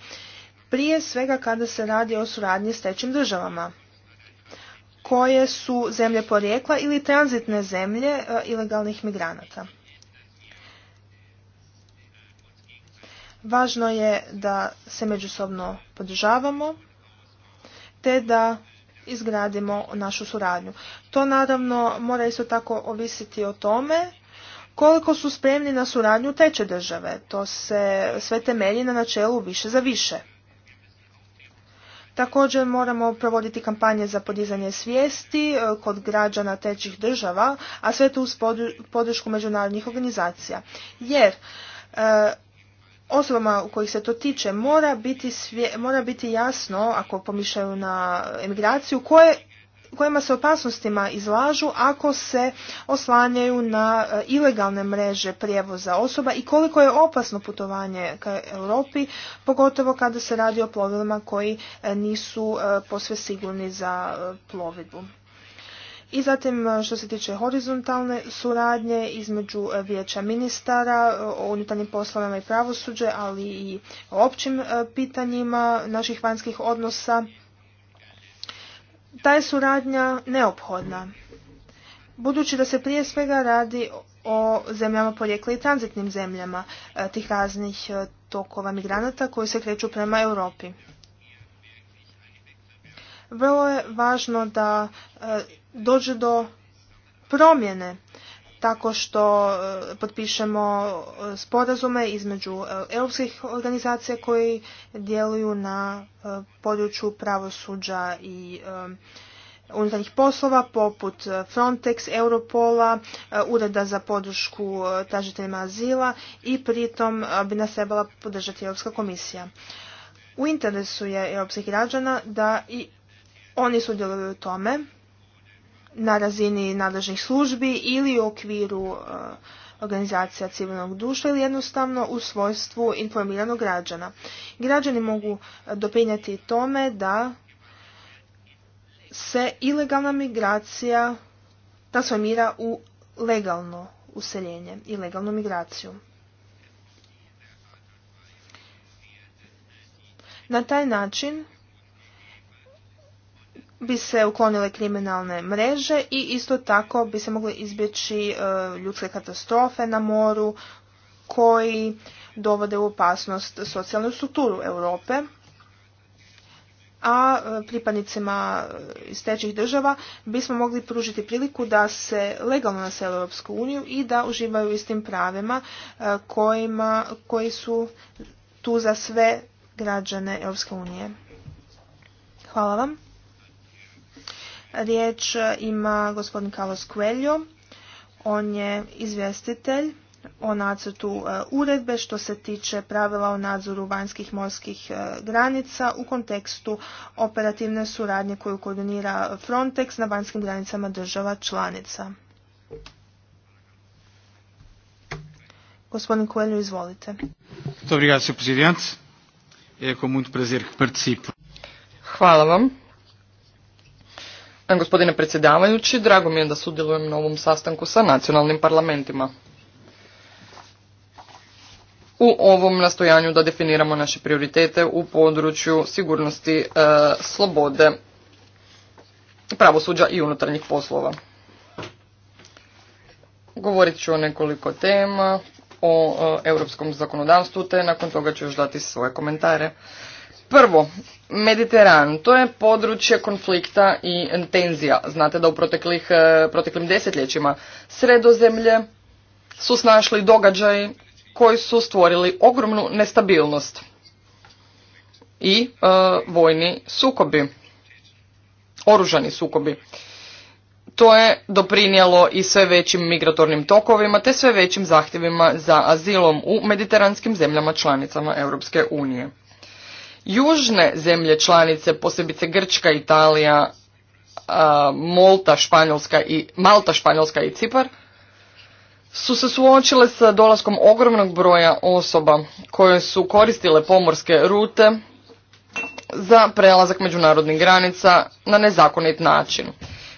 prije svega kada se radi o suradnji s trećim državama koje su zemlje porijekla ili tranzitne zemlje e, ilegalnih migranata. Važno je da se međusobno podržavamo te da izgradimo našu suradnju. To naravno mora isto tako ovisiti o tome koliko su spremni na suradnju treće države. To se sve temelji na načelu više za više. Također moramo provoditi kampanje za podizanje svijesti e, kod građana trećih država, a sve to uz podršku međunarodnih organizacija. Jer e, osobama u kojih se to tiče mora biti, jasno, ako pomišljaju na emigraciju, koje kojima se opasnostima izlažu ako se oslanjaju na e, ilegalne mreže prijevoza osoba i koliko je opasno putovanje ka Europi, pogotovo kada se radi o plovilima koji e, nisu e, posve sigurni za plovidbu. I zatim što se tiče horizontalne suradnje između vijeća ministara o unutarnjim poslovama i pravosuđe, ali i općim pitanjima naših vanjskih odnosa ta je suradnja neophodna. Budući da se prije svega radi o zemljama porijekla i tranzitnim zemljama e, tih raznih e, tokova migranata koji se kreću prema Europi. Vrlo je važno da e, dođe do promjene tako što e, potpišemo e, sporazume između e, europskih organizacija koji djeluju na području pravosuđa i unutarnjih poslova poput Frontex, Europola, Ureda za podršku tražiteljima azila i pritom bi nas trebala podržati Europska komisija. U interesu je europskih građana da i oni sudjeluju u tome na razini nadležnih službi ili u okviru e, organizacija civilnog društva ili jednostavno u svojstvu informiranog građana. Građani mogu e, doprinijeti tome da se ilegalna migracija transformira u legalno useljenje i legalnu migraciju. Na taj način bi se uklonile kriminalne mreže i isto tako bi se mogle izbjeći e, ljudske katastrofe na moru koji dovode u opasnost socijalnu strukturu Europe a e, pripadnicima iz trećih država bismo mogli pružiti priliku da se legalno nasele u Europsku uniju i da uživaju istim pravima e, kojima, koji su tu za sve građane Europske unije. Hvala vam. Riječ ima gospodin Carlos Coelho. On je izvjestitelj o nacrtu e, uredbe što se tiče pravila o nadzoru vanjskih morskih e, granica u kontekstu operativne suradnje koju koordinira Frontex na vanjskim granicama država članica. Gospodin Coelho, izvolite. Hvala vam. Gospodine predsjedavajući, drago mi je da sudjelujem na ovom sastanku sa nacionalnim parlamentima. U ovom nastojanju da definiramo naše prioritete u području sigurnosti, e, slobode, pravosuđa i unutarnjih poslova. Govorit ću o nekoliko tema, o e, europskom zakonodavstvu, te nakon toga ću još dati svoje komentare. Prvo, Mediteran, to je područje konflikta i tenzija. Znate da u proteklih, e, proteklim desetljećima sredozemlje su snašli događaj koji su stvorili ogromnu nestabilnost i e, vojni sukobi, oružani sukobi. To je doprinijelo i sve većim migratornim tokovima te sve većim zahtjevima za azilom u mediteranskim zemljama članicama Europske unije. Južne zemlje članice, posebice Grčka, Italija, Malta, Španjolska i, Malta, Španjolska i Cipar, su se suočile sa dolaskom ogromnog broja osoba koje su koristile pomorske rute za prelazak međunarodnih granica na nezakonit način.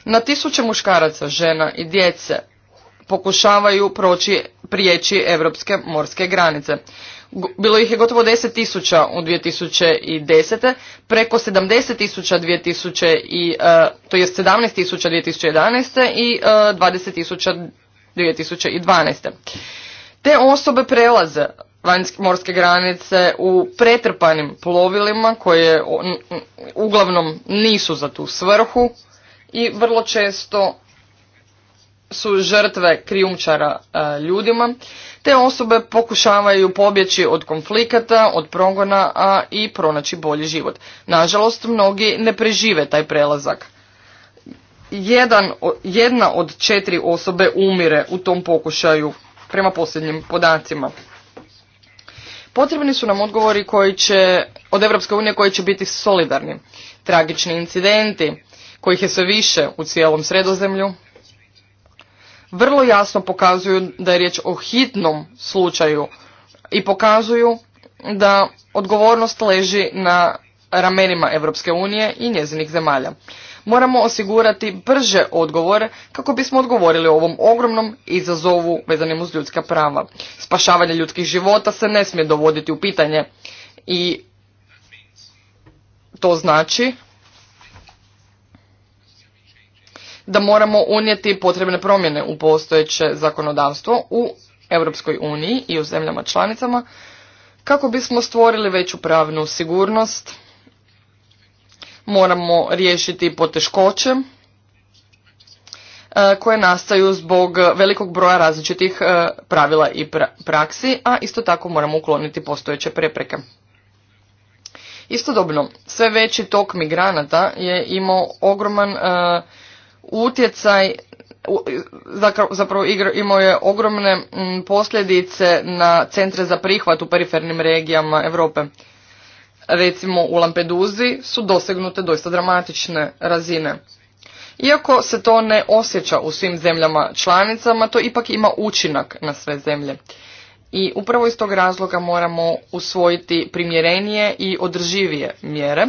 Na tisuće muškaraca, žena i djece pokušavaju proći prijeći europske morske granice. Bilo ih je gotovo 10 tisuća u 2010. Preko 70 tisuća 2000 e, to je 17 tisuća 2011. i 20 e, tisuća 2012. Te osobe prelaze vanjske morske granice u pretrpanim plovilima koje uglavnom nisu za tu svrhu i vrlo često su žrtve krijumčara e, ljudima te osobe pokušavaju pobjeći od konflikata, od progona, a i pronaći bolji život. Nažalost, mnogi ne prežive taj prelazak. Jedan, jedna od četiri osobe umire u tom pokušaju, prema posljednjim podacima. Potrebni su nam odgovori koji će, od Europske unije koji će biti solidarni. Tragični incidenti, kojih je sve više u cijelom sredozemlju, vrlo jasno pokazuju da je riječ o hitnom slučaju i pokazuju da odgovornost leži na ramenima Europske unije i njezinih zemalja. Moramo osigurati brže odgovore kako bismo odgovorili ovom ogromnom izazovu vezanim uz ljudska prava. Spašavanje ljudskih života se ne smije dovoditi u pitanje i to znači da moramo unijeti potrebne promjene u postojeće zakonodavstvo u Europskoj uniji i u zemljama članicama kako bismo stvorili veću pravnu sigurnost. Moramo riješiti poteškoće e, koje nastaju zbog velikog broja različitih e, pravila i praksi, a isto tako moramo ukloniti postojeće prepreke. Istodobno, sve veći tok migranata je imao ogroman e, utjecaj zapravo imao je ogromne mm, posljedice na centre za prihvat u perifernim regijama Europe. Recimo u Lampeduzi su dosegnute doista dramatične razine. Iako se to ne osjeća u svim zemljama članicama, to ipak ima učinak na sve zemlje. I upravo iz tog razloga moramo usvojiti primjerenije i održivije mjere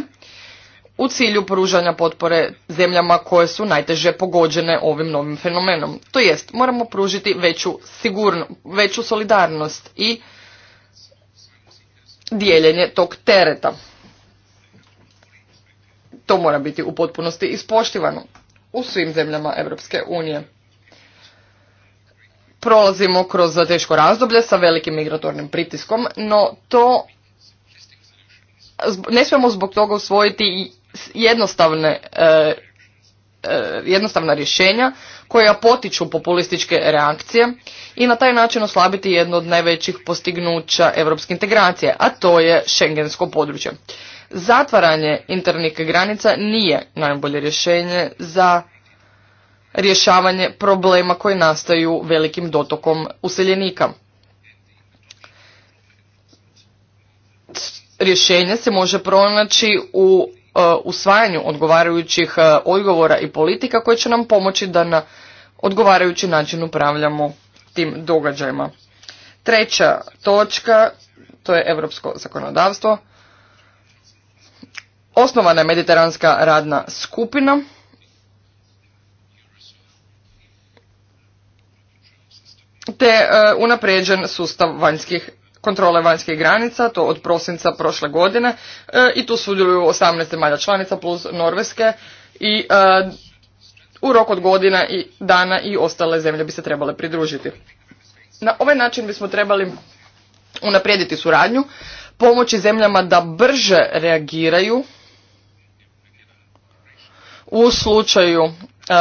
u cilju pružanja potpore zemljama koje su najteže pogođene ovim novim fenomenom. To jest, moramo pružiti veću sigurno, veću solidarnost i dijeljenje tog tereta. To mora biti u potpunosti ispoštivano u svim zemljama Europske unije. Prolazimo kroz teško razdoblje sa velikim migratornim pritiskom, no to ne smijemo zbog toga usvojiti jednostavne, e, e, jednostavna rješenja koja potiču populističke reakcije i na taj način oslabiti jedno od najvećih postignuća europske integracije, a to je šengensko područje. Zatvaranje internih granica nije najbolje rješenje za rješavanje problema koji nastaju velikim dotokom useljenika. Rješenje se može pronaći u E, usvajanju odgovarajućih e, odgovora i politika koje će nam pomoći da na odgovarajući način upravljamo tim događajima. Treća točka, to je europsko zakonodavstvo. Osnovana je mediteranska radna skupina. te e, unapređen sustav vanjskih kontrole vanjskih granica, to od prosinca prošle godine e, i tu sudjeluju 18 zemalja članica plus Norveske i e, u rok od godina i dana i ostale zemlje bi se trebale pridružiti. Na ovaj način bismo trebali unaprijediti suradnju, pomoći zemljama da brže reagiraju u slučaju e,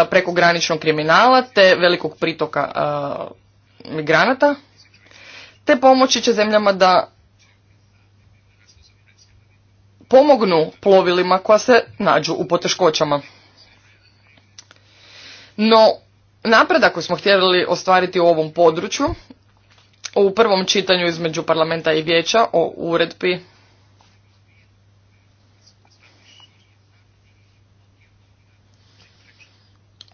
prekograničnog kriminala te velikog pritoka migranata te pomoći će zemljama da pomognu plovilima koja se nađu u poteškoćama. No, napredak koji smo htjeli ostvariti u ovom području, u prvom čitanju između parlamenta i vijeća o uredbi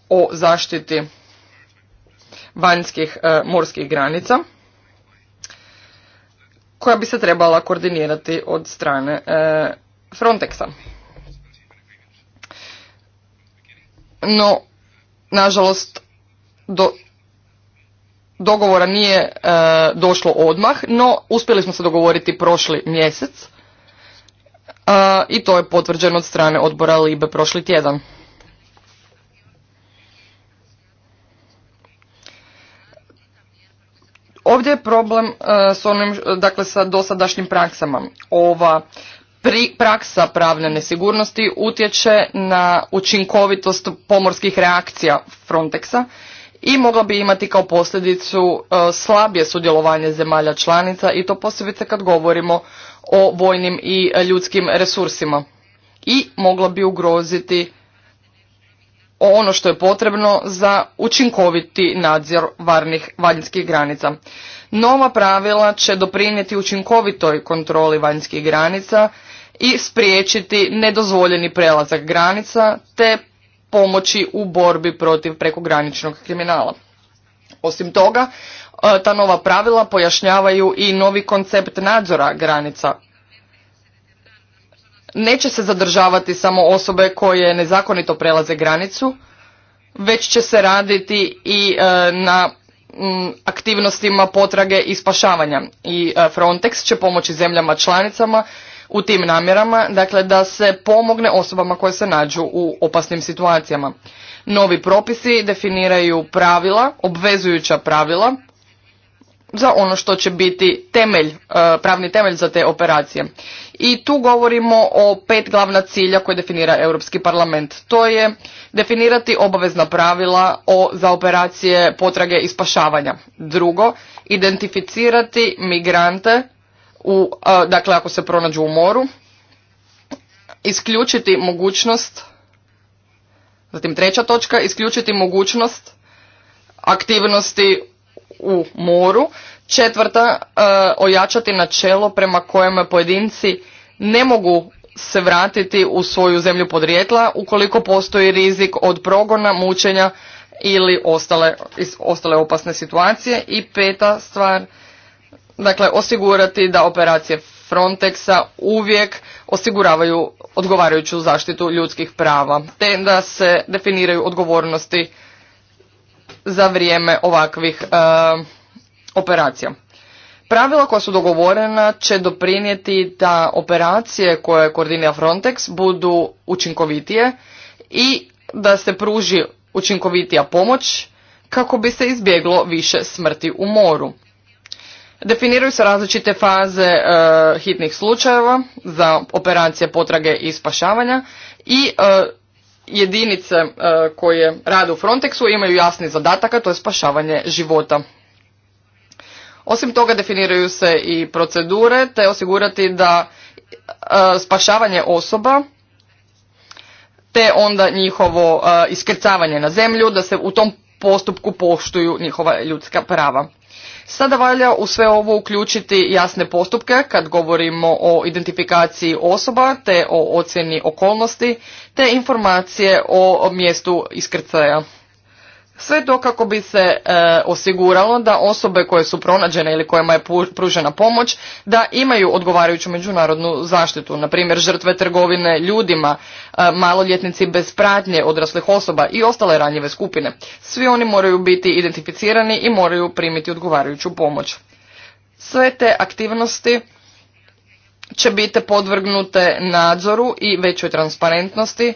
o zaštiti vanjskih e, morskih granica, koja bi se trebala koordinirati od strane e, Frontexa. No, nažalost, do dogovora nije e, došlo odmah, no uspjeli smo se dogovoriti prošli mjesec e, i to je potvrđeno od strane odbora Libe prošli tjedan. Ovdje je problem e, s onim, e, dakle, sa dosadašnjim praksama. Ova praksa pravne nesigurnosti utječe na učinkovitost pomorskih reakcija Frontexa i mogla bi imati kao posljedicu e, slabije sudjelovanje zemalja članica i to posebice kad govorimo o vojnim i ljudskim resursima i mogla bi ugroziti ono što je potrebno za učinkoviti nadzor varnih vanjskih granica. Nova pravila će doprinijeti učinkovitoj kontroli vanjskih granica i spriječiti nedozvoljeni prelazak granica te pomoći u borbi protiv prekograničnog kriminala. Osim toga, e, ta nova pravila pojašnjavaju i novi koncept nadzora granica neće se zadržavati samo osobe koje nezakonito prelaze granicu, već će se raditi i e, na aktivnostima potrage i spašavanja. I e, Frontex će pomoći zemljama članicama u tim namjerama, dakle da se pomogne osobama koje se nađu u opasnim situacijama. Novi propisi definiraju pravila, obvezujuća pravila za ono što će biti temelj, e, pravni temelj za te operacije i tu govorimo o pet glavna cilja koje definira Europski parlament. To je definirati obavezna pravila o, za operacije potrage i spašavanja. Drugo, identificirati migrante u, dakle ako se pronađu u moru, isključiti mogućnost, zatim treća točka, isključiti mogućnost aktivnosti u moru Četvrta, e, ojačati načelo prema kojem pojedinci ne mogu se vratiti u svoju zemlju podrijetla ukoliko postoji rizik od progona, mučenja ili ostale, ostale opasne situacije. I peta stvar, dakle osigurati da operacije Frontexa uvijek osiguravaju odgovarajuću zaštitu ljudskih prava, te da se definiraju odgovornosti za vrijeme ovakvih e, operacija. Pravila koja su dogovorena će doprinijeti da operacije koje koordinira Frontex budu učinkovitije i da se pruži učinkovitija pomoć kako bi se izbjeglo više smrti u moru. Definiraju se različite faze e, hitnih slučajeva za operacije potrage i spašavanja i e, jedinice e, koje rade u Frontexu imaju jasni zadataka, to je spašavanje života. Osim toga definiraju se i procedure te osigurati da e, spašavanje osoba te onda njihovo e, iskrcavanje na zemlju, da se u tom postupku poštuju njihova ljudska prava. Sada valja u sve ovo uključiti jasne postupke kad govorimo o identifikaciji osoba te o ocjeni okolnosti te informacije o mjestu iskrcaja. Sve to kako bi se e, osiguralo da osobe koje su pronađene ili kojima je pružena pomoć da imaju odgovarajuću međunarodnu zaštitu, na primjer žrtve trgovine ljudima, e, maloljetnici bez pratnje odraslih osoba i ostale ranjive skupine. Svi oni moraju biti identificirani i moraju primiti odgovarajuću pomoć. Sve te aktivnosti će biti podvrgnute nadzoru i većoj transparentnosti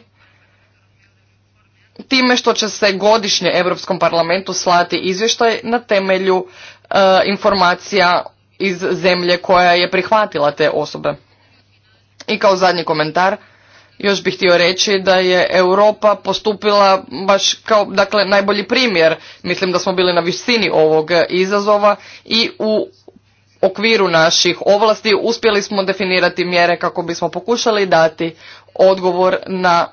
time što će se godišnje Europskom parlamentu slati izvještaj na temelju e, informacija iz zemlje koja je prihvatila te osobe. I kao zadnji komentar, još bih htio reći da je Europa postupila baš kao dakle, najbolji primjer. Mislim da smo bili na visini ovog izazova i u okviru naših ovlasti uspjeli smo definirati mjere kako bismo pokušali dati odgovor na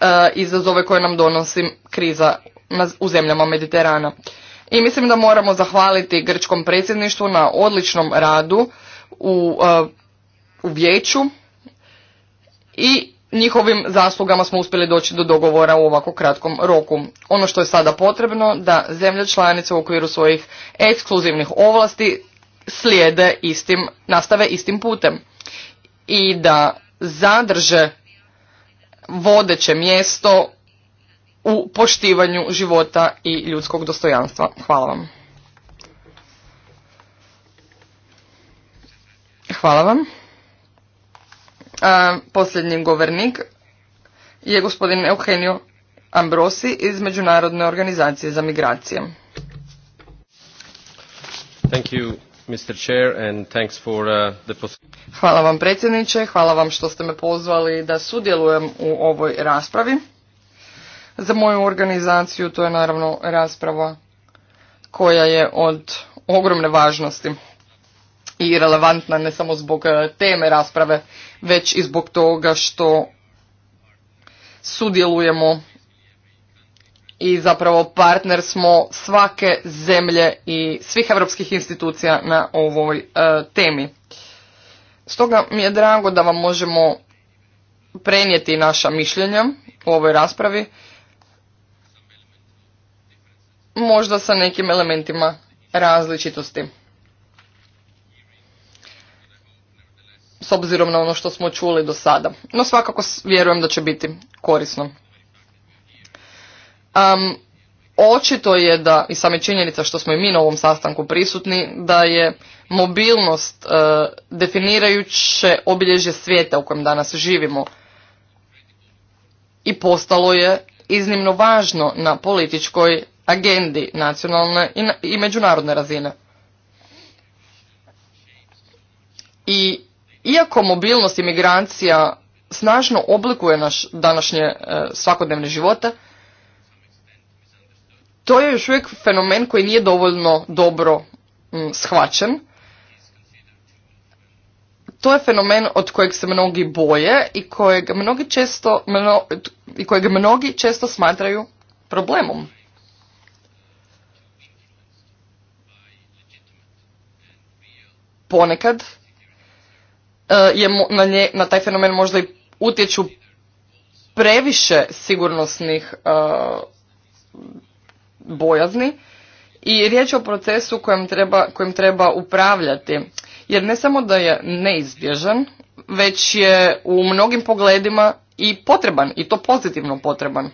E, izazove koje nam donosi kriza u zemljama Mediterana. I mislim da moramo zahvaliti grčkom predsjedništvu na odličnom radu u, e, u vijeću i njihovim zaslugama smo uspjeli doći do dogovora u ovako kratkom roku. Ono što je sada potrebno da zemlje članice u okviru svojih ekskluzivnih ovlasti slijede istim, nastave istim putem i da zadrže vodeće mjesto u poštivanju života i ljudskog dostojanstva. Hvala vam. Hvala vam. posljednji govornik je gospodin Eugenio Ambrosi iz Međunarodne organizacije za migracije. Thank you. Uh, hvala vam predsjedniče, hvala vam što ste me pozvali da sudjelujem u ovoj raspravi. Za moju organizaciju to je naravno rasprava koja je od ogromne važnosti i relevantna ne samo zbog uh, teme rasprave, već i zbog toga što sudjelujemo i zapravo partner smo svake zemlje i svih europskih institucija na ovoj e, temi. Stoga mi je drago da vam možemo prenijeti naša mišljenja u ovoj raspravi, možda sa nekim elementima različitosti. S obzirom na ono što smo čuli do sada. No svakako vjerujem da će biti korisno. Um, očito je da, i same činjenica što smo i mi na ovom sastanku prisutni, da je mobilnost e, definirajuće obilježje svijeta u kojem danas živimo i postalo je iznimno važno na političkoj agendi nacionalne i, međunarodne razine. I iako mobilnost i snažno oblikuje naš današnje e, svakodnevne živote, to je još uvijek fenomen koji nije dovoljno dobro mm, shvaćen. To je fenomen od kojeg se mnogi boje i kojeg mnogi često, i kojeg mnogi često smatraju problemom. Ponekad eh, je na, taj fenomen možda i utječu previše sigurnosnih eh, bojazni i riječ je o procesu kojem treba, treba upravljati. Jer ne samo da je neizbježan, već je u mnogim pogledima i potreban, i to pozitivno potreban.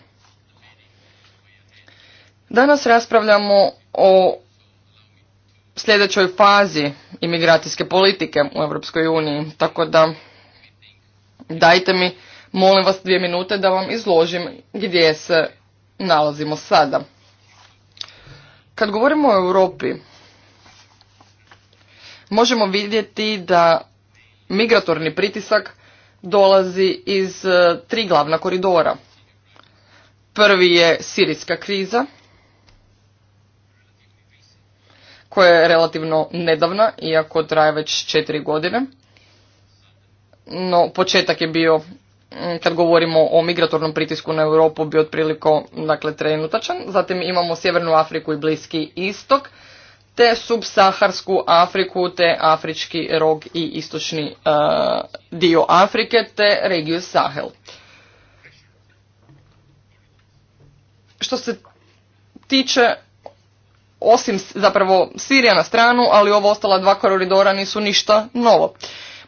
Danas raspravljamo o sljedećoj fazi imigracijske politike u Europskoj uniji, tako da dajte mi, molim vas, dvije minute da vam izložim gdje se nalazimo sada. Kad govorimo o Europi, možemo vidjeti da migratorni pritisak dolazi iz e, tri glavna koridora. Prvi je sirijska kriza, koja je relativno nedavna, iako traje već četiri godine. No, početak je bio Mm, kad govorimo o migratornom pritisku na Europu bi otpriliko dakle, trenutačan. Zatim imamo Sjevernu Afriku i Bliski istok, te subsaharsku Afriku, te Afrički rog i istočni e, dio Afrike, te regiju Sahel. Što se tiče osim zapravo Sirija na stranu, ali ovo ostala dva koridora nisu ništa novo.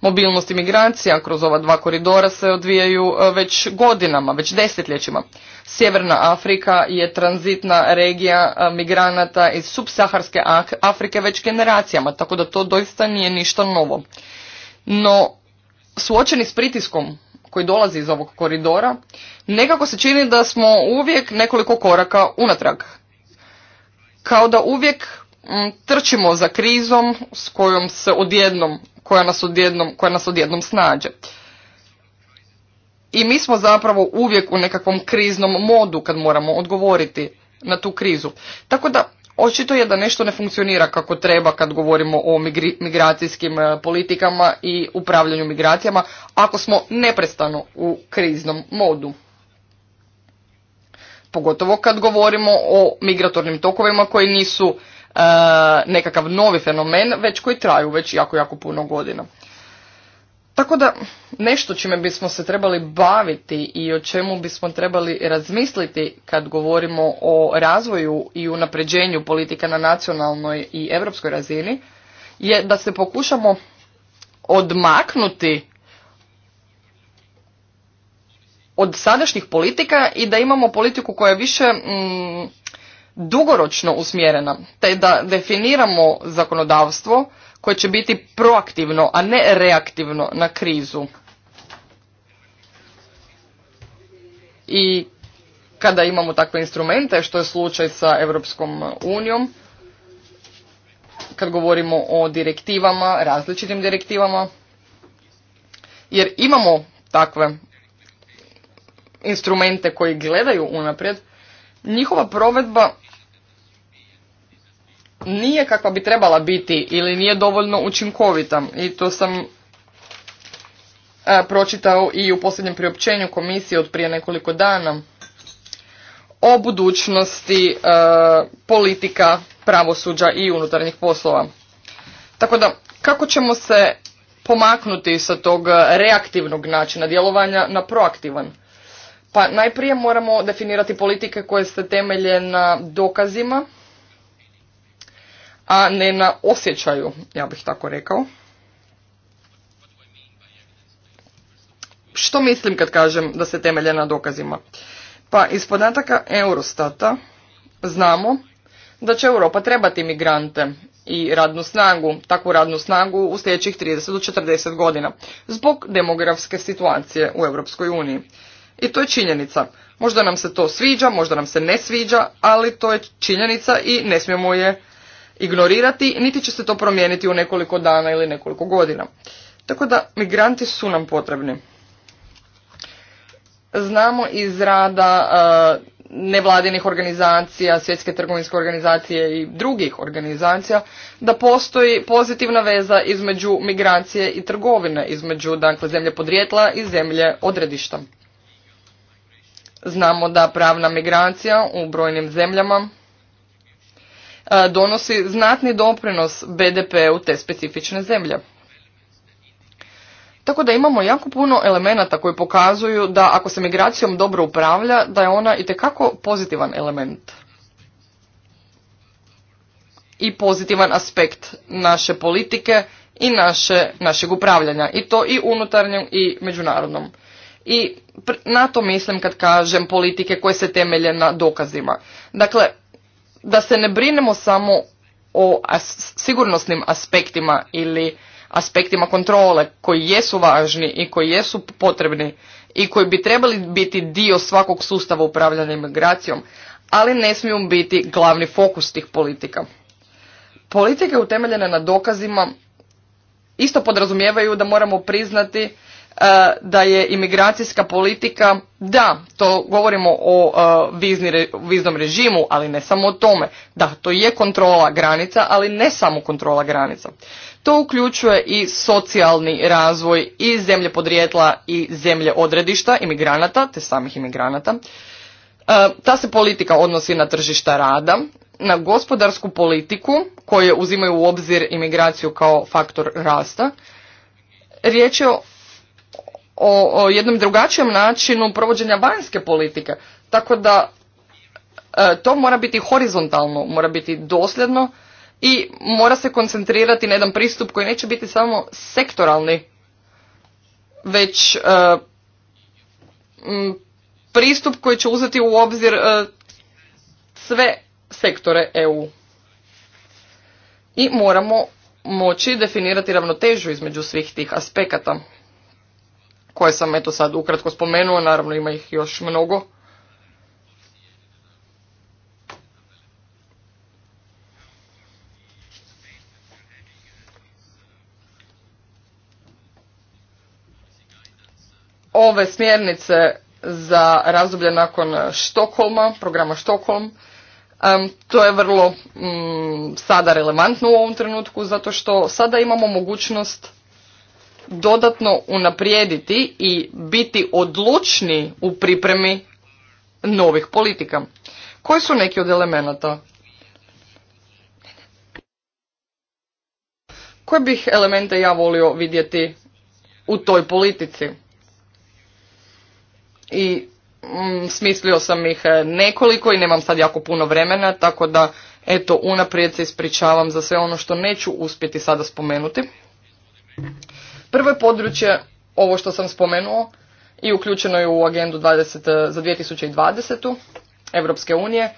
Mobilnost i migracija kroz ova dva koridora se odvijaju e, već godinama, već desetljećima. Sjeverna Afrika je tranzitna regija e, migranata iz subsaharske Afrike već generacijama, tako da to doista nije ništa novo. No, suočeni s pritiskom koji dolazi iz ovog koridora, nekako se čini da smo uvijek nekoliko koraka unatrag. Kao da uvijek trčimo za krizom s kojom se odjednom koja nas odjednom, koja nas odjednom snađe. I mi smo zapravo uvijek u nekakvom kriznom modu kad moramo odgovoriti na tu krizu. Tako da očito je da nešto ne funkcionira kako treba kad govorimo o migracijskim e, politikama i upravljanju migracijama ako smo neprestano u kriznom modu. Pogotovo kad govorimo o migratornim tokovima koji nisu Eh, nekakav novi fenomen, već koji traju već jako, jako puno godina. Tako da nešto čime bismo se trebali baviti i o čemu bismo trebali razmisliti kad govorimo o razvoju i unapređenju politika na nacionalnoj i europskoj razini je da se pokušamo odmaknuti od sadašnjih politika i da imamo politiku koja je više mm, dugoročno usmjerena, te da definiramo zakonodavstvo koje će biti proaktivno, a ne reaktivno na krizu. I kada imamo takve instrumente, što je slučaj sa Europskom unijom, kad govorimo o direktivama, različitim direktivama, jer imamo takve instrumente koji gledaju unaprijed, njihova provedba nije kakva bi trebala biti ili nije dovoljno učinkovita i to sam e, pročitao i u posljednjem priopćenju komisije od prije nekoliko dana o budućnosti e, politika pravosuđa i unutarnjih poslova. Tako da, kako ćemo se pomaknuti sa tog reaktivnog načina djelovanja na proaktivan? Pa najprije moramo definirati politike koje se temelje na dokazima, a ne na osjećaju, ja bih tako rekao. Što mislim kad kažem da se temelje na dokazima? Pa iz podataka Eurostata znamo da će Europa trebati migrante i radnu snagu, takvu radnu snagu u sljedećih 30 do 40 godina zbog demografske situacije u Europskoj uniji. I to je činjenica. Možda nam se to sviđa, možda nam se ne sviđa, ali to je činjenica i ne smijemo je ignorirati, niti će se to promijeniti u nekoliko dana ili nekoliko godina. Tako da migranti su nam potrebni. Znamo iz rada e, nevladinih organizacija, svjetske trgovinske organizacije i drugih organizacija, da postoji pozitivna veza između migracije i trgovine, između dakle, zemlje podrijetla i zemlje odredišta. Znamo da pravna migracija u brojnim zemljama donosi znatni doprinos BDP-u te specifične zemlje. Tako da imamo jako puno elemenata koji pokazuju da ako se migracijom dobro upravlja, da je ona i itekako pozitivan element i pozitivan aspekt naše politike i naše, našeg upravljanja. I to i unutarnjem i međunarodnom. I na to mislim kad kažem politike koje se temelje na dokazima. Dakle, da se ne brinemo samo o sigurnosnim aspektima ili aspektima kontrole koji jesu važni i koji jesu potrebni i koji bi trebali biti dio svakog sustava upravljanja imigracijom, ali ne smiju biti glavni fokus tih politika. Politike utemeljene na dokazima isto podrazumijevaju da moramo priznati E, da je imigracijska politika, da, to govorimo o e, vizni, viznom režimu, ali ne samo o tome. Da, to je kontrola granica, ali ne samo kontrola granica. To uključuje i socijalni razvoj i zemlje podrijetla i zemlje odredišta imigranata, te samih imigranata. E, ta se politika odnosi na tržišta rada, na gospodarsku politiku koje uzimaju u obzir imigraciju kao faktor rasta. Riječ je o o, o jednom drugačijem načinu provođenja vanjske politike. Tako da e, to mora biti horizontalno, mora biti dosljedno i mora se koncentrirati na jedan pristup koji neće biti samo sektoralni, već e, pristup koji će uzeti u obzir e, sve sektore EU. I moramo moći definirati ravnotežu između svih tih aspekata koje sam eto sad ukratko spomenuo, naravno ima ih još mnogo. Ove smjernice za razdoblje nakon Štokholma, programa Štokholm, to je vrlo mm, sada relevantno u ovom trenutku zato što sada imamo mogućnost dodatno unaprijediti i biti odlučni u pripremi novih politika. Koji su neki od elemenata? Koje bih elemente ja volio vidjeti u toj politici? I mm, smislio sam ih e, nekoliko i nemam sad jako puno vremena, tako da eto unaprijed se ispričavam za sve ono što neću uspjeti sada spomenuti. Prvo je područje, ovo što sam spomenuo, i uključeno je u agendu 20, eh, za 2020. Evropske unije,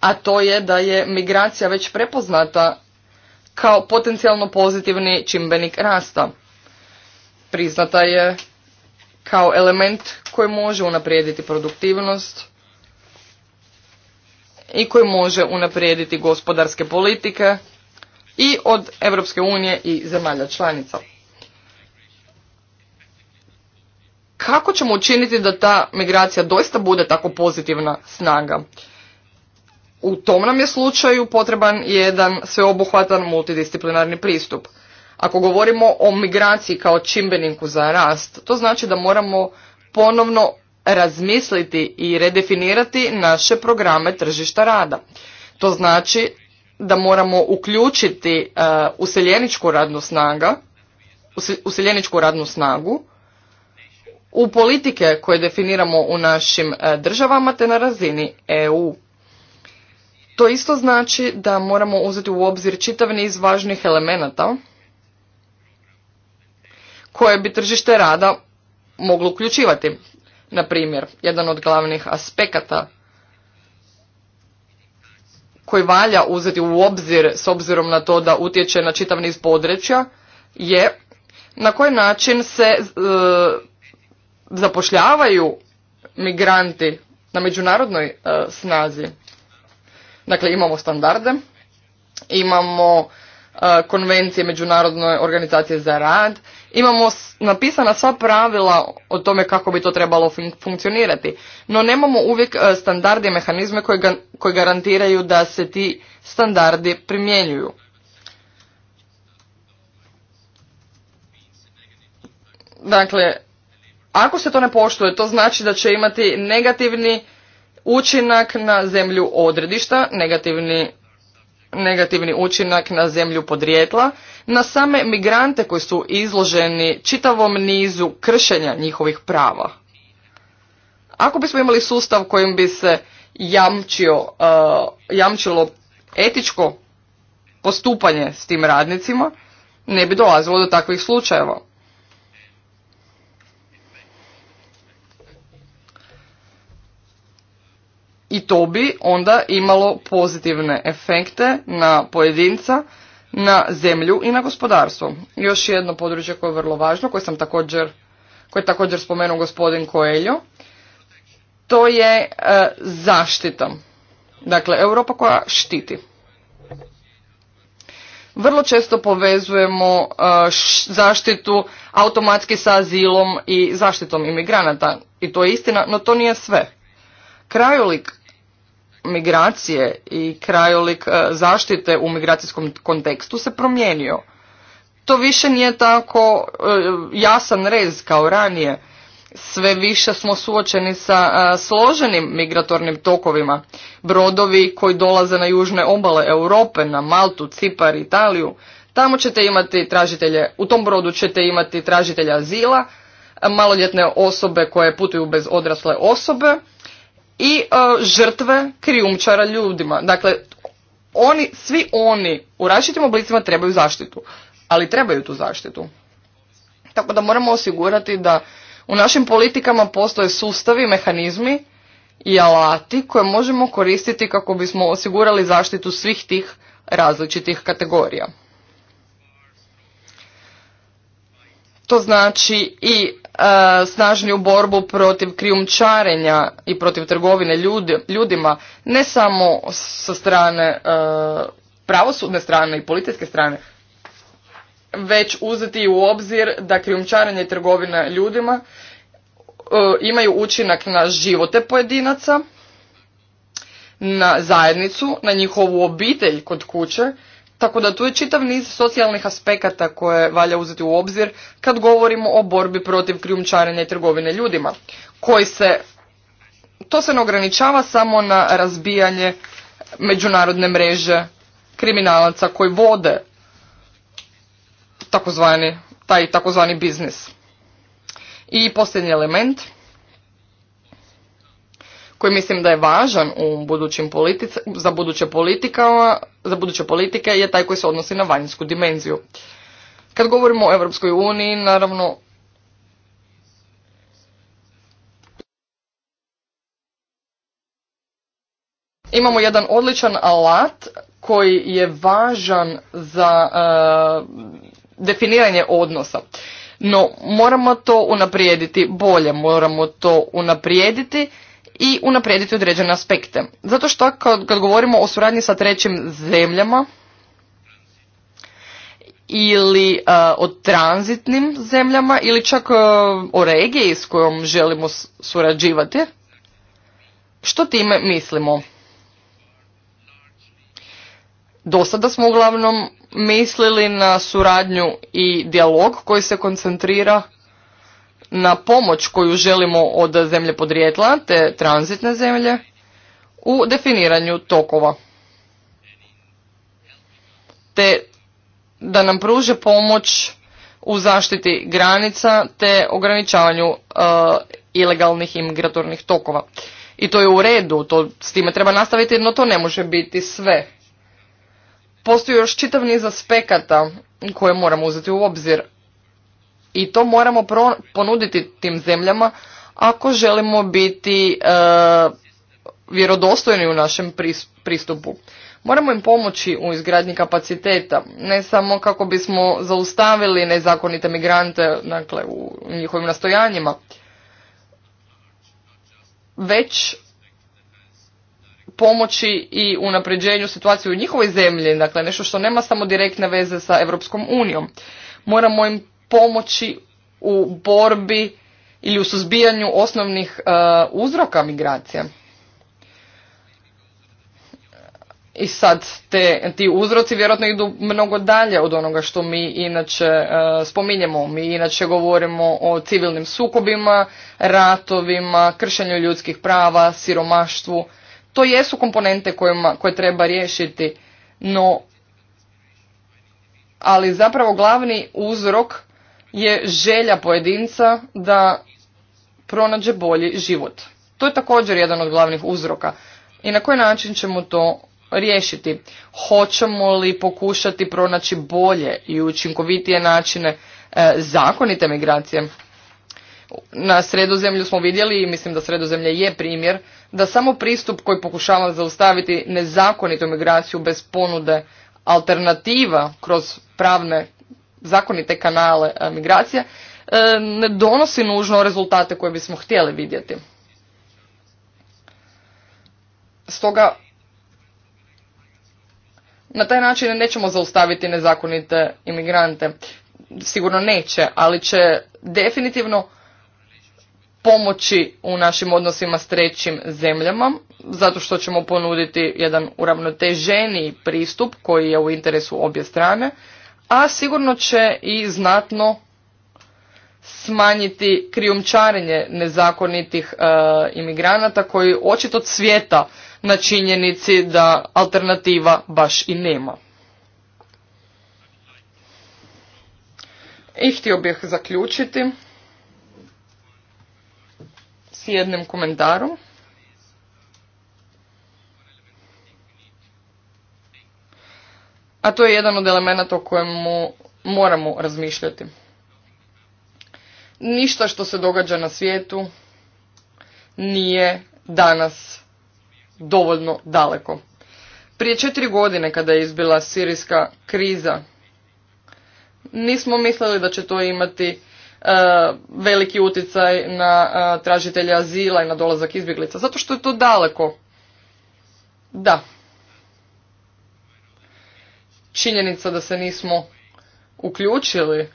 a to je da je migracija već prepoznata kao potencijalno pozitivni čimbenik rasta. Priznata je kao element koji može unaprijediti produktivnost i koji može unaprijediti gospodarske politike i od Evropske unije i zemalja članica. kako ćemo učiniti da ta migracija doista bude tako pozitivna snaga? U tom nam je slučaju potreban jedan sveobuhvatan multidisciplinarni pristup. Ako govorimo o migraciji kao čimbeniku za rast, to znači da moramo ponovno razmisliti i redefinirati naše programe tržišta rada. To znači da moramo uključiti uh, useljeničku radnu snaga, useljeničku radnu snagu u politike koje definiramo u našim e, državama te na razini EU. To isto znači da moramo uzeti u obzir čitav niz važnih elemenata koje bi tržište rada moglo uključivati. Na primjer, jedan od glavnih aspekata koji valja uzeti u obzir s obzirom na to da utječe na čitav niz područja je na koji način se e, zapošljavaju migranti na međunarodnoj e, snazi. Dakle, imamo standarde, imamo e, konvencije Međunarodne organizacije za rad, imamo napisana sva pravila o tome kako bi to trebalo funkcionirati, no nemamo uvijek e, standarde i mehanizme koji, ga koji garantiraju da se ti standardi primjenjuju. Dakle, ako se to ne poštuje, to znači da će imati negativni učinak na zemlju odredišta, negativni, negativni učinak na zemlju podrijetla, na same migrante koji su izloženi čitavom nizu kršenja njihovih prava. Ako bismo imali sustav kojim bi se jamčio, eh, jamčilo etičko postupanje s tim radnicima, ne bi dolazilo do takvih slučajeva. i to bi onda imalo pozitivne efekte na pojedinca, na zemlju i na gospodarstvo. Još jedno područje koje je vrlo važno, koje sam također, koje je također spomenuo gospodin Koeljo, to je e, zaštita. Dakle, Europa koja štiti. Vrlo često povezujemo e, zaštitu automatski sa azilom i zaštitom imigranata. I to je istina, no to nije sve. Krajolik migracije i krajolik e, zaštite u migracijskom kontekstu se promijenio. To više nije tako e, jasan rez kao ranije. Sve više smo suočeni sa e, složenim migratornim tokovima. Brodovi koji dolaze na južne obale Europe, na Maltu, Cipar, Italiju, tamo ćete imati tražitelje, u tom brodu ćete imati tražitelja azila, maloljetne osobe koje putuju bez odrasle osobe, i e, žrtve krijumčara ljudima. Dakle, oni, svi oni u različitim oblicima trebaju zaštitu, ali trebaju tu zaštitu. Tako da moramo osigurati da u našim politikama postoje sustavi, mehanizmi i alati koje možemo koristiti kako bismo osigurali zaštitu svih tih različitih kategorija. To znači i E, snažniju borbu protiv krijumčarenja i protiv trgovine ljudima, ne samo sa strane e, pravosudne strane i policijske strane, već uzeti u obzir da krijumčarenje i trgovina ljudima e, imaju učinak na živote pojedinaca, na zajednicu, na njihovu obitelj kod kuće tako da tu je čitav niz socijalnih aspekata koje valja uzeti u obzir kad govorimo o borbi protiv krijumčarenja i trgovine ljudima, koji se, to se ne ograničava samo na razbijanje međunarodne mreže kriminalaca koji vode takozvani, taj takozvani biznis. I posljednji element – koji mislim da je važan u budućim politikama za, buduće za buduće politike je taj koji se odnosi na vanjsku dimenziju. Kad govorimo o Europskoj uniji, naravno imamo jedan odličan alat koji je važan za e, definiranje odnosa. No, moramo to unaprijediti bolje, moramo to unaprijediti i unaprijediti određene aspekte. Zato što kad, kad govorimo o suradnji sa trećim zemljama ili uh, o tranzitnim zemljama ili čak e, o regiji s kojom želimo surađivati, što time mislimo? Do sada smo uglavnom mislili na suradnju i dijalog koji se koncentrira na pomoć koju želimo od zemlje podrijetla, te tranzitne zemlje, u definiranju tokova. Te da nam pruže pomoć u zaštiti granica te ograničavanju e, ilegalnih imigratornih tokova. I to je u redu, to s time treba nastaviti, no to ne može biti sve. Postoji još čitav niz aspekata koje moramo uzeti u obzir, i to moramo ponuditi tim zemljama ako želimo biti e, vjerodostojni u našem pristupu. Moramo im pomoći u izgradnji kapaciteta, ne samo kako bismo zaustavili nezakonite migrante dakle, u njihovim nastojanjima, već pomoći i unapređenju situacije u njihovoj zemlji, dakle nešto što nema samo direktne veze sa Europskom unijom. Moramo im pomoći u borbi ili u suzbijanju osnovnih e, uzroka migracije. I sad te, ti uzroci vjerojatno idu mnogo dalje od onoga što mi inače e, spominjemo. Mi inače govorimo o civilnim sukobima, ratovima, kršenju ljudskih prava, siromaštvu. To jesu komponente kojima, koje treba riješiti, no ali zapravo glavni uzrok je želja pojedinca da pronađe bolji život. To je također jedan od glavnih uzroka. I na koji način ćemo to riješiti? Hoćemo li pokušati pronaći bolje i učinkovitije načine e, zakonite migracije? Na sredozemlju smo vidjeli i mislim da sredozemlje je primjer da samo pristup koji pokušava zaustaviti nezakonitu migraciju bez ponude alternativa kroz pravne zakonite kanale e, migracije ne donosi nužno rezultate koje bismo htjeli vidjeti. Stoga na taj način nećemo zaustaviti nezakonite imigrante. Sigurno neće, ali će definitivno pomoći u našim odnosima s trećim zemljama, zato što ćemo ponuditi jedan uravnoteženiji pristup koji je u interesu obje strane a sigurno će i znatno smanjiti krijumčarenje nezakonitih e, imigranata koji očito cvjeta na činjenici da alternativa baš i nema. I htio bih zaključiti s jednim komentarom. A to je jedan od elemenata o kojemu moramo razmišljati. Ništa što se događa na svijetu nije danas dovoljno daleko. Prije četiri godine kada je izbila sirijska kriza, nismo mislili da će to imati e, veliki utjecaj na e, tražitelja azila i na dolazak izbjeglica, zato što je to daleko. Da, činjenica da se nismo uključili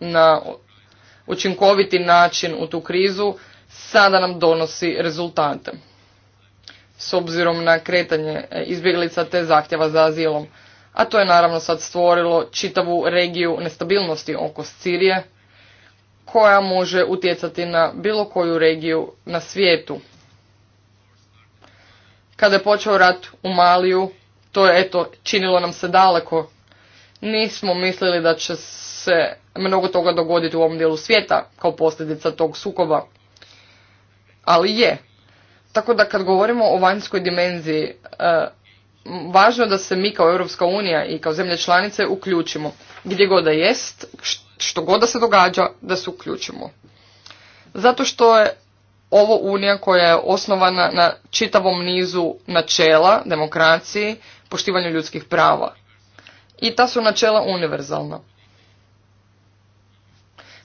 na učinkoviti način u tu krizu sada nam donosi rezultate s obzirom na kretanje e, izbjeglica te zahtjeva za azilom. A to je naravno sad stvorilo čitavu regiju nestabilnosti oko Sirije koja može utjecati na bilo koju regiju na svijetu. Kada je počeo rat u Maliju, to je eto činilo nam se daleko. Nismo mislili da će se mnogo toga dogoditi u ovom dijelu svijeta kao posljedica tog sukoba. Ali je. Tako da kad govorimo o vanjskoj dimenziji, e, važno je da se mi kao Europska unija i kao zemlje članice uključimo. Gdje god da jest, što god da se događa, da se uključimo. Zato što je ovo unija koja je osnovana na čitavom nizu načela, demokraciji, poštivanju ljudskih prava. I ta su načela univerzalna.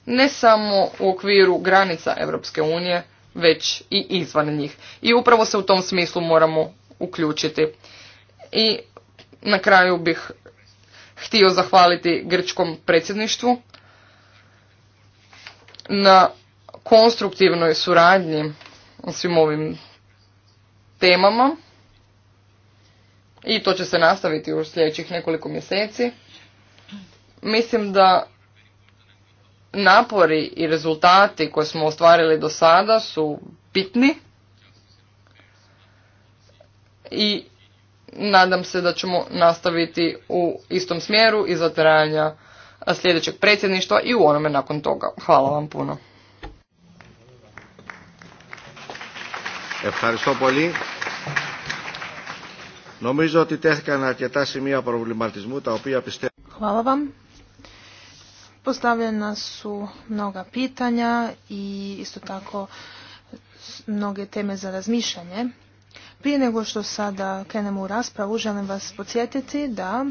Ne samo u okviru granica Europske unije, već i izvan njih. I upravo se u tom smislu moramo uključiti. I na kraju bih htio zahvaliti grčkom predsjedništvu na konstruktivnoj suradnji o svim ovim temama i to će se nastaviti u sljedećih nekoliko mjeseci. Mislim da napori i rezultati koje smo ostvarili do sada su bitni i nadam se da ćemo nastaviti u istom smjeru i za sljedećeg predsjedništva i u onome nakon toga. Hvala vam puno. Hvala vam. Postavljena su mnoga pitanja i isto tako mnoge teme za razmišljanje. Prije nego što sada krenemo u raspravu, želim vas podsjetiti da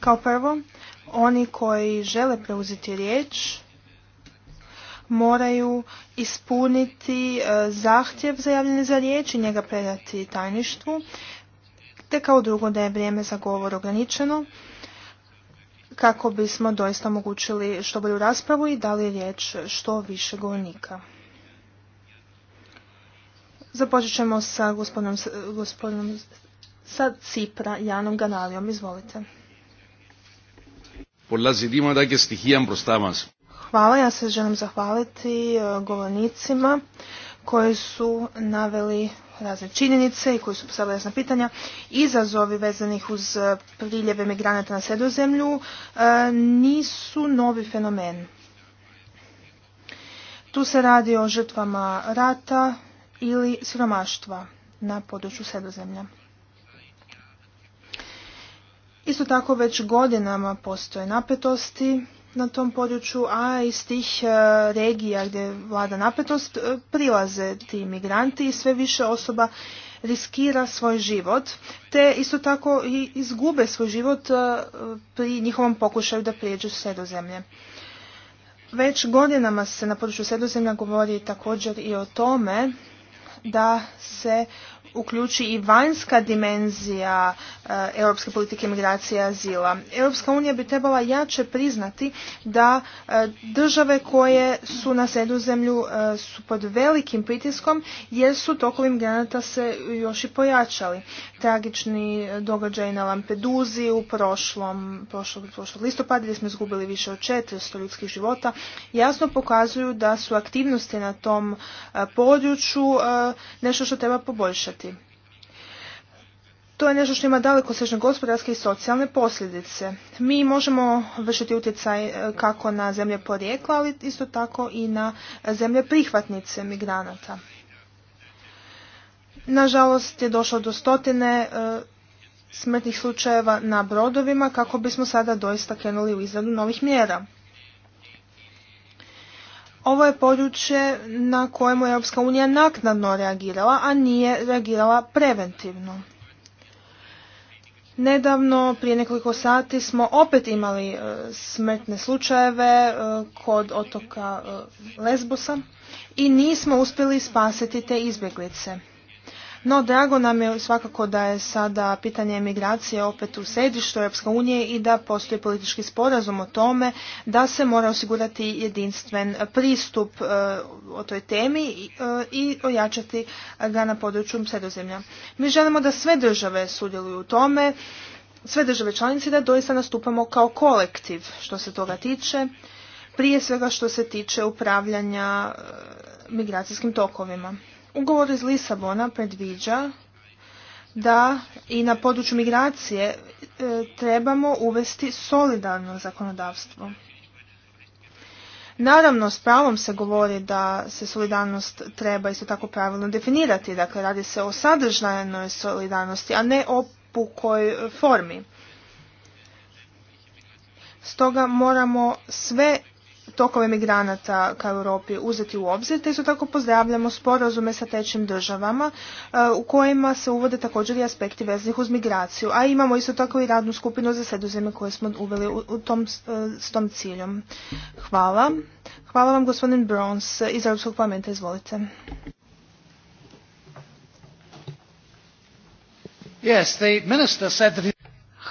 kao prvo, oni koji žele preuzeti riječ moraju ispuniti e, zahtjev za javljanje za riječ i njega predati tajništvu, te kao drugo da je vrijeme za govor ograničeno kako bismo doista omogućili što bolju raspravu i dali riječ što više govornika. Započet ćemo sa gospodinom, gospodinom sa Cipra, Janom Ganalijom. Izvolite. Hvala, ja se želim zahvaliti e, govornicima koji su naveli razne činjenice i koji su postavili jasna pitanja. Izazovi vezanih uz e, priljeve migranata na sredozemlju e, nisu novi fenomen. Tu se radi o žrtvama rata ili siromaštva na području sredozemlja. Isto tako već godinama postoje napetosti na tom području, a iz tih e, regija gdje vlada napetost e, prilaze ti migranti i sve više osoba riskira svoj život, te isto tako i izgube svoj život e, pri njihovom pokušaju da prijeđu sredozemlje. Već godinama se na području sredozemlja govori također i o tome da se uključi i vanjska dimenzija eh, europske politike migracija i azila. Europska unija bi trebala jače priznati da eh, države koje su na sredozemlju zemlju eh, su pod velikim pritiskom jer su tokovi migranata se još i pojačali. Tragični događaj na Lampeduzi u prošlom, prošlog, prošlog listopada gdje smo izgubili više od 400 ljudskih života jasno pokazuju da su aktivnosti na tom području nešto što treba poboljšati. To je nešto što ima daleko gospodarske i socijalne posljedice. Mi možemo vršiti utjecaj e, kako na zemlje porijekla, ali isto tako i na zemlje prihvatnice migranata. Nažalost je došlo do stotine e, smrtnih slučajeva na brodovima kako bismo sada doista krenuli u izradu novih mjera. Ovo je područje na kojemu je Europska unija naknadno reagirala, a nije reagirala preventivno. Nedavno, prije nekoliko sati, smo opet imali e, smrtne slučajeve e, kod otoka e, Lesbosa i nismo uspjeli spasiti te izbjeglice. No, drago nam je svakako da je sada pitanje migracije opet u središtu Europske unije i da postoji politički sporazum o tome da se mora osigurati jedinstven pristup e, o toj temi e, i, ojačati ga na području sredozemlja. Mi želimo da sve države sudjeluju u tome, sve države članice da doista nastupamo kao kolektiv što se toga tiče, prije svega što se tiče upravljanja e, migracijskim tokovima. Ugovor iz Lisabona predviđa da i na području migracije e, trebamo uvesti solidarno zakonodavstvo. Naravno, s pravom se govori da se solidarnost treba isto tako pravilno definirati, dakle radi se o sadržajnoj solidarnosti, a ne o pukoj formi. Stoga moramo sve tokove migranata ka Europi uzeti u obzir, te isto tako pozdravljamo sporazume sa tečim državama e, u kojima se uvode također i aspekti veznih uz migraciju, a imamo isto tako i radnu skupinu za sredozemlje koje smo uveli u tom, s e, tom ciljom. Hvala. Hvala vam gospodin Brons iz Europskog parlamenta, izvolite. Yes, the minister said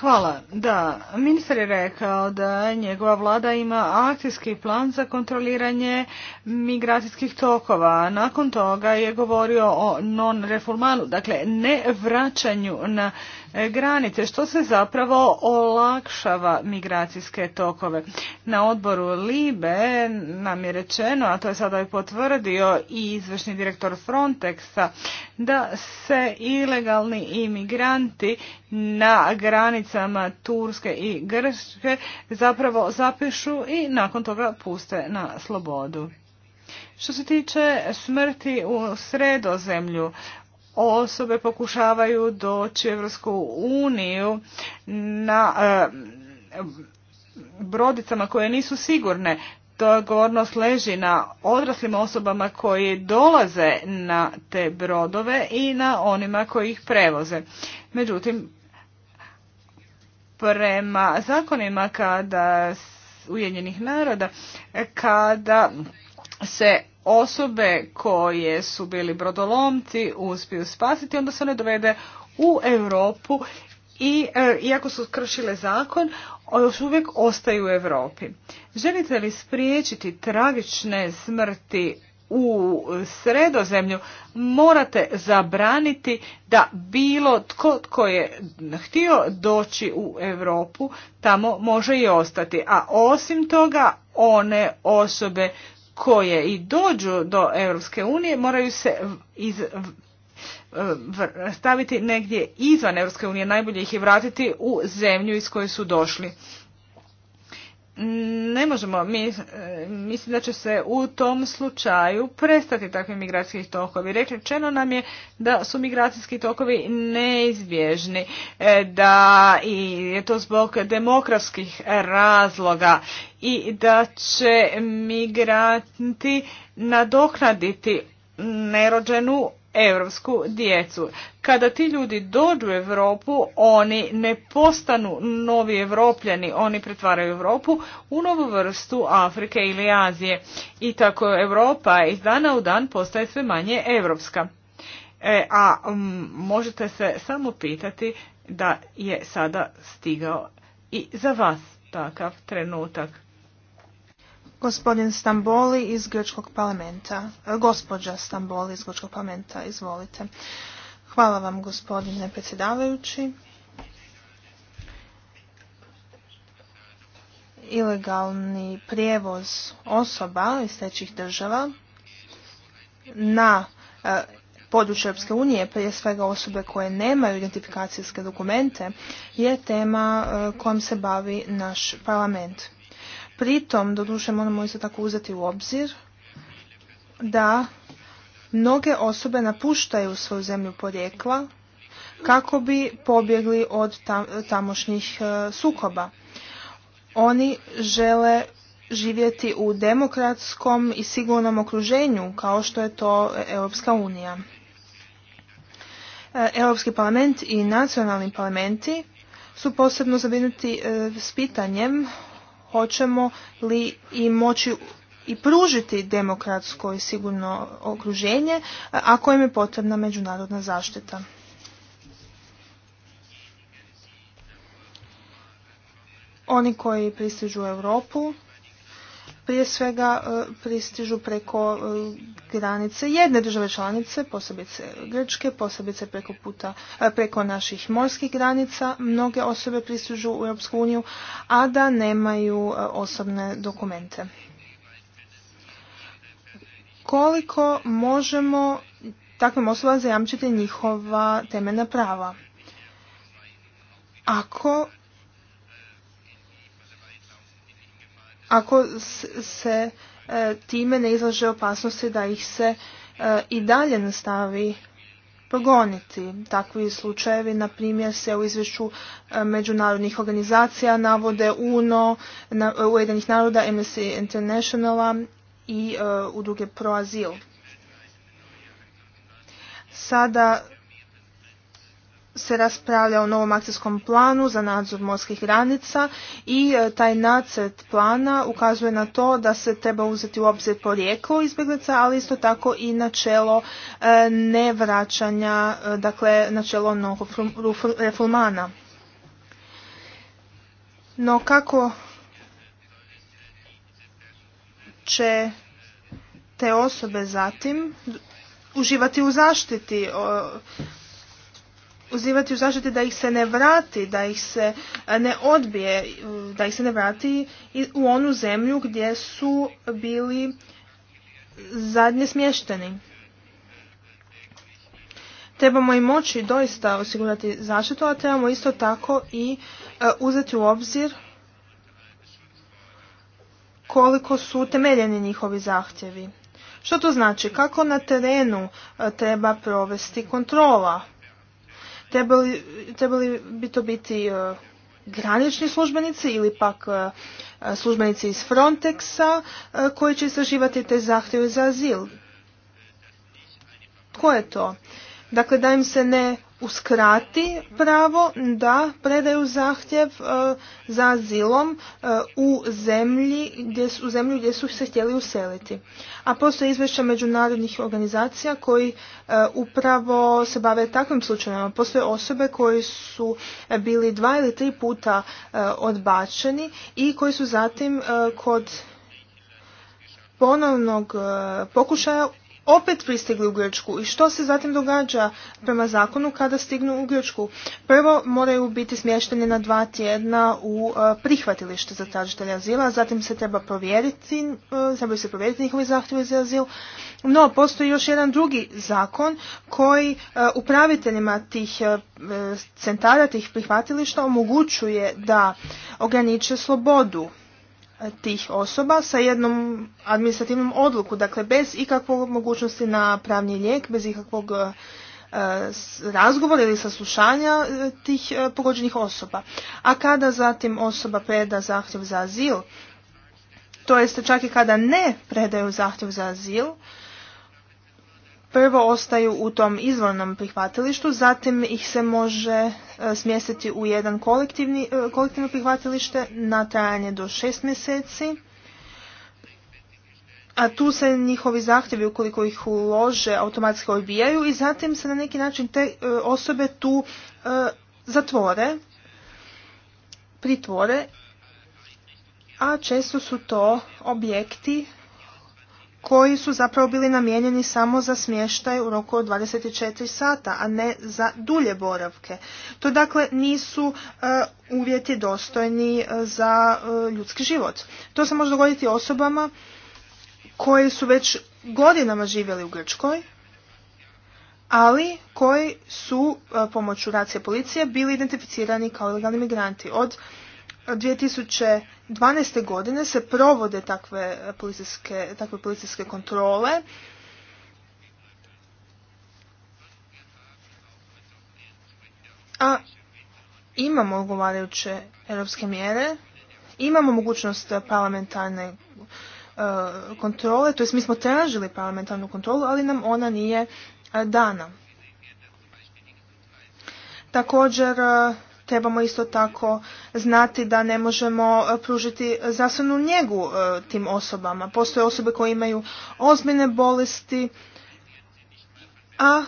Hvala. Da, ministar je rekao da njegova vlada ima akcijski plan za kontroliranje migracijskih tokova. Nakon toga je govorio o non-reformanu, dakle ne vraćanju na granice, što se zapravo olakšava migracijske tokove. Na odboru Libe nam je rečeno, a to je sada i potvrdio i izvršni direktor Frontexa, da se ilegalni imigranti na granicama Turske i Grčke zapravo zapišu i nakon toga puste na slobodu. Što se tiče smrti u sredozemlju, osobe pokušavaju doći u Evropsku uniju na e, brodicama koje nisu sigurne. To odgovornost leži na odraslim osobama koji dolaze na te brodove i na onima koji ih prevoze. Međutim, prema zakonima kada Ujedinjenih naroda, kada se osobe koje su bili brodolomci uspiju spasiti, onda se one dovede u Europu i e, iako su kršile zakon, još uvijek ostaju u Europi. Želite li spriječiti tragične smrti u sredozemlju, morate zabraniti da bilo tko tko je htio doći u Europu tamo može i ostati. A osim toga one osobe koje i dođu do Europske unije moraju se iz, staviti negdje izvan Europske unije, najbolje ih je vratiti u zemlju iz koje su došli. Ne možemo, mi, e, mislim da će se u tom slučaju prestati takvi migracijski tokovi. Rečeno nam je da su migracijski tokovi neizbježni, e, da i je to zbog demokratskih razloga i da će migranti nadoknaditi nerođenu europsku djecu. Kada ti ljudi dođu u Europu, oni ne postanu novi evropljani, oni pretvaraju Europu u novu vrstu Afrike ili Azije. I tako Europa iz dana u dan postaje sve manje europska. E, a možete se samo pitati da je sada stigao i za vas takav trenutak. Gospodin Stamboli iz Grčkog parlamenta. E, gospođa Stamboli iz Grčkog parlamenta, izvolite. Hvala vam gospodine predsjedavajući. Ilegalni prijevoz osoba iz trećih država na e, području Europske unije, prije svega osobe koje nemaju identifikacijske dokumente, je tema e, kojom se bavi naš parlament. Pritom, doduše, moramo isto tako uzeti u obzir da mnoge osobe napuštaju svoju zemlju porijekla kako bi pobjegli od tamošnjih e, sukoba. Oni žele živjeti u demokratskom i sigurnom okruženju kao što je to Europska unija. E, Europski parlament i nacionalni parlamenti su posebno zabrinuti e, s pitanjem hoćemo li i moći i pružiti demokratsko i sigurno okruženje ako im je potrebna međunarodna zaštita. Oni koji pristižu Europu prije svega e, pristižu preko e, granice jedne države članice, posebice Grčke, posebice preko, puta, e, preko naših morskih granica. Mnoge osobe pristižu u Europsku uniju, a da nemaju osobne dokumente. Koliko možemo takvim osobama zajamčiti njihova temeljna prava? Ako ako se e, time ne izlaže opasnosti da ih se e, i dalje nastavi progoniti. Takvi slučajevi, na primjer, se u izvješću e, međunarodnih organizacija navode UNO, Ujedinjenih naroda, Amnesty Internationala i udruge ProAzil. Sada se raspravlja o novom akcijskom planu za nadzor morskih granica i e, taj nacrt plana ukazuje na to da se treba uzeti u obzir porijeklo izbjeglica, ali isto tako i načelo e, nevraćanja, e, dakle načelo novog refulmana. No kako će te osobe zatim uživati u zaštiti uzivati u zaštiti da ih se ne vrati, da ih se e, ne odbije, da ih se ne vrati u onu zemlju gdje su bili zadnje smješteni. Trebamo i moći doista osigurati zaštitu, a trebamo isto tako i e, uzeti u obzir koliko su temeljeni njihovi zahtjevi. Što to znači? Kako na terenu e, treba provesti kontrola? Trebali, bi to biti e, granični službenici ili pak e, službenici iz Frontexa e, koji će istraživati te zahtjeve za azil. Tko je to? Dakle, da im se ne uskrati pravo da predaju zahtjev e, za azilom e, u zemlji gdje su, u zemlju gdje su se htjeli useliti. A postoje izvješća međunarodnih organizacija koji e, upravo se bave takvim slučajevima. Postoje osobe koji su bili dva ili tri puta odbačeni i koji su zatim kod ponovnog pokušaja opet pristigli u Grčku. I što se zatim događa prema zakonu kada stignu u Grčku? Prvo moraju biti smješteni na dva tjedna u e, prihvatilište za tražitelja azila, zatim se treba provjeriti, e, trebaju se provjeriti njihovi zahtjevi za azil. No, postoji još jedan drugi zakon koji e, upraviteljima tih centara, tih prihvatilišta omogućuje da ograniče slobodu tih osoba sa jednom administrativnom odluku, dakle bez ikakvog mogućnosti na pravni lijek, bez ikakvog e, razgovora ili saslušanja e, tih e, pogođenih osoba. A kada zatim osoba preda zahtjev za azil, to jest čak i kada ne predaju zahtjev za azil, prvo ostaju u tom izvornom prihvatilištu, zatim ih se može e, smjestiti u jedan e, kolektivno prihvatilište na trajanje do šest mjeseci. A tu se njihovi zahtjevi ukoliko ih ulože automatski odbijaju i zatim se na neki način te e, osobe tu zatvore, pritvore, a često su to objekti koji su zapravo bili namijenjeni samo za smještaj u roku od 24 sata, a ne za dulje boravke. To dakle nisu e, uvjeti dostojni e, za e, ljudski život. To se može dogoditi osobama koji su već godinama živjeli u Grčkoj, ali koji su pomoću racije policije bili identificirani kao ilegalni migranti. Od 2012. godine se provode takve policijske, takve policijske kontrole. A imamo odgovarajuće europske mjere, imamo mogućnost parlamentarne e, kontrole, to jest mi smo tražili parlamentarnu kontrolu, ali nam ona nije e, dana. Također e, trebamo isto tako znati da ne možemo e, pružiti zasebnu njegu e, tim osobama. Postoje osobe koje imaju ozbiljne bolesti, a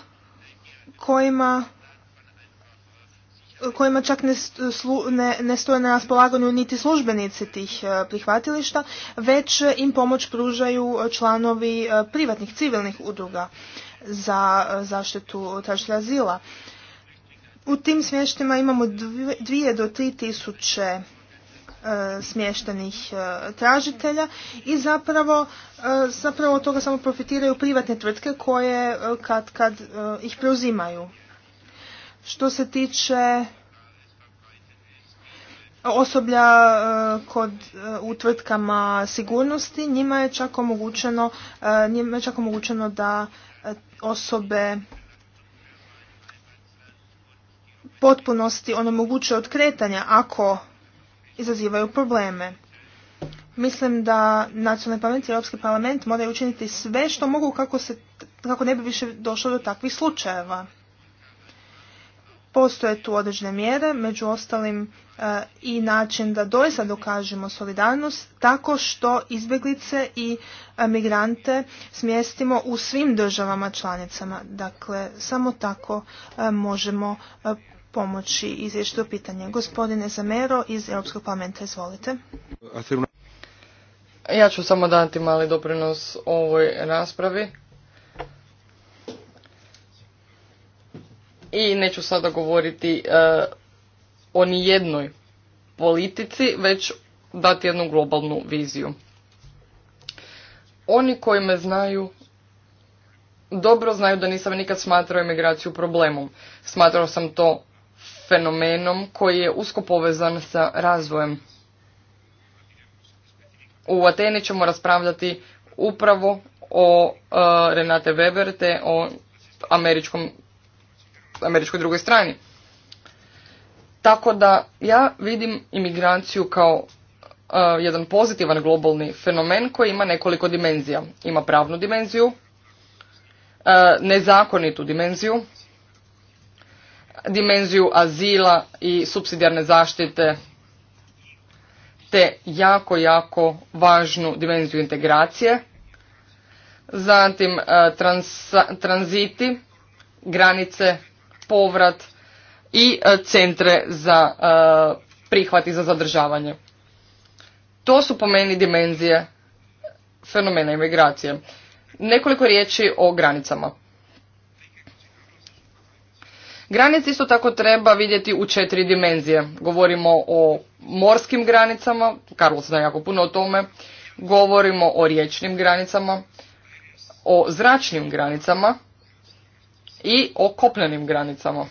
kojima kojima čak ne, ne, stoje na raspolaganju niti službenici tih e, prihvatilišta, već im pomoć pružaju članovi privatnih civilnih udruga za zaštitu tražitelja azila. U tim smještima imamo dvije do tri tisuće e, smještenih e, tražitelja i zapravo, e, zapravo od toga samo profitiraju privatne tvrtke koje kad, kad ih preuzimaju. Što se tiče osoblja kod, u tvrtkama sigurnosti, njima je čak omogućeno, njima je čak omogućeno da osobe potpunosti onemogućuje od kretanja ako izazivaju probleme. Mislim da nacionalni parlament i Europski parlament moraju učiniti sve što mogu kako, se, kako ne bi više došlo do takvih slučajeva. Postoje tu određene mjere, među ostalim eh, i način da doista dokažemo solidarnost tako što izbjeglice i eh, migrante smjestimo u svim državama članicama. Dakle, samo tako eh, možemo pomoći do pitanje. Gospodine Zamero iz Europskog parlamenta, izvolite. Ja ću samo dati mali doprinos ovoj raspravi. I neću sada govoriti e, o nijednoj politici, već dati jednu globalnu viziju. Oni koji me znaju dobro znaju da nisam nikad smatrao emigraciju problemom. Smatrao sam to fenomenom koji je usko povezan sa razvojem. U Ateni ćemo raspravljati upravo o e, Renate Weber te o američkom, američkoj drugoj strani. Tako da ja vidim imigraciju kao e, jedan pozitivan globalni fenomen koji ima nekoliko dimenzija. Ima pravnu dimenziju, e, nezakonitu dimenziju, dimenziju azila i subsidijarne zaštite te jako, jako važnu dimenziju integracije. Zatim e, tranziti, granice, povrat i e, centre za e, prihvat i za zadržavanje. To su po meni dimenzije fenomena imigracije. Nekoliko riječi o granicama. Granice isto tako treba vidjeti u četiri dimenzije. Govorimo o morskim granicama, Karlo zna jako puno o tome, govorimo o riječnim granicama, o zračnim granicama i o kopnenim granicama.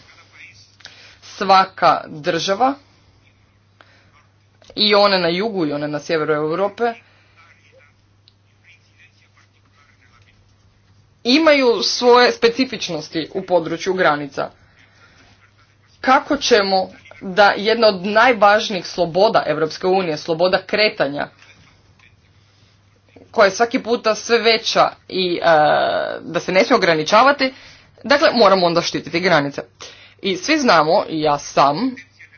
Svaka država, i one na jugu i one na sjeveru Europe, imaju svoje specifičnosti u području granica kako ćemo da jedna od najvažnijih sloboda Europske unije, sloboda kretanja, koja je svaki puta sve veća i e, da se ne smije ograničavati, dakle moramo onda štititi granice. I svi znamo, i ja sam,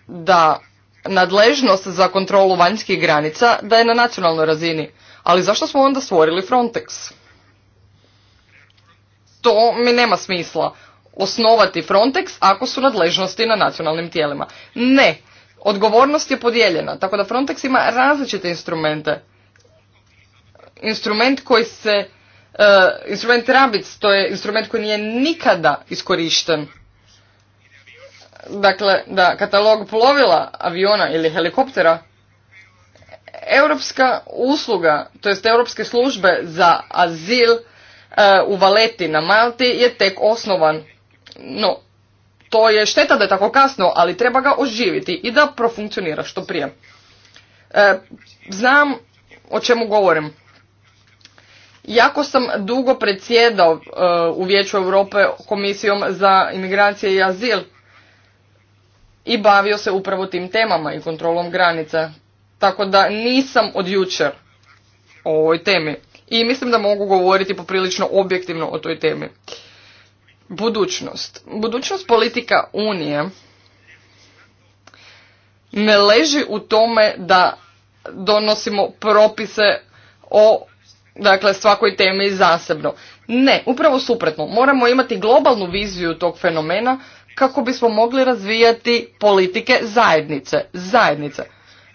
da nadležnost za kontrolu vanjskih granica da je na nacionalnoj razini. Ali zašto smo onda stvorili Frontex? To mi nema smisla osnovati Frontex ako su nadležnosti na nacionalnim tijelima. Ne, odgovornost je podijeljena, tako da Frontex ima različite instrumente. Instrument koji se, eh, instrument Rabic, to je instrument koji nije nikada iskorišten. Dakle, da katalog plovila, aviona ili helikoptera, europska usluga, to jest europske službe za azil eh, u Valeti na Malti je tek osnovan no, to je šteta da je tako kasno, ali treba ga oživiti i da profunkcionira što prije. E, znam o čemu govorim. Jako sam dugo predsjedao e, u Vijeću Europe komisijom za imigracije i azil i bavio se upravo tim temama i kontrolom granica. Tako da nisam od jučer o ovoj temi i mislim da mogu govoriti poprilično objektivno o toj temi budućnost. Budućnost politika Unije ne leži u tome da donosimo propise o dakle svakoj temi zasebno. Ne, upravo suprotno. Moramo imati globalnu viziju tog fenomena kako bismo mogli razvijati politike zajednice. Zajednice.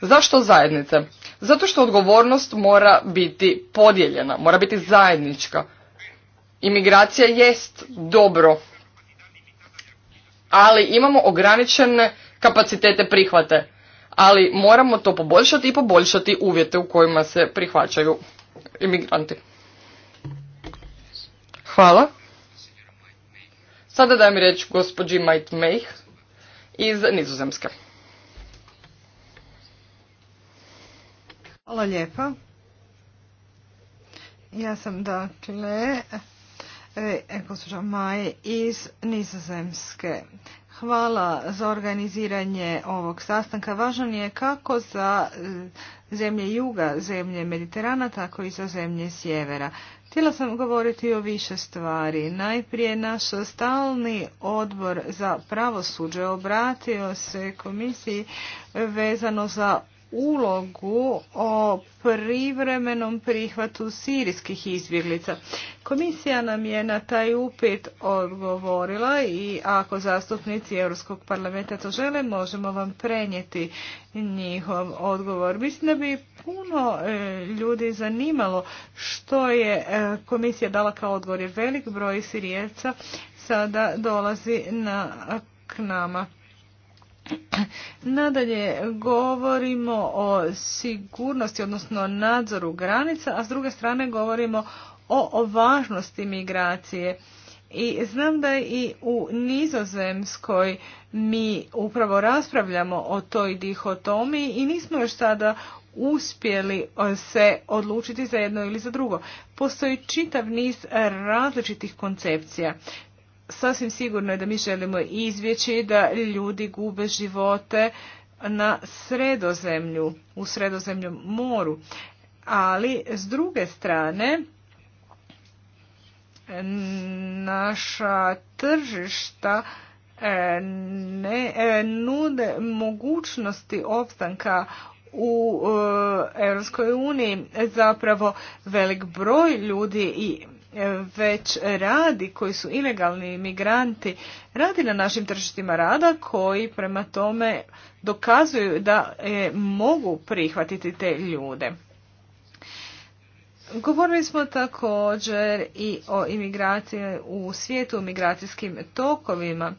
Zašto zajednice? Zato što odgovornost mora biti podijeljena, mora biti zajednička imigracija jest dobro, ali imamo ograničene kapacitete prihvate. Ali moramo to poboljšati i poboljšati uvjete u kojima se prihvaćaju imigranti. Hvala. Sada dajem riječ gospođi Majt Mejh iz Nizozemske. Hvala lijepa. Ja sam dakle E, e, gospođa Maj iz Nizozemske. Hvala za organiziranje ovog sastanka. Važan je kako za e, zemlje juga, zemlje Mediterana, tako i za zemlje sjevera. Htjela sam govoriti o više stvari. Najprije naš stalni odbor za pravosuđe obratio se komisiji vezano za ulogu o privremenom prihvatu sirijskih izbjeglica. Komisija nam je na taj upit odgovorila i ako zastupnici Europskog parlamenta to žele, možemo vam prenijeti njihov odgovor. Mislim da bi puno e, ljudi zanimalo što je e, komisija dala kao odgovor jer velik broj sirijeca sada dolazi na, k nama. Nadalje, govorimo o sigurnosti, odnosno nadzoru granica, a s druge strane govorimo o, o važnosti migracije. I znam da i u Nizozemskoj mi upravo raspravljamo o toj dihotomiji i nismo još sada uspjeli se odlučiti za jedno ili za drugo. Postoji čitav niz različitih koncepcija sasvim sigurno je da mi želimo izvjeći da ljudi gube živote na sredozemlju, u sredozemljom moru. Ali s druge strane, naša tržišta e, ne e, nude mogućnosti opstanka u e, Europskoj uniji. Zapravo velik broj ljudi i E, već radi, koji su ilegalni migranti, radi na našim tržištima rada koji prema tome dokazuju da e, mogu prihvatiti te ljude. Govorili smo također i o imigraciji u svijetu, o migracijskim tokovima.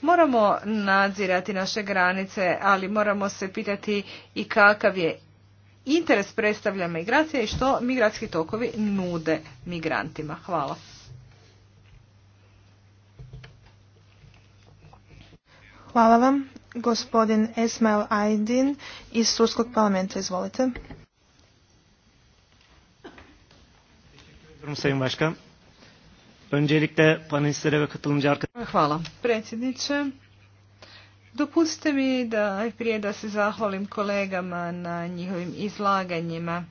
Moramo nadzirati naše granice, ali moramo se pitati i kakav je interes predstavlja migracija i što migratski tokovi nude migrantima. Hvala. Hvala vam. Gospodin Esmail Aydin iz Turskog parlamenta, izvolite. Hvala predsjedniče. Dopustite mi da prije da se zahvalim kolegama na njihovim izlaganjima.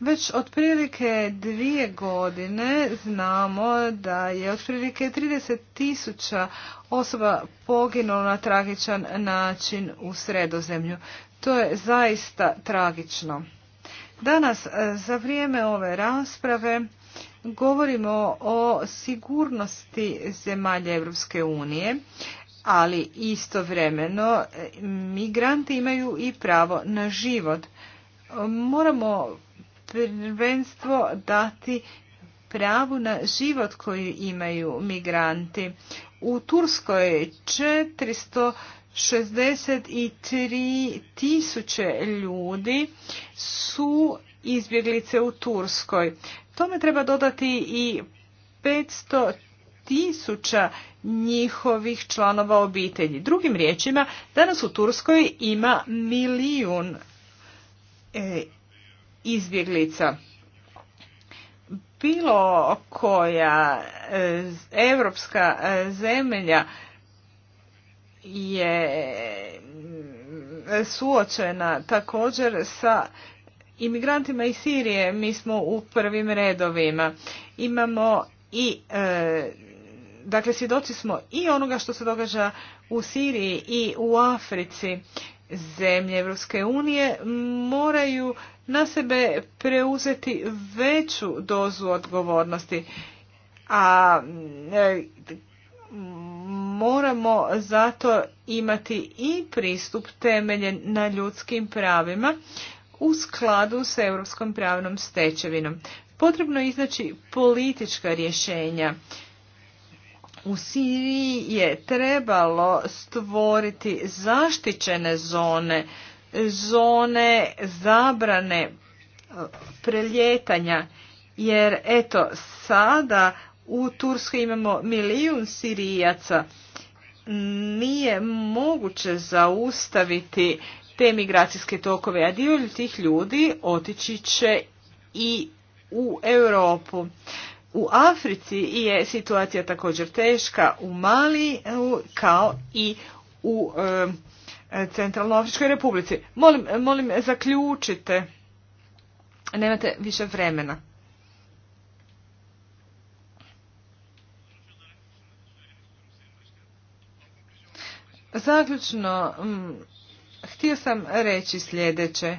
Već otprilike dvije godine znamo da je otprilike 30 tisuća osoba poginulo na tragičan način u sredozemlju. To je zaista tragično. Danas za vrijeme ove rasprave govorimo o sigurnosti zemalja Europske unije ali istovremeno e, migranti imaju i pravo na život. Moramo prvenstvo dati pravu na život koji imaju migranti. U Turskoj 463 tisuće ljudi su izbjeglice u Turskoj. Tome treba dodati i 500 tisuća njihovih članova obitelji. Drugim riječima, danas u Turskoj ima milijun e, izbjeglica. Bilo koja europska evropska e, zemlja je mm, suočena također sa imigrantima iz Sirije. Mi smo u prvim redovima. Imamo i e, Dakle, svjedoci smo i onoga što se događa u Siriji i u Africi. Zemlje Europske unije moraju na sebe preuzeti veću dozu odgovornosti. A e, moramo zato imati i pristup temeljen na ljudskim pravima u skladu s europskom pravnom stečevinom. Potrebno je iznaći politička rješenja u Siriji je trebalo stvoriti zaštićene zone, zone zabrane e, preljetanja, jer eto sada u Turskoj imamo milijun Sirijaca. Nije moguće zaustaviti te migracijske tokove, a dio tih ljudi otići će i u Europu. U Africi je situacija također teška, u Mali e, kao i u e, Centralnoafričkoj republici. Molim, molim, zaključite. Nemate više vremena. Zaključno, htio sam reći sljedeće.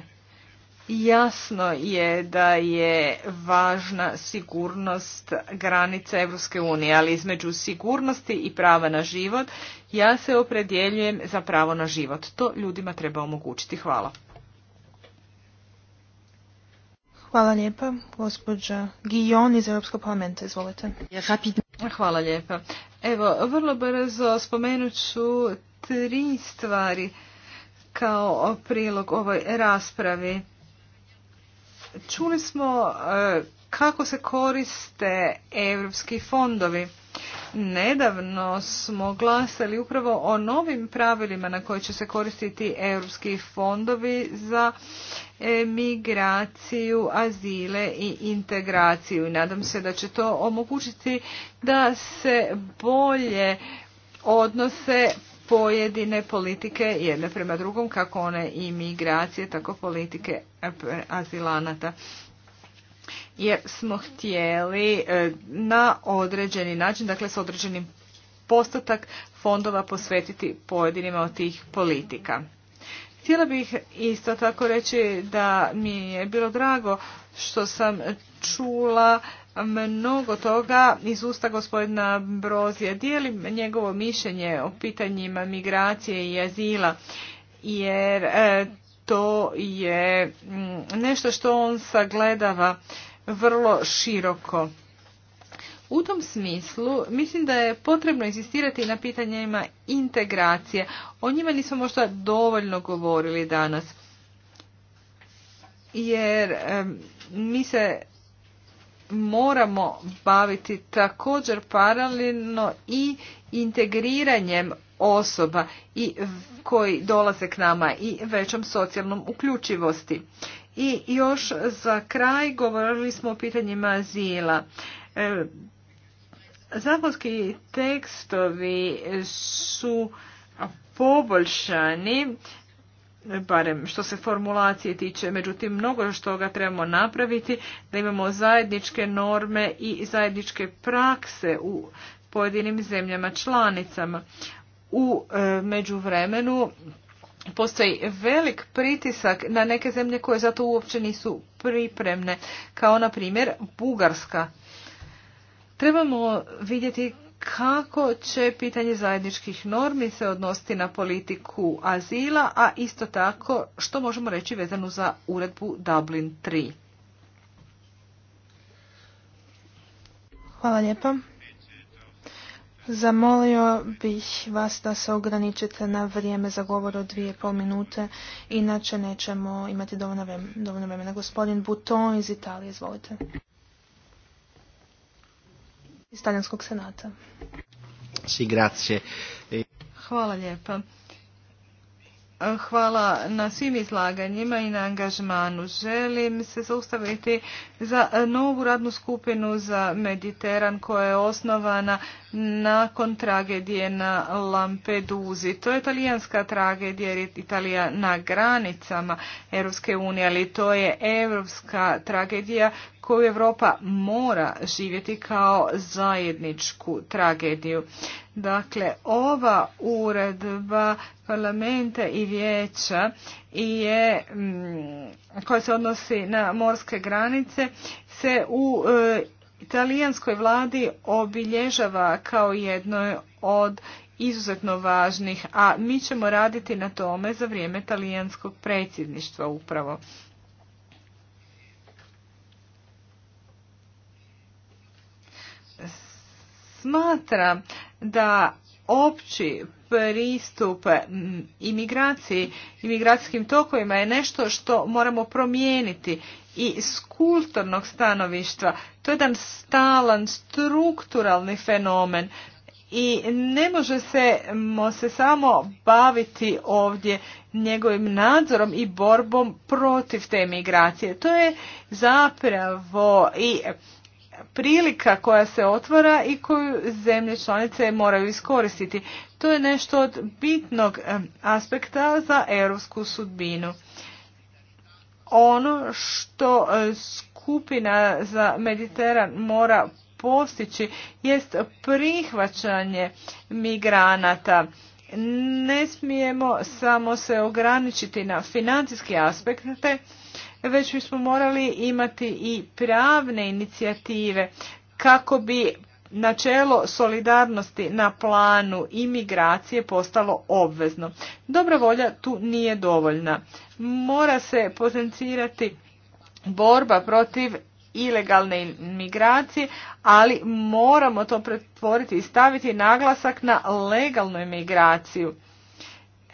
Jasno je da je važna sigurnost granica Europske unije, ali između sigurnosti i prava na život ja se opredjeljujem za pravo na život. To ljudima treba omogućiti. Hvala. Hvala lijepa. Gospođa Gijon iz Europskog parlamenta, izvolite. Hvala lijepa. Evo, vrlo brzo spomenut ću tri stvari kao prilog ovoj raspravi čuli smo e, kako se koriste europski fondovi. Nedavno smo glasali upravo o novim pravilima na koje će se koristiti europski fondovi za e, migraciju, azile i integraciju. Nadam se da će to omogućiti da se bolje odnose pojedine politike jedne prema drugom, kako one i migracije, tako politike azilanata. Jer smo htjeli e, na određeni način, dakle s određenim postotak fondova posvetiti pojedinima od tih politika. Htjela bih isto tako reći da mi je bilo drago što sam čula mnogo toga iz usta gospodina Brozija. Dijelim njegovo mišljenje o pitanjima migracije i azila, jer e, to je mm, nešto što on sagledava vrlo široko. U tom smislu mislim da je potrebno insistirati na pitanjima integracije. O njima nismo možda dovoljno govorili danas. Jer mi se moramo baviti također paralelno i integriranjem osoba i koji dolaze k nama i većom socijalnom uključivosti. I još za kraj govorili smo o pitanjima azila. E, zakonski tekstovi su poboljšani E, barem što se formulacije tiče. Međutim, mnogo što ga trebamo napraviti, da imamo zajedničke norme i zajedničke prakse u pojedinim zemljama članicama. U e, međuvremenu postoji velik pritisak na neke zemlje koje za to uopće nisu pripremne, kao na primjer Bugarska. Trebamo vidjeti kako će pitanje zajedničkih normi se odnositi na politiku azila, a isto tako što možemo reći vezano za uredbu Dublin 3. Hvala lijepa. Zamolio bih vas da se ograničite na vrijeme za govor od dvije pol minute, inače nećemo imati dovoljno vremena. Gospodin Buton iz Italije, izvolite iz Talijanskog senata. Hvala lijepa. Hvala na svim izlaganjima i na angažmanu. Želim se zaustaviti za novu radnu skupinu za Mediteran koja je osnovana nakon tragedije na Lampeduzi. To je italijanska tragedija jer je Italija na granicama Europske unije, ali to je europska tragedija koju Europa mora živjeti kao zajedničku tragediju. Dakle, ova uredba parlamenta i vijeća je, mm, koja se odnosi na morske granice se u e, italijanskoj vladi obilježava kao jedno od izuzetno važnih, a mi ćemo raditi na tome za vrijeme talijanskog predsjedništva upravo. Smatram da opći pristup imigraciji, imigracijskim tokovima je nešto što moramo promijeniti i s kulturnog stanovištva. To je jedan stalan, strukturalni fenomen i ne može se, se samo baviti ovdje njegovim nadzorom i borbom protiv te migracije. To je zapravo i prilika koja se otvara i koju zemlje članice moraju iskoristiti. To je nešto od bitnog aspekta za europsku sudbinu. Ono što e, skupina za Mediteran mora postići jest prihvaćanje migranata. Ne smijemo samo se ograničiti na financijski aspekte, već bismo morali imati i pravne inicijative kako bi načelo solidarnosti na planu imigracije postalo obvezno. Dobra volja tu nije dovoljna. Mora se potencirati borba protiv ilegalne migracije, ali moramo to pretvoriti i staviti naglasak na legalnu imigraciju.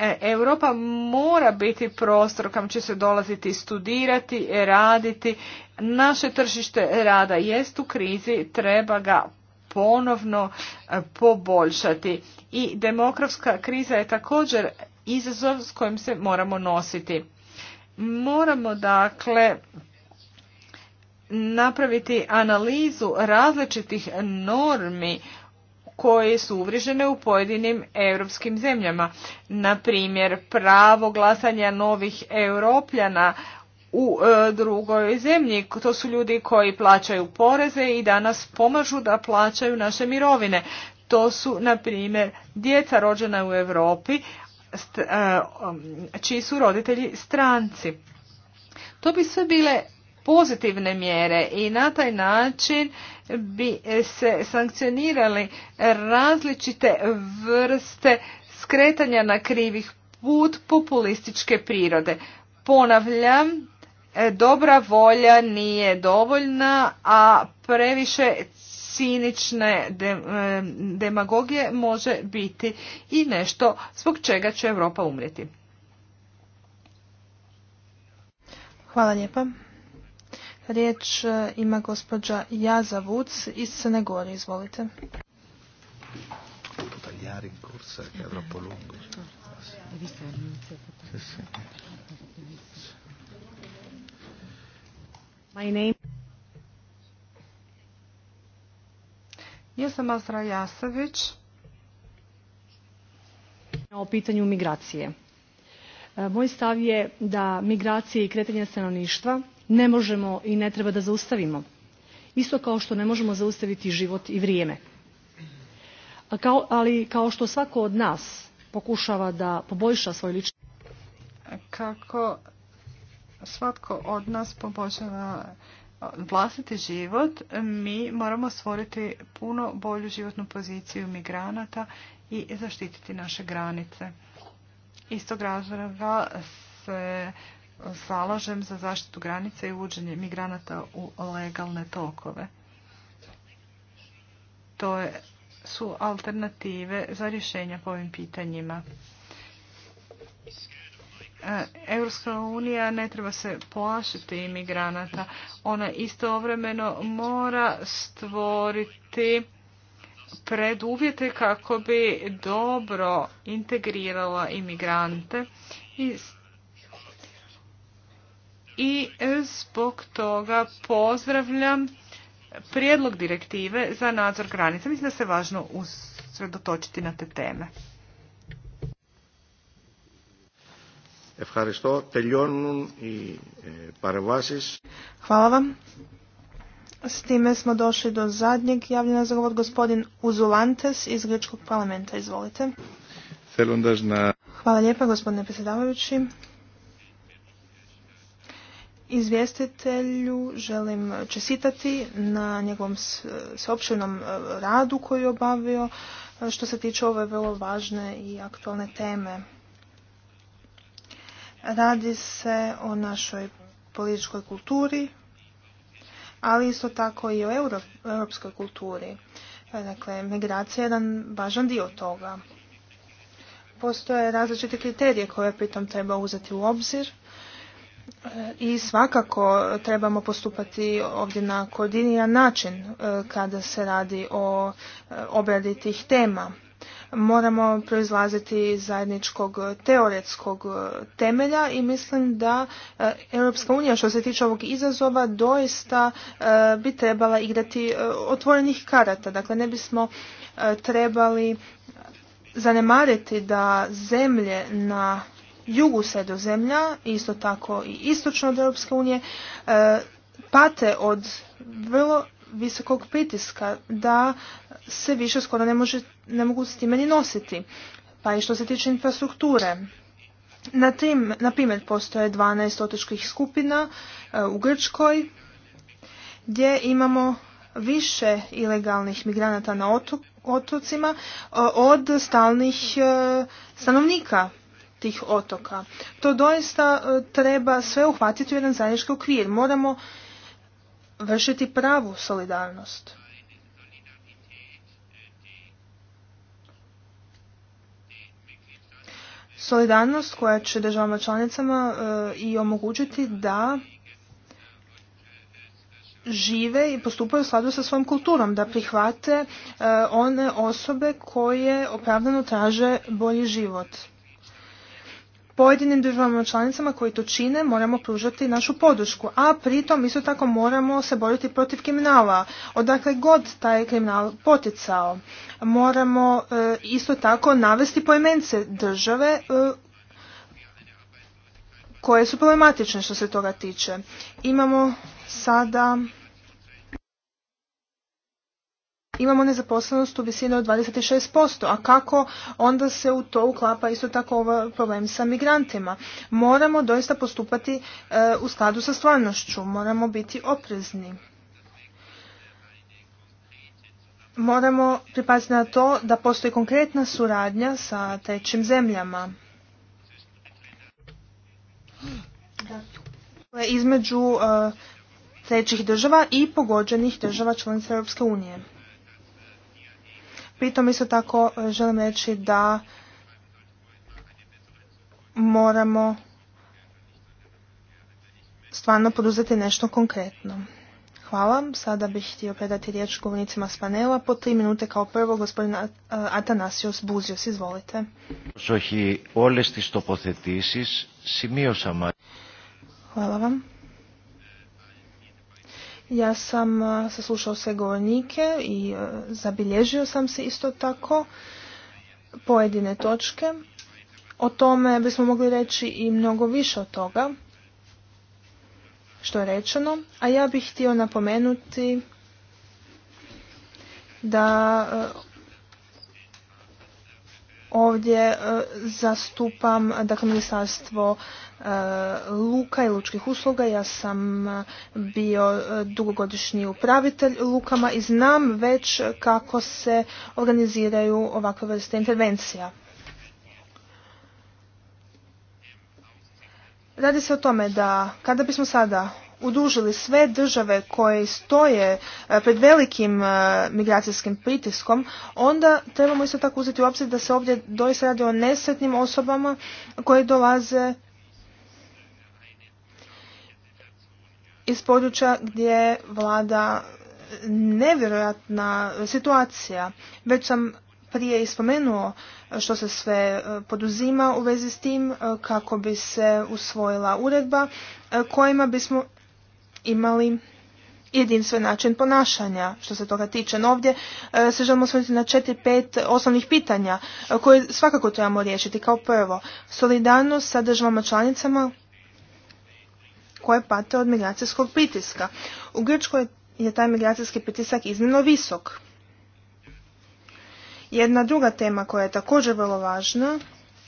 E, Europa mora biti prostor kam će se dolaziti studirati, raditi. Naše tržište rada jest u krizi, treba ga ponovno e, poboljšati. I demografska kriza je također izazov s kojim se moramo nositi. Moramo dakle napraviti analizu različitih normi koje su uvrižene u pojedinim europskim zemljama. Na primjer, pravo glasanja novih europljana u e, drugoj zemlji. To su ljudi koji plaćaju poreze i danas pomažu da plaćaju naše mirovine. To su, na primjer, djeca rođena u Europi e, čiji su roditelji stranci. To bi sve bile pozitivne mjere i na taj način bi se sankcionirali različite vrste skretanja na krivih put populističke prirode. Ponavljam, e, dobra volja nije dovoljna, a previše cinične e, demagogije može biti i nešto zbog čega će Europa umreti. Hvala lijepa. Riječ e, ima gospođa Jaza Vuc iz Crne Gore. Izvolite. E My name... Ja sam Asra Jasavić. O pitanju migracije. E, moj stav je da migracije i kretanje stanovništva ne možemo i ne treba da zaustavimo isto kao što ne možemo zaustaviti život i vrijeme ali kao što svako od nas pokušava da poboljša svoj lični kako svatko od nas poboljšava vlastiti život, mi moramo stvoriti puno bolju životnu poziciju migranata i zaštititi naše granice. Istog razloga se zalažem za zaštitu granica i uđenje migranata u legalne tokove. To su alternative za rješenja po ovim pitanjima. E, Europska unija ne treba se plašiti imigranata. Ona istovremeno mora stvoriti preduvjete kako bi dobro integrirala imigrante i i zbog toga pozdravljam prijedlog direktive za nadzor granica. Mislim da se važno usredotočiti na te teme. Hvala vam. S time smo došli do zadnjeg javljena za govor gospodin Uzulantes iz Grčkog parlamenta. Izvolite. Hvala lijepa gospodine predsjedavajući. Izvjestitelju želim čestitati na njegovom sveopširnom e, radu koji je obavio e, što se tiče ove vrlo važne i aktualne teme. Radi se o našoj političkoj kulturi, ali isto tako i o europskoj kulturi. E, dakle, migracija je jedan važan dio toga. Postoje različite kriterije koje pritom treba uzeti u obzir i svakako trebamo postupati ovdje na koordiniran način e, kada se radi o e, obradi tih tema. Moramo proizlaziti zajedničkog teoretskog e, temelja i mislim da Europska unija što se tiče ovog izazova doista bi trebala igrati otvorenih karata. Dakle, ne bismo trebali zanemariti da zemlje na jugu sredozemlja, isto tako i istočno od Europske unije, e, pate od vrlo visokog pritiska da se više skoro ne, može, ne mogu s time ni nositi. Pa i što se tiče infrastrukture. Na, tim, na primjer, postoje 12 otočkih skupina e, u Grčkoj gdje imamo više ilegalnih migranata na otocima e, od stalnih stanovnika tih otoka. To doista e, treba sve uhvatiti u jedan zajednički okvir. Moramo vršiti pravu solidarnost. Solidarnost koja će državama članicama e, i omogućiti da žive i postupaju u skladu sa svojom kulturom, da prihvate e, one osobe koje opravdano traže bolji život pojedinim državama članicama koji to čine moramo pružati našu podršku, a pritom isto tako moramo se boriti protiv kriminala. Odakle god taj kriminal poticao, moramo e, isto tako navesti poimence države e, koje su problematične što se toga tiče. Imamo sada imamo nezaposlenost u visini od 26%, a kako onda se u to uklapa isto tako ovaj problem sa migrantima. Moramo doista postupati eh, u skladu sa stvarnošću, moramo biti oprezni. Moramo pripaziti na to da postoji konkretna suradnja sa trećim zemljama. Dakle, između eh, trećih država i pogođenih država članica Europske unije. Pritom isto tako e, želim reći da moramo stvarno poduzeti nešto konkretno. Hvala. Sada bih htio predati riječ govornicima s panela. Po tri minute kao prvo gospodin e, Atanasios Buzios. Izvolite. Hvala vam. Ja sam e, saslušao sve govornike i e, zabilježio sam se isto tako pojedine točke. O tome bismo mogli reći i mnogo više od toga što je rečeno, a ja bih htio napomenuti da e, Ovdje e, zastupam dakle, ministarstvo e, luka i lučkih usluga. Ja sam e, bio dugogodišnji upravitelj lukama i znam već kako se organiziraju ovakve vrste intervencija. Radi se o tome da kada bismo sada udužili sve države koje stoje e, pred velikim e, migracijskim pritiskom, onda trebamo isto tako uzeti u obzir da se ovdje doista radi o nesretnim osobama koje dolaze iz područja gdje vlada nevjerojatna situacija. Već sam prije ispomenuo spomenuo što se sve e, poduzima u vezi s tim kako bi se usvojila uredba kojima bismo imali jedinstven način ponašanja što se toga tiče. No ovdje e, se želimo osvrnuti na četiri, pet osnovnih pitanja e, koje svakako trebamo riješiti. Kao prvo, solidarnost sa državama članicama koje pate od migracijskog pritiska. U Grčkoj je taj migracijski pritisak iznimno visok. Jedna druga tema koja je također vrlo važna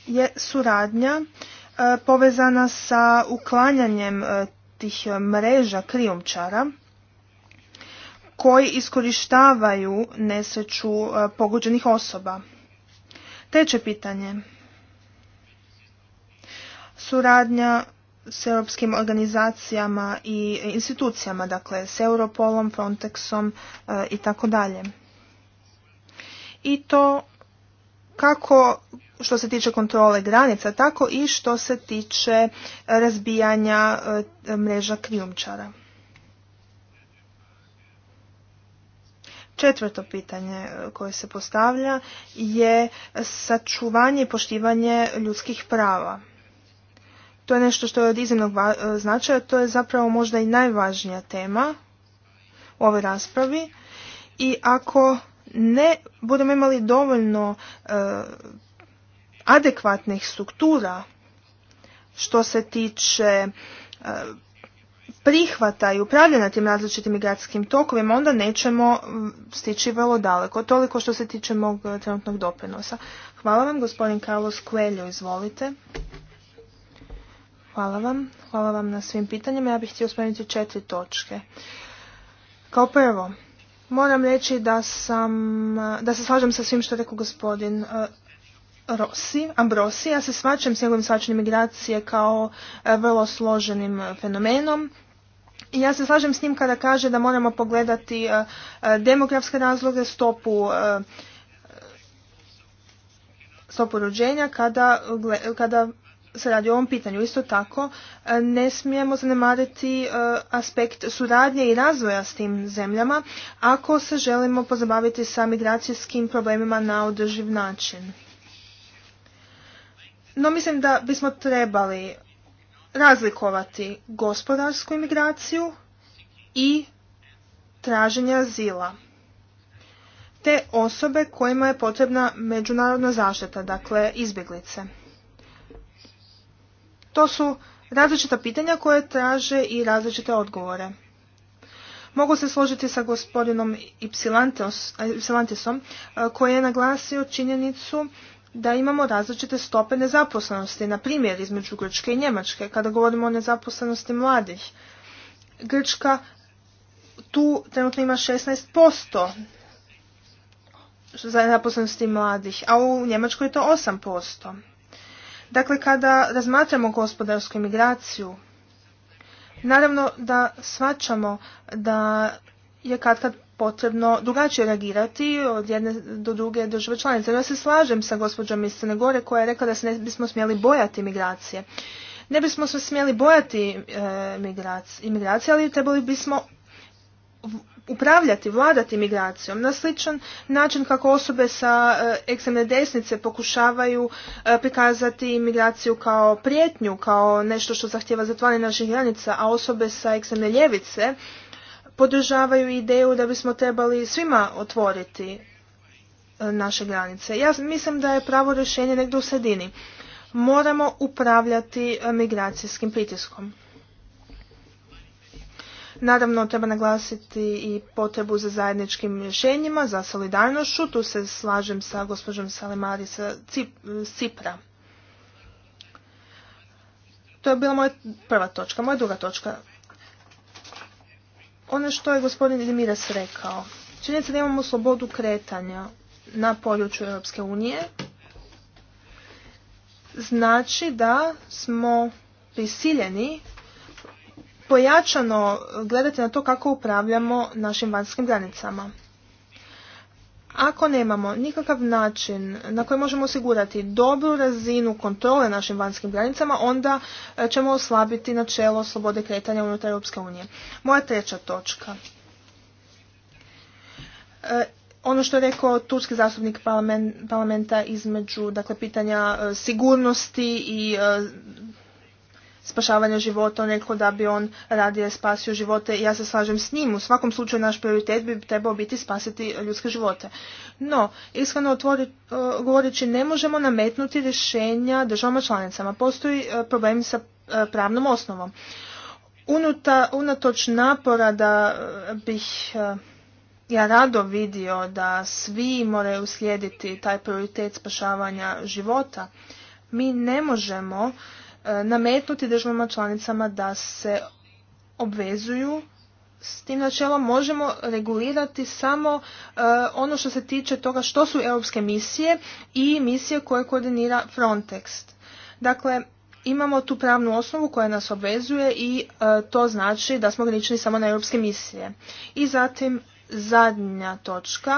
je suradnja e, povezana sa uklanjanjem tih e, mreža krijumčara koji iskorištavaju nesreću e, pogođenih osoba. Treće pitanje. Suradnja s europskim organizacijama i institucijama, dakle s Europolom, Frontexom e, i tako dalje. I to kako što se tiče kontrole granica, tako i što se tiče razbijanja e, mreža krijumčara. Četvrto pitanje e, koje se postavlja je sačuvanje i poštivanje ljudskih prava. To je nešto što je od iznimnog e, značaja, to je zapravo možda i najvažnija tema u ovoj raspravi i ako ne budemo imali dovoljno adekvatnih struktura što se tiče e, prihvata i upravljanja tim različitim migracijskim tokovima, onda nećemo stići vrlo daleko. Toliko što se tiče mog e, trenutnog doprinosa. Hvala vam, gospodin Carlos Coelho, izvolite. Hvala vam. Hvala vam na svim pitanjima. Ja bih htio spomenuti četiri točke. Kao prvo, moram reći da sam, e, da se slažem sa svim što je rekao gospodin Rossi, Ambrosi, ja se svačam s njegovim svačanjem migracije kao e, vrlo složenim e, fenomenom. I ja se slažem s njim kada kaže da moramo pogledati e, demografske razloge, stopu stopu rođenja kada, kada se radi o ovom pitanju. Isto tako, ne smijemo zanemariti aspekt suradnje i razvoja s tim zemljama ako se želimo pozabaviti sa migracijskim problemima na održiv način. No mislim da bismo trebali razlikovati gospodarsku imigraciju i traženja azila te osobe kojima je potrebna međunarodna zaštita, dakle izbjeglice. To su različita pitanja koje traže i različite odgovore. Mogu se složiti sa gospodinom Ypsilantisom koji je naglasio činjenicu da imamo različite stope nezaposlenosti, na primjer između Grčke i Njemačke, kada govorimo o nezaposlenosti mladih. Grčka tu trenutno ima 16% za nezaposlenosti mladih, a u Njemačkoj je to 8%. Dakle, kada razmatramo gospodarsku imigraciju, naravno da svačamo da je kad potrebno drugačije reagirati od jedne do druge države članice. Ja se slažem sa gospođom iz Gore koja je rekla da se ne bismo smjeli bojati migracije. Ne bismo se smjeli bojati e, ali trebali bismo upravljati, vladati migracijom na sličan način kako osobe sa e, ekstremne desnice pokušavaju e, prikazati migraciju kao prijetnju, kao nešto što zahtjeva zatvaranje naših granica, a osobe sa ekstremne ljevice podržavaju ideju da bismo trebali svima otvoriti e, naše granice. Ja mislim da je pravo rješenje negdje u sredini. Moramo upravljati e, migracijskim pritiskom. Naravno, treba naglasiti i potrebu za zajedničkim rješenjima, za solidarnošću. Tu se slažem sa gospođom Salemari sa Cipra. To je bila moja prva točka. Moja druga točka ono što je gospodin Edimiras rekao. Činjenica da imamo slobodu kretanja na području Europske unije znači da smo prisiljeni pojačano gledati na to kako upravljamo našim vanjskim granicama. Ako nemamo nikakav način na koji možemo osigurati dobru razinu kontrole našim vanjskim granicama, onda e, ćemo oslabiti načelo slobode kretanja unutar Europske unije. Moja treća točka. E, ono što je rekao turski zastupnik parlamenta između dakle, pitanja e, sigurnosti i spašavanja života, neko da bi on radije spasio živote i ja se slažem s njim. U svakom slučaju naš prioritet bi trebao biti spasiti ljudske živote. No, iskreno otvori, govoreći ne možemo nametnuti rješenja državama članicama. Postoji e, problem sa e, pravnom osnovom. Unuta, unatoč napora da e, bih ja rado vidio da svi moraju uslijediti taj prioritet spašavanja života, mi ne možemo E, nametnuti državama članicama da se obvezuju s tim načelom možemo regulirati samo e, ono što se tiče toga što su europske misije i misije koje koordinira Frontex. Dakle, imamo tu pravnu osnovu koja nas obvezuje i e, to znači da smo ograničeni samo na europske misije. I zatim zadnja točka,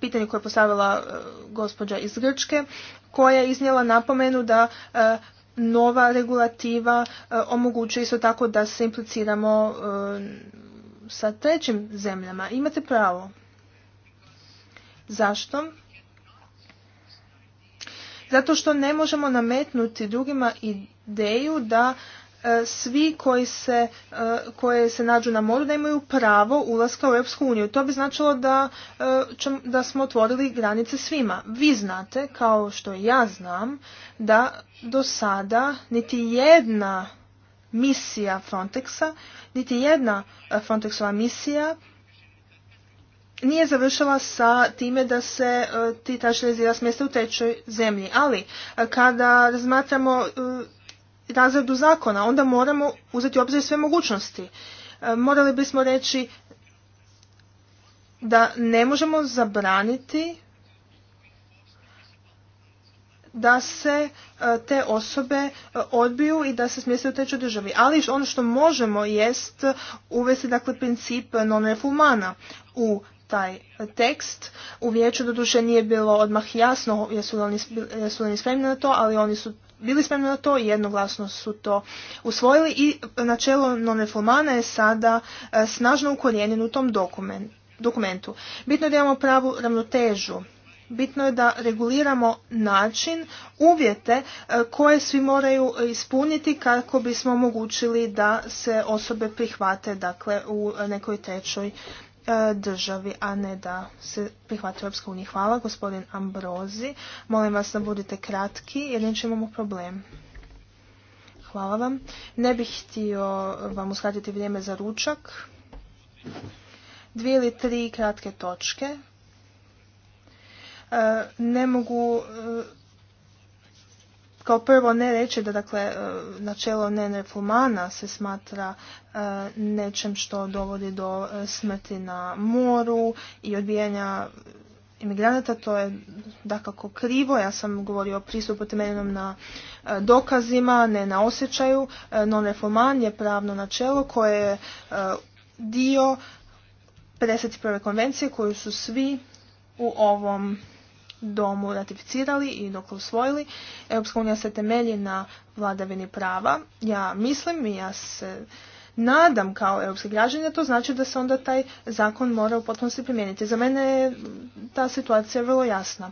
pitanje koje je postavila gospođa iz Grčke, koja je iznijela napomenu da nova regulativa e, omogućuje isto tako da se impliciramo e, sa trećim zemljama. Imate pravo. Zašto? Zato što ne možemo nametnuti drugima ideju da E, svi koji se, e, koje se nađu na moru da imaju pravo ulaska u Europsku uniju. To bi značilo da, e, da smo otvorili granice svima. Vi znate, kao što ja znam, da do sada niti jedna misija Frontexa, niti jedna Frontexova misija nije završila sa time da se ti tražitelji s u trećoj zemlji. Ali kada razmatramo razredu zakona, onda moramo uzeti u obzir sve mogućnosti. E, morali bismo reći da ne možemo zabraniti da se e, te osobe e, odbiju i da se smjeste u trećoj državi. Ali ono što možemo jest uvesti dakle, princip non refumana u taj tekst. U vijeću doduše nije bilo odmah jasno jesu li jesu li oni spremni na to, ali oni su bili smo na to, jednoglasno su to usvojili i načelo non je sada e, snažno ukorijenjen u tom dokumentu. Bitno je da imamo pravu ravnotežu bitno je da reguliramo način, uvjete e, koje svi moraju ispuniti kako bismo omogućili da se osobe prihvate dakle, u nekoj trećoj E, državi, a ne da se prihvati Europska unija. Hvala, gospodin Ambrozi. Molim vas da budite kratki, jer neće imamo problem. Hvala vam. Ne bih htio vam uskratiti vrijeme za ručak. Dvije ili tri kratke točke. E, ne mogu e, kao prvo ne reći da dakle e, načelo nenefumana se smatra e, nečem što dovodi do e, smrti na moru i odbijanja imigranata, to je dakako krivo. Ja sam govorio o pristupu temeljenom na dokazima, ne na osjećaju. Non-reforman je pravno načelo koje je dio 51. konvencije koju su svi u ovom domu ratificirali i dok usvojili. Europska unija se temelji na vladavini prava. Ja mislim i ja se nadam kao europski građanin, to znači da se onda taj zakon mora u potpunosti primijeniti. Za mene je ta situacija vrlo jasna.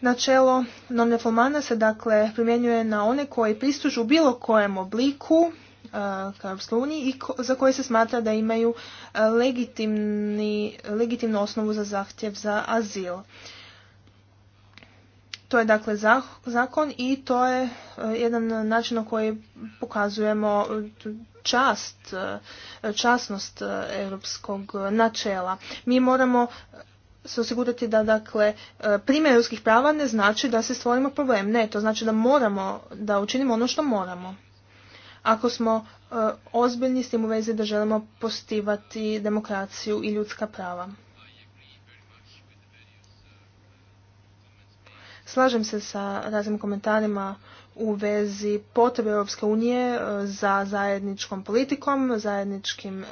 Načelo non reformana se dakle primjenjuje na one koji pristužu bilo kojem obliku uh, ka i za koje se smatra da imaju uh, legitimni, legitimnu osnovu za zahtjev za azil. To je dakle zakon i to je e, jedan način na koji pokazujemo e, čast, e, časnost europskog načela. Mi moramo se osigurati da dakle primjer europskih prava ne znači da se stvorimo problem. Ne, to znači da moramo, da učinimo ono što moramo. Ako smo ozbiljni s tim u vezi da želimo postivati demokraciju i ljudska prava. Slažem se sa raznim komentarima u vezi potrebe Europske unije e, za zajedničkom politikom, zajedničkim e,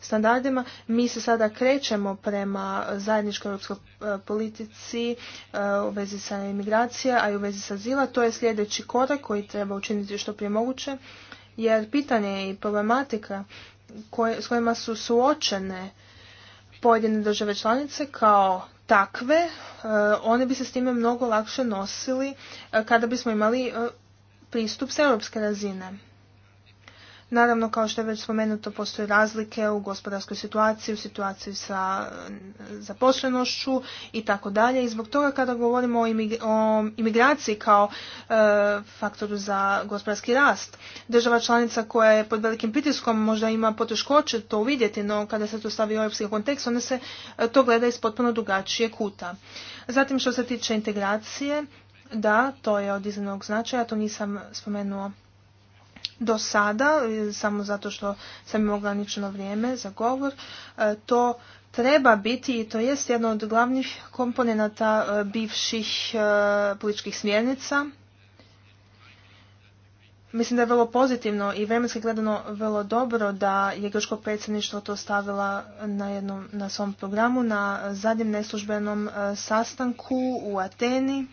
standardima. Mi se sada krećemo prema zajedničkoj europskoj e, politici u vezi sa imigracija, a i u vezi sa zila. To je sljedeći korak koji treba učiniti što prije moguće, jer pitanje i problematika s kojima su suočene pojedine države članice kao takve, e, one bi se s time mnogo lakše nosili e, kada bismo imali e, pristup s europske razine. Naravno, kao što je već spomenuto, postoje razlike u gospodarskoj situaciji, u situaciji sa mm, zaposlenošću i tako dalje. I zbog toga kada govorimo o, imigraciji kao e, faktoru za gospodarski rast, država članica koja je pod velikim pritiskom možda ima poteškoće to uvidjeti, no kada se to stavi u europski kontekst, onda se e, to gleda iz potpuno drugačije kuta. Zatim što se tiče integracije, da, to je od iznimnog značaja, to nisam spomenuo do sada, e, samo zato što sam imao ograničeno vrijeme za govor, e, to treba biti i to jest jedna od glavnih komponenata e, bivših političkih smjernica. Mislim da je vrlo pozitivno i vremenski gledano vrlo dobro da je grčko predsjedništvo to stavila na, jednom, na svom programu na zadnjem neslužbenom sastanku u Ateni,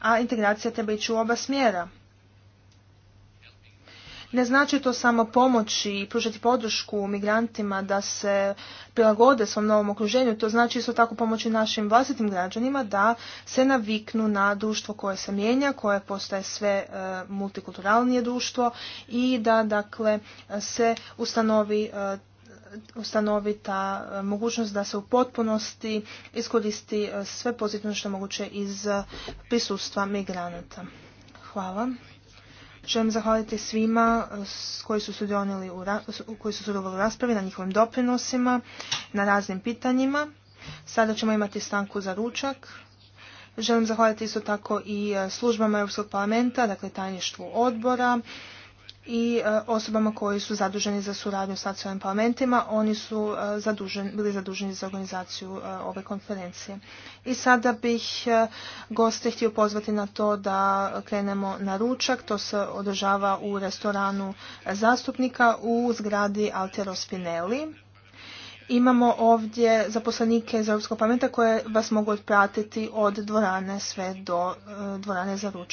a integracija treba ići u oba smjera. Ne znači to samo pomoći i pružati podršku migrantima da se prilagode svom novom okruženju, to znači isto tako pomoći našim vlastitim građanima da se naviknu na društvo koje se mijenja, koje postaje sve e, multikulturalnije društvo i da dakle se ustanovi e, ustanovi ta e, mogućnost da se u potpunosti iskoristi sve pozitivno što je moguće iz prisustva migranata. Hvala. Želim zahvaliti svima eh, koji su sudjelovali u, koji su sudjelovali u raspravi, na njihovim doprinosima, na raznim pitanjima. Sada ćemo imati stanku za ručak. Želim zahvaliti isto tako i eh, službama Europskog parlamenta, dakle tajništvu odbora, i e, osobama koji su zaduženi za suradnju s nacionalnim parlamentima. Oni su e, bili zaduženi za organizaciju e, ove konferencije. I sada bih goste htio pozvati na to da krenemo na ručak. To se održava u restoranu zastupnika u zgradi Altero Spinelli. Imamo ovdje zaposlenike iz Europskog parlamenta koje vas mogu pratiti od dvorane sve do dvorane za ručak.